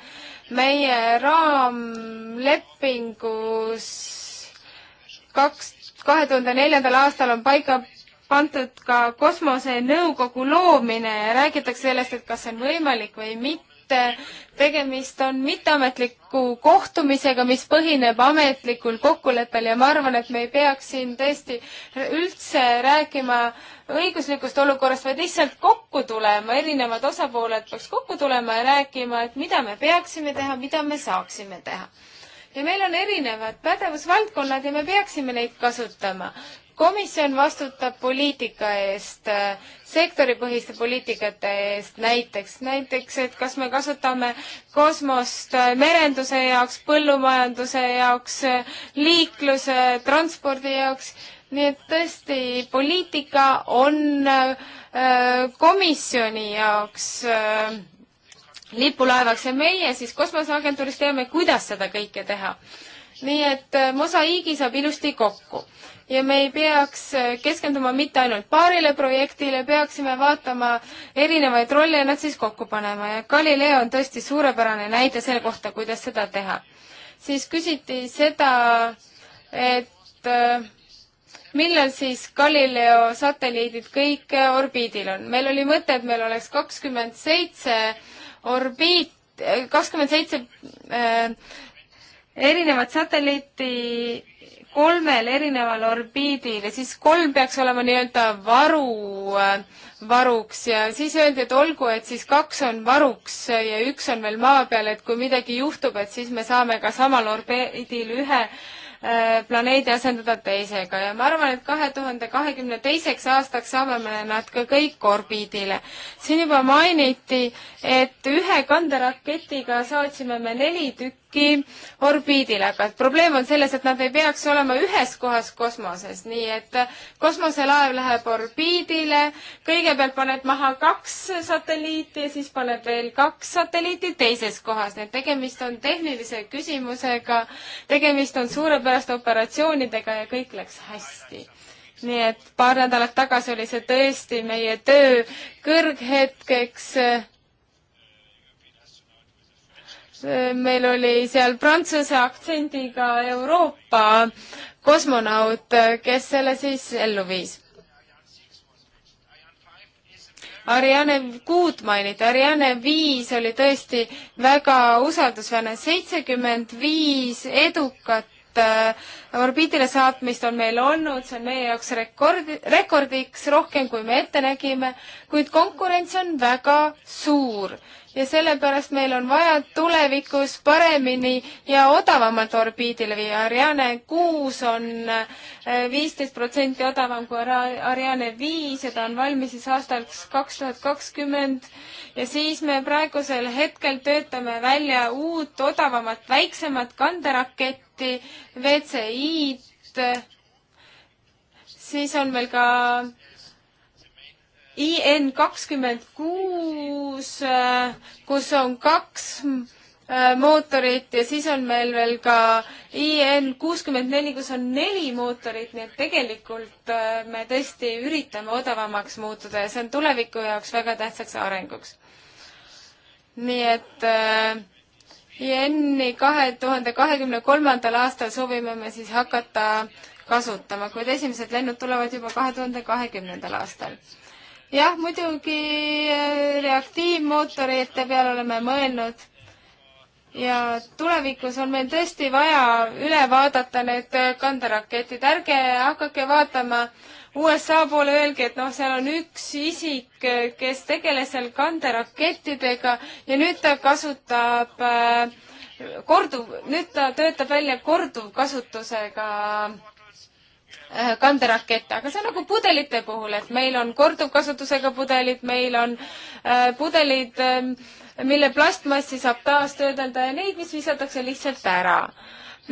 meie raamlepingus kaks, kahe tuhande neljandal aastal on paika pandud ka kosmosenõukogu loomine ja räägitakse sellest, et kas see on võimalik või mitte. tegemist on mitteametliku kohtumisega, mis põhineb ametlikul kokkuleppel ja ma arvan, et me ei peaks siin tõesti üldse rääkima õiguslikust olukorrast, vaid lihtsalt kokku tulema, erinevad osapooled peaks kokku tulema ja rääkima, et mida me peaksime teha, mida me saaksime teha ja meil on erinevad pädevusvaldkonnad ja me peaksime neid kasutama komisjon vastutab poliitika eest, sektoripõhiste poliitikate eest näiteks, näiteks et kas me kasutame kosmost merenduse jaoks, põllumajanduse jaoks, liikluse, transpordi jaoks, nii et tõesti, poliitika on äh, komisjoni jaoks äh, lipulaevaks ja meie siis Kosmoseagentuuris teame, kuidas seda kõike teha. nii et äh, mosaiigi saab ilusti kokku ja me ei peaks äh, keskenduma mitte ainult paarile projektile, peaksime vaatama erinevaid rolle ja nad siis kokku panema ja Galileo on tõesti suurepärane näide selle kohta, kuidas seda teha. siis küsiti seda, et äh, millal siis Galileo satelliidid kõik äh, orbiidil on. meil oli mõte, et meil oleks kakskümmend seitse orbiit, kakskümmend seitse erinevat satelliiti kolmel erineval orbiidil ja siis kolm peaks olema nii-öelda varu, äh, varuks ja siis öeldi, et olgu, et siis kaks on varuks ja üks on veel maa peal, et kui midagi juhtub, et siis me saame ka samal orbiidil ühe äh, Äh, planeedi asendada teisega ja ma arvan, et kahe tuhande kahekümne teiseks aastaks saame me nad ka kõik orbiidile. siin juba mainiti, et ühe kanderaketiga saatsime me neli tükki orbiidile, aga probleem on selles, et nad ei peaks olema ühes kohas kosmoses, nii et kosmoselaev läheb orbiidile, kõigepealt paned maha kaks satelliiti ja siis paned veel kaks satelliiti teises kohas, nii et tegemist on tehnilise küsimusega, tegemist on suurepärase pärast operatsioonidega ja kõik läks hästi nii et paar nädalat tagasi oli see tõesti meie töö kõrghetkeks. meil oli seal prantsuse aktsendiga Euroopa kosmonaut, kes selle siis ellu viis. Ariane kuud mainiti, Ariane viis oli tõesti väga usaldusväärne, seitsekümmend viis edukat Äh, orbiidile saatmist on meil olnud, see on meie jaoks rekord, rekordiks rohkem, kui me ette nägime, kuid konkurents on väga suur ja sellepärast meil on vaja tulevikus paremini ja odavamalt orbiidile viia. Ariane kuus on äh, viisteist protsenti odavam kui Ariane viis ja ta on valmis siis aastaks kaks tuhat kakskümmend. ja siis me praegusel hetkel töötame välja uut odavamat väiksemat kanderaketti, WCI-d. siis on meil ka IN kakskümmend kuus, äh, kus on kaks äh, mootorit ja siis on meil veel ka IN kuuskümmend neli, kus on neli mootorit, nii et tegelikult äh, me tõesti üritame odavamaks muutuda ja see on tuleviku jaoks väga tähtsaks arenguks. nii et IN-i kahe tuhande kahekümne kolmandal aastal soovime me siis hakata kasutama, kuid esimesed lennud tulevad juba kahe tuhande kahekümnendal aastal jah, muidugi äh, reaktiivmootorite peale oleme mõelnud ja tulevikus on meil tõesti vaja üle vaadata need äh, kanderaketid, ärge hakake vaatama USA poole, öelge, et noh, seal on üks isik, äh, kes tegeles seal kanderakettidega ja nüüd ta kasutab korduv, nüüd ta töötab välja korduvkasutusega Äh, kanderakette, aga see on nagu pudelite puhul, et meil on korduvkasutusega pudelid, meil on äh, pudelid äh,, mille plastmassi saab taastöödelda ja neid, mis visatakse lihtsalt ära.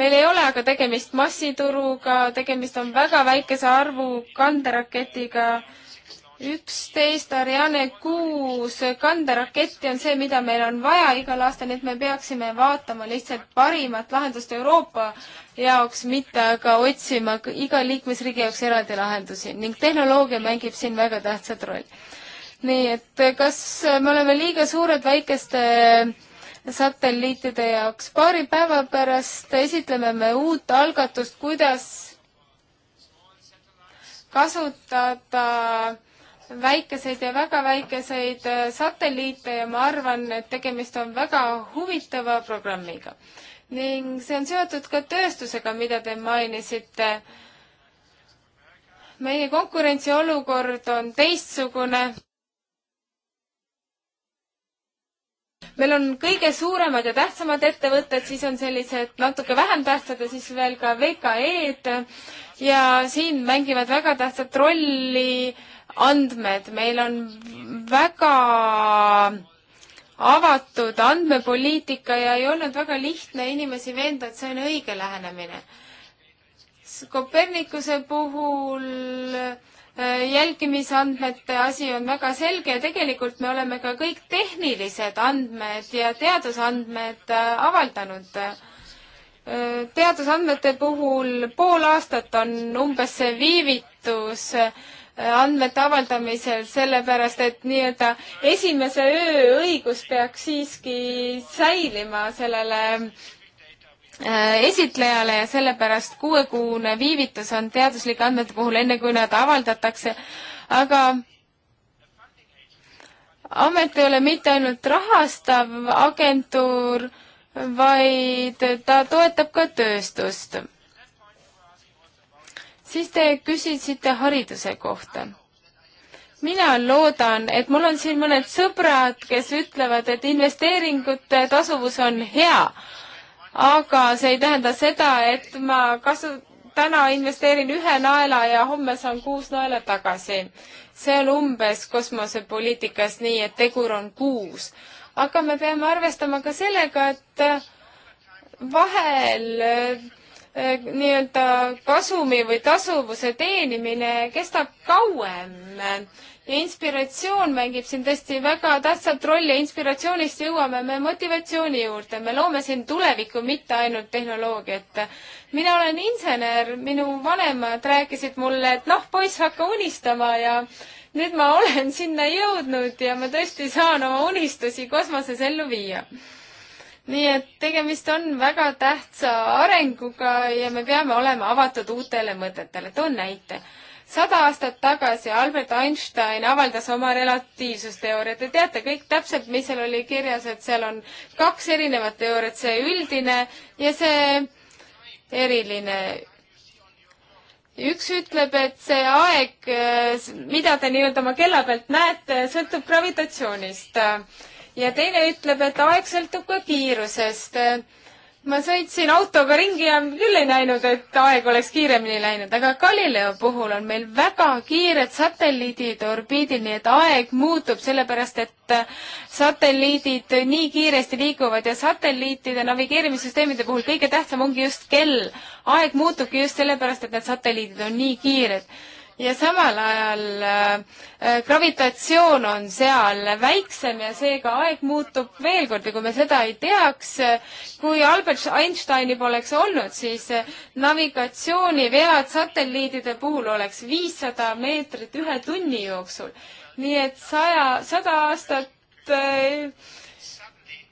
meil ei ole aga tegemist massituruga, tegemist on väga väikese arvu kanderaketiga äh,, üksteist Ariane kuus kanderaketti on see, mida meil on vaja igal aastal, nii et me peaksime vaatama lihtsalt parimat lahendust Euroopa jaoks, mitte aga otsima iga liikmesriigi jaoks eraldi lahendusi ning tehnoloogia mängib siin väga tähtsat rolli. nii et kas me oleme liiga suured väikeste satelliitide jaoks. paari päeva pärast esitleme me uut algatust, kuidas kasutada väikeseid ja väga väikeseid äh, satelliite ja ma arvan, et tegemist on väga huvitava programmiga. ning see on seotud ka tööstusega, mida te mainisite. meie konkurentsiolukord on teistsugune. meil on kõige suuremad ja tähtsamad ettevõtted, siis on sellised natuke vähem tähtsad ja siis veel ka VKE-d ja siin mängivad väga tähtsat rolli äh, andmed, meil on väga avatud andmepoliitika ja ei olnud väga lihtne inimesi veenda, et see on õige lähenemine. Kopernikuse puhul äh, jälgimisandmete asi on väga selge ja tegelikult me oleme ka kõik tehnilised andmed ja teadusandmed äh, avaldanud. Äh, teadusandmete puhul pool aastat on umbes see viivitus andmete avaldamisel, sellepärast et nii-öelda esimese öö õigus peaks siiski säilima sellele äh, esitlejale ja sellepärast kuuekuune viivitus on teaduslike andmete puhul, enne kui nad avaldatakse, aga amet ei ole mitte ainult rahastav agentuur, vaid ta toetab ka tööstust siis te küsisite hariduse kohta. mina loodan, et mul on siin mõned sõbrad, kes ütlevad, et investeeringute tasuvus on hea, aga see ei tähenda seda, et ma kasu-, täna investeerin ühe naela ja homme saan kuus naela tagasi. see on umbes kosmosepoliitikas nii, et tegur on kuus. aga me peame arvestama ka sellega, et vahel Äh, nii-öelda kasumi või tasuvuse teenimine kestab kauem ja inspiratsioon mängib siin tõesti väga tähtsat rolli. inspiratsioonist jõuame me motivatsiooni juurde, me loome siin tulevikku, mitte ainult tehnoloogiat. mina olen insener, minu vanemad rääkisid mulle, et noh, poiss, hakka unistama ja nüüd ma olen sinna jõudnud ja ma tõesti saan oma unistusi kosmoses ellu viia nii et tegemist on väga tähtsa arenguga ja me peame olema avatud uutele mõtetele. toon näite. sada aastat tagasi Albert Einstein avaldas oma relatiivsusteooria. Te teate kõik täpselt, mis seal oli kirjas, et seal on kaks erinevat teooriat, see üldine ja see eriline üks ütleb, et see aeg, eh, mida te nii-öelda oma kella pealt näete, sõltub gravitatsioonist ja teine ütleb, et aeg sõltub ka kiirusest. ma sõitsin autoga ringi ja küll ei näinud, et aeg oleks kiiremini läinud, aga Galileo puhul on meil väga kiired satelliidid orbiidil, nii et aeg muutub, sellepärast et satelliidid nii kiiresti liiguvad ja satelliitide navigeerimissüsteemide puhul kõige tähtsam ongi just kell. aeg muutubki just sellepärast, et need satelliidid on nii kiired ja samal ajal äh, äh, gravitatsioon on seal väiksem ja seega aeg muutub veel kord ja kui me seda ei teaks, äh, kui Albert Einsteini poleks olnud, siis äh, navigatsioonivead satelliidide puhul oleks viissada meetrit ühe tunni jooksul. nii et saja, sada aastat äh,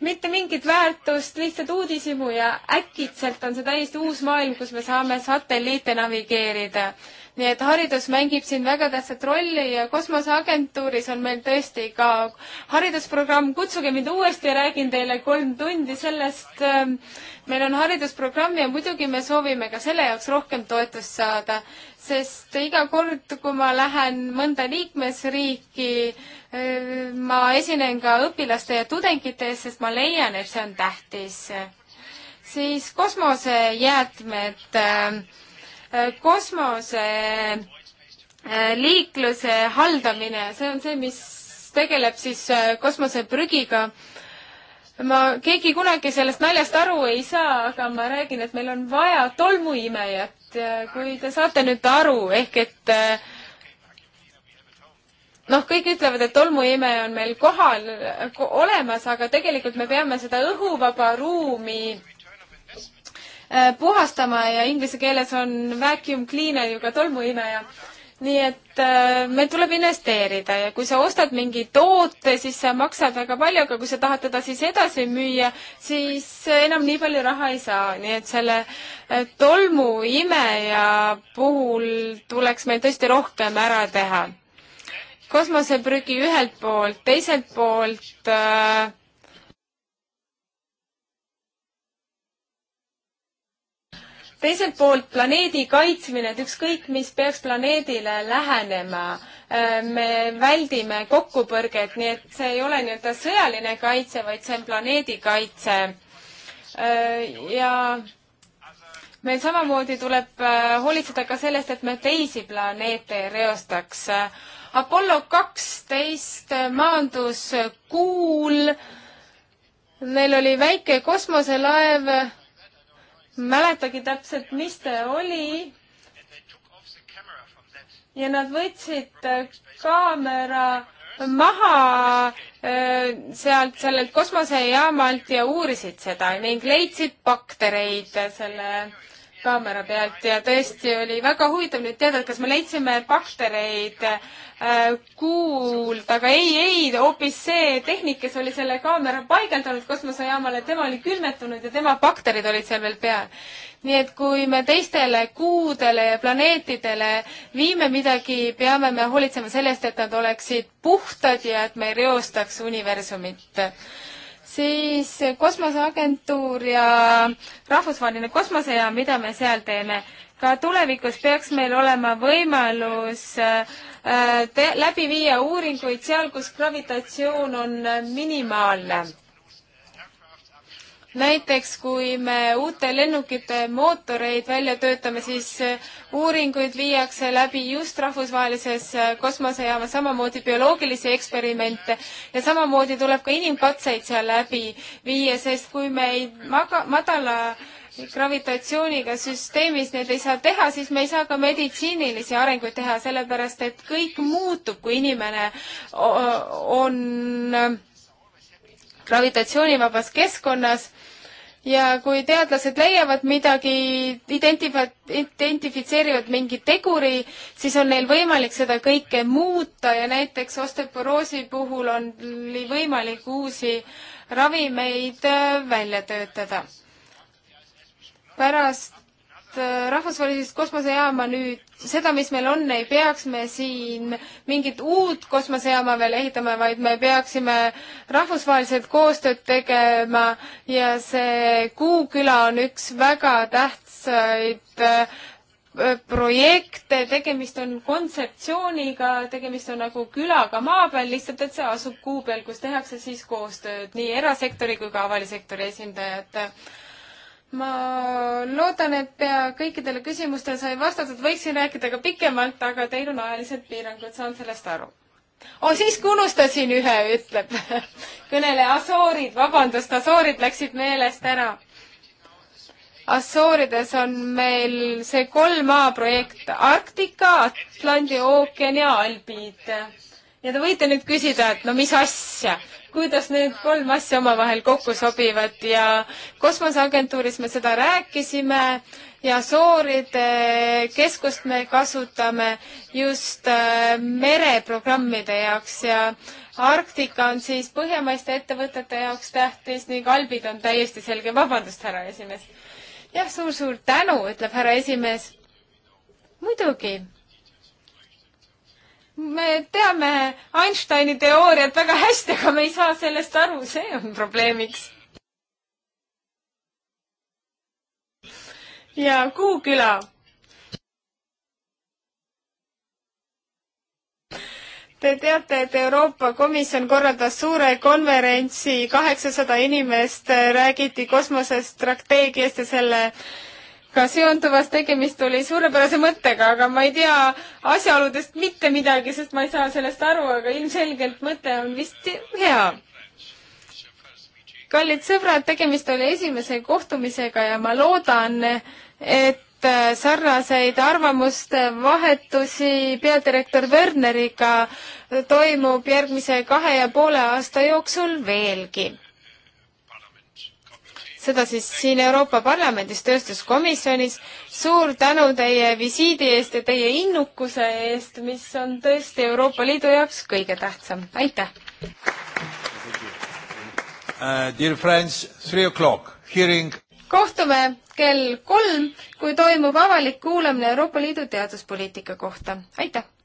mitte mingit väärtust, lihtsalt uudishimu ja äkitselt on see täiesti uus maailm, kus me saame satelliite navigeerida nii et haridus mängib siin väga tähtsat rolli ja Kosmoseagentuuris on meil tõesti ka haridusprogramm, kutsuge mind uuesti ja räägin teile kolm tundi sellest. Ähm, meil on haridusprogramm ja muidugi me soovime ka selle jaoks rohkem toetust saada, sest iga kord, kui ma lähen mõnda liikmesriiki, äh, ma esinen ka õpilaste ja tudengite ees, sest ma leian, et see on tähtis. siis kosmosejäätmed ähm, Äh, kosmose äh, liikluse haldamine, see on see, mis tegeleb siis äh, kosmoseprügiga. ma, keegi kunagi sellest naljast aru ei saa, aga ma räägin, et meil on vaja tolmuimejat, kui te saate nüüd aru, ehk et äh, noh, kõik ütlevad, et tolmuime on meil kohal ko olemas, aga tegelikult me peame seda õhuvaba ruumi Äh, puhastama ja inglise keeles on vacuum cleaner ju ka tolmuimeja. nii et äh, meil tuleb investeerida ja kui sa ostad mingi toote, siis sa maksad väga palju, aga kui sa tahad teda siis edasi müüa, siis äh, enam nii palju raha ei saa, nii et selle tolmuimeja puhul tuleks meil tõesti rohkem ära teha kosmoseprügi ühelt poolt, teiselt poolt äh, teiselt poolt planeedi kaitsmine, et ükskõik, mis peaks planeedile lähenema, äh, me väldime kokkupõrget, nii et see ei ole nii-öelda sõjaline kaitse, vaid see on planeedi kaitse. Äh, ja meil samamoodi tuleb äh, hoolitseda ka sellest, et me teisi planeete ei reostaks. Apollo kaksteist maandus Kuul, neil oli väike kosmoselaev mäletagi täpselt, mis ta oli. ja nad võtsid kaamera maha äh, sealt sellelt kosmosejaamalt ja uurisid seda ning leidsid baktereid selle kaamera pealt ja tõesti oli väga huvitav nüüd teada, et kas me leidsime baktereid äh, kuuld, aga ei, ei, hoopis see tehnik, kes oli selle kaamera paigaldanud kosmosejaamale, tema oli külmetunud ja tema bakterid olid seal veel peal. nii et kui me teistele kuudele ja planeetidele viime midagi, peame me hoolitsema selle eest, et nad oleksid puhtad ja et me ei reostaks universumit siis kosmoseagentuur ja rahvusvaheline kosmosejaam, mida me seal teeme. ka tulevikus peaks meil olema võimalus äh, te-, läbi viia uuringuid seal, kus gravitatsioon on minimaalne näiteks kui me uute lennukite mootoreid välja töötame, siis äh, uuringuid viiakse läbi just rahvusvahelises äh, kosmosejaamas, samamoodi bioloogilisi eksperimente ja samamoodi tuleb ka inimkatseid seal läbi viia, sest kui me ei maga, madala gravitatsiooniga süsteemis need ei saa teha, siis me ei saa ka meditsiinilisi arenguid teha, sellepärast et kõik muutub, kui inimene on äh, gravitatsioonivabas keskkonnas ja kui teadlased leiavad midagi, identif-, identifitseerivad mingi teguri, siis on neil võimalik seda kõike muuta ja näiteks osteoporoosi puhul on võimalik uusi ravimeid äh, välja töötada. pärast Äh, rahvusvahelist kosmosejaama nüüd, seda, mis meil on, ei peaks me siin mingit uut kosmosejaama veel ehitama, vaid me peaksime rahvusvaheliselt koostööd tegema ja see Kuuküla on üks väga tähtsaid äh, projekte, tegemist on kontseptsiooniga, tegemist on nagu külaga maa peal, lihtsalt et see asub kuu peal, kus tehakse siis koostööd nii erasektori kui ka avalisektori esindajate ma loodan, et pea kõikidele küsimustele sai vastatud, võiksin rääkida ka pikemalt, aga teil on ajalised piirangud, saan sellest aru. oo, oh, siiski unustasin ühe, ütleb [LAUGHS] kõneleja. Asoorid, vabandust, Asoorid läksid meelest ära. Assoorides on meil see kolm A projekt, Arktika, Atlandi ookean ja Albid ja te võite nüüd küsida, et no mis asja, kuidas need kolm asja omavahel kokku sobivad ja kosmoseagentuuris me seda rääkisime ja sooride keskust me kasutame just äh, mereprogrammide jaoks ja Arktika on siis põhjamaiste ettevõtete jaoks tähtis ning albid on täiesti selge. vabandust, härra esimees. jah suur,, suur-suur tänu, ütleb härra esimees. muidugi me teame Einsteini teooriat väga hästi, aga me ei saa sellest aru, see on probleemiks. ja Kuuküla. Te teate, et Euroopa Komisjon korraldas suure konverentsi, kaheksasada inimest räägiti kosmosestrateegiast ja selle äh, ka seonduvas tegemist oli suurepärase mõttega, aga ma ei tea asjaoludest mitte midagi, sest ma ei saa sellest aru, aga ilmselgelt mõte on vist hea. kallid sõbrad, tegemist oli esimese kohtumisega ja ma loodan, et äh, sarnaseid arvamuste vahetusi peadirektor Werneriga toimub järgmise kahe ja poole aasta jooksul veelgi seda siis siin Euroopa Parlamendis tööstuskomisjonis. suur tänu teie visiidi eest ja teie innukuse eest, mis on tõesti Euroopa Liidu jaoks kõige tähtsam. aitäh! Uh, dear friends, three o'clock hearing. kohtume kell kolm, kui toimub avalik kuulamine Euroopa Liidu teaduspoliitika kohta. aitäh!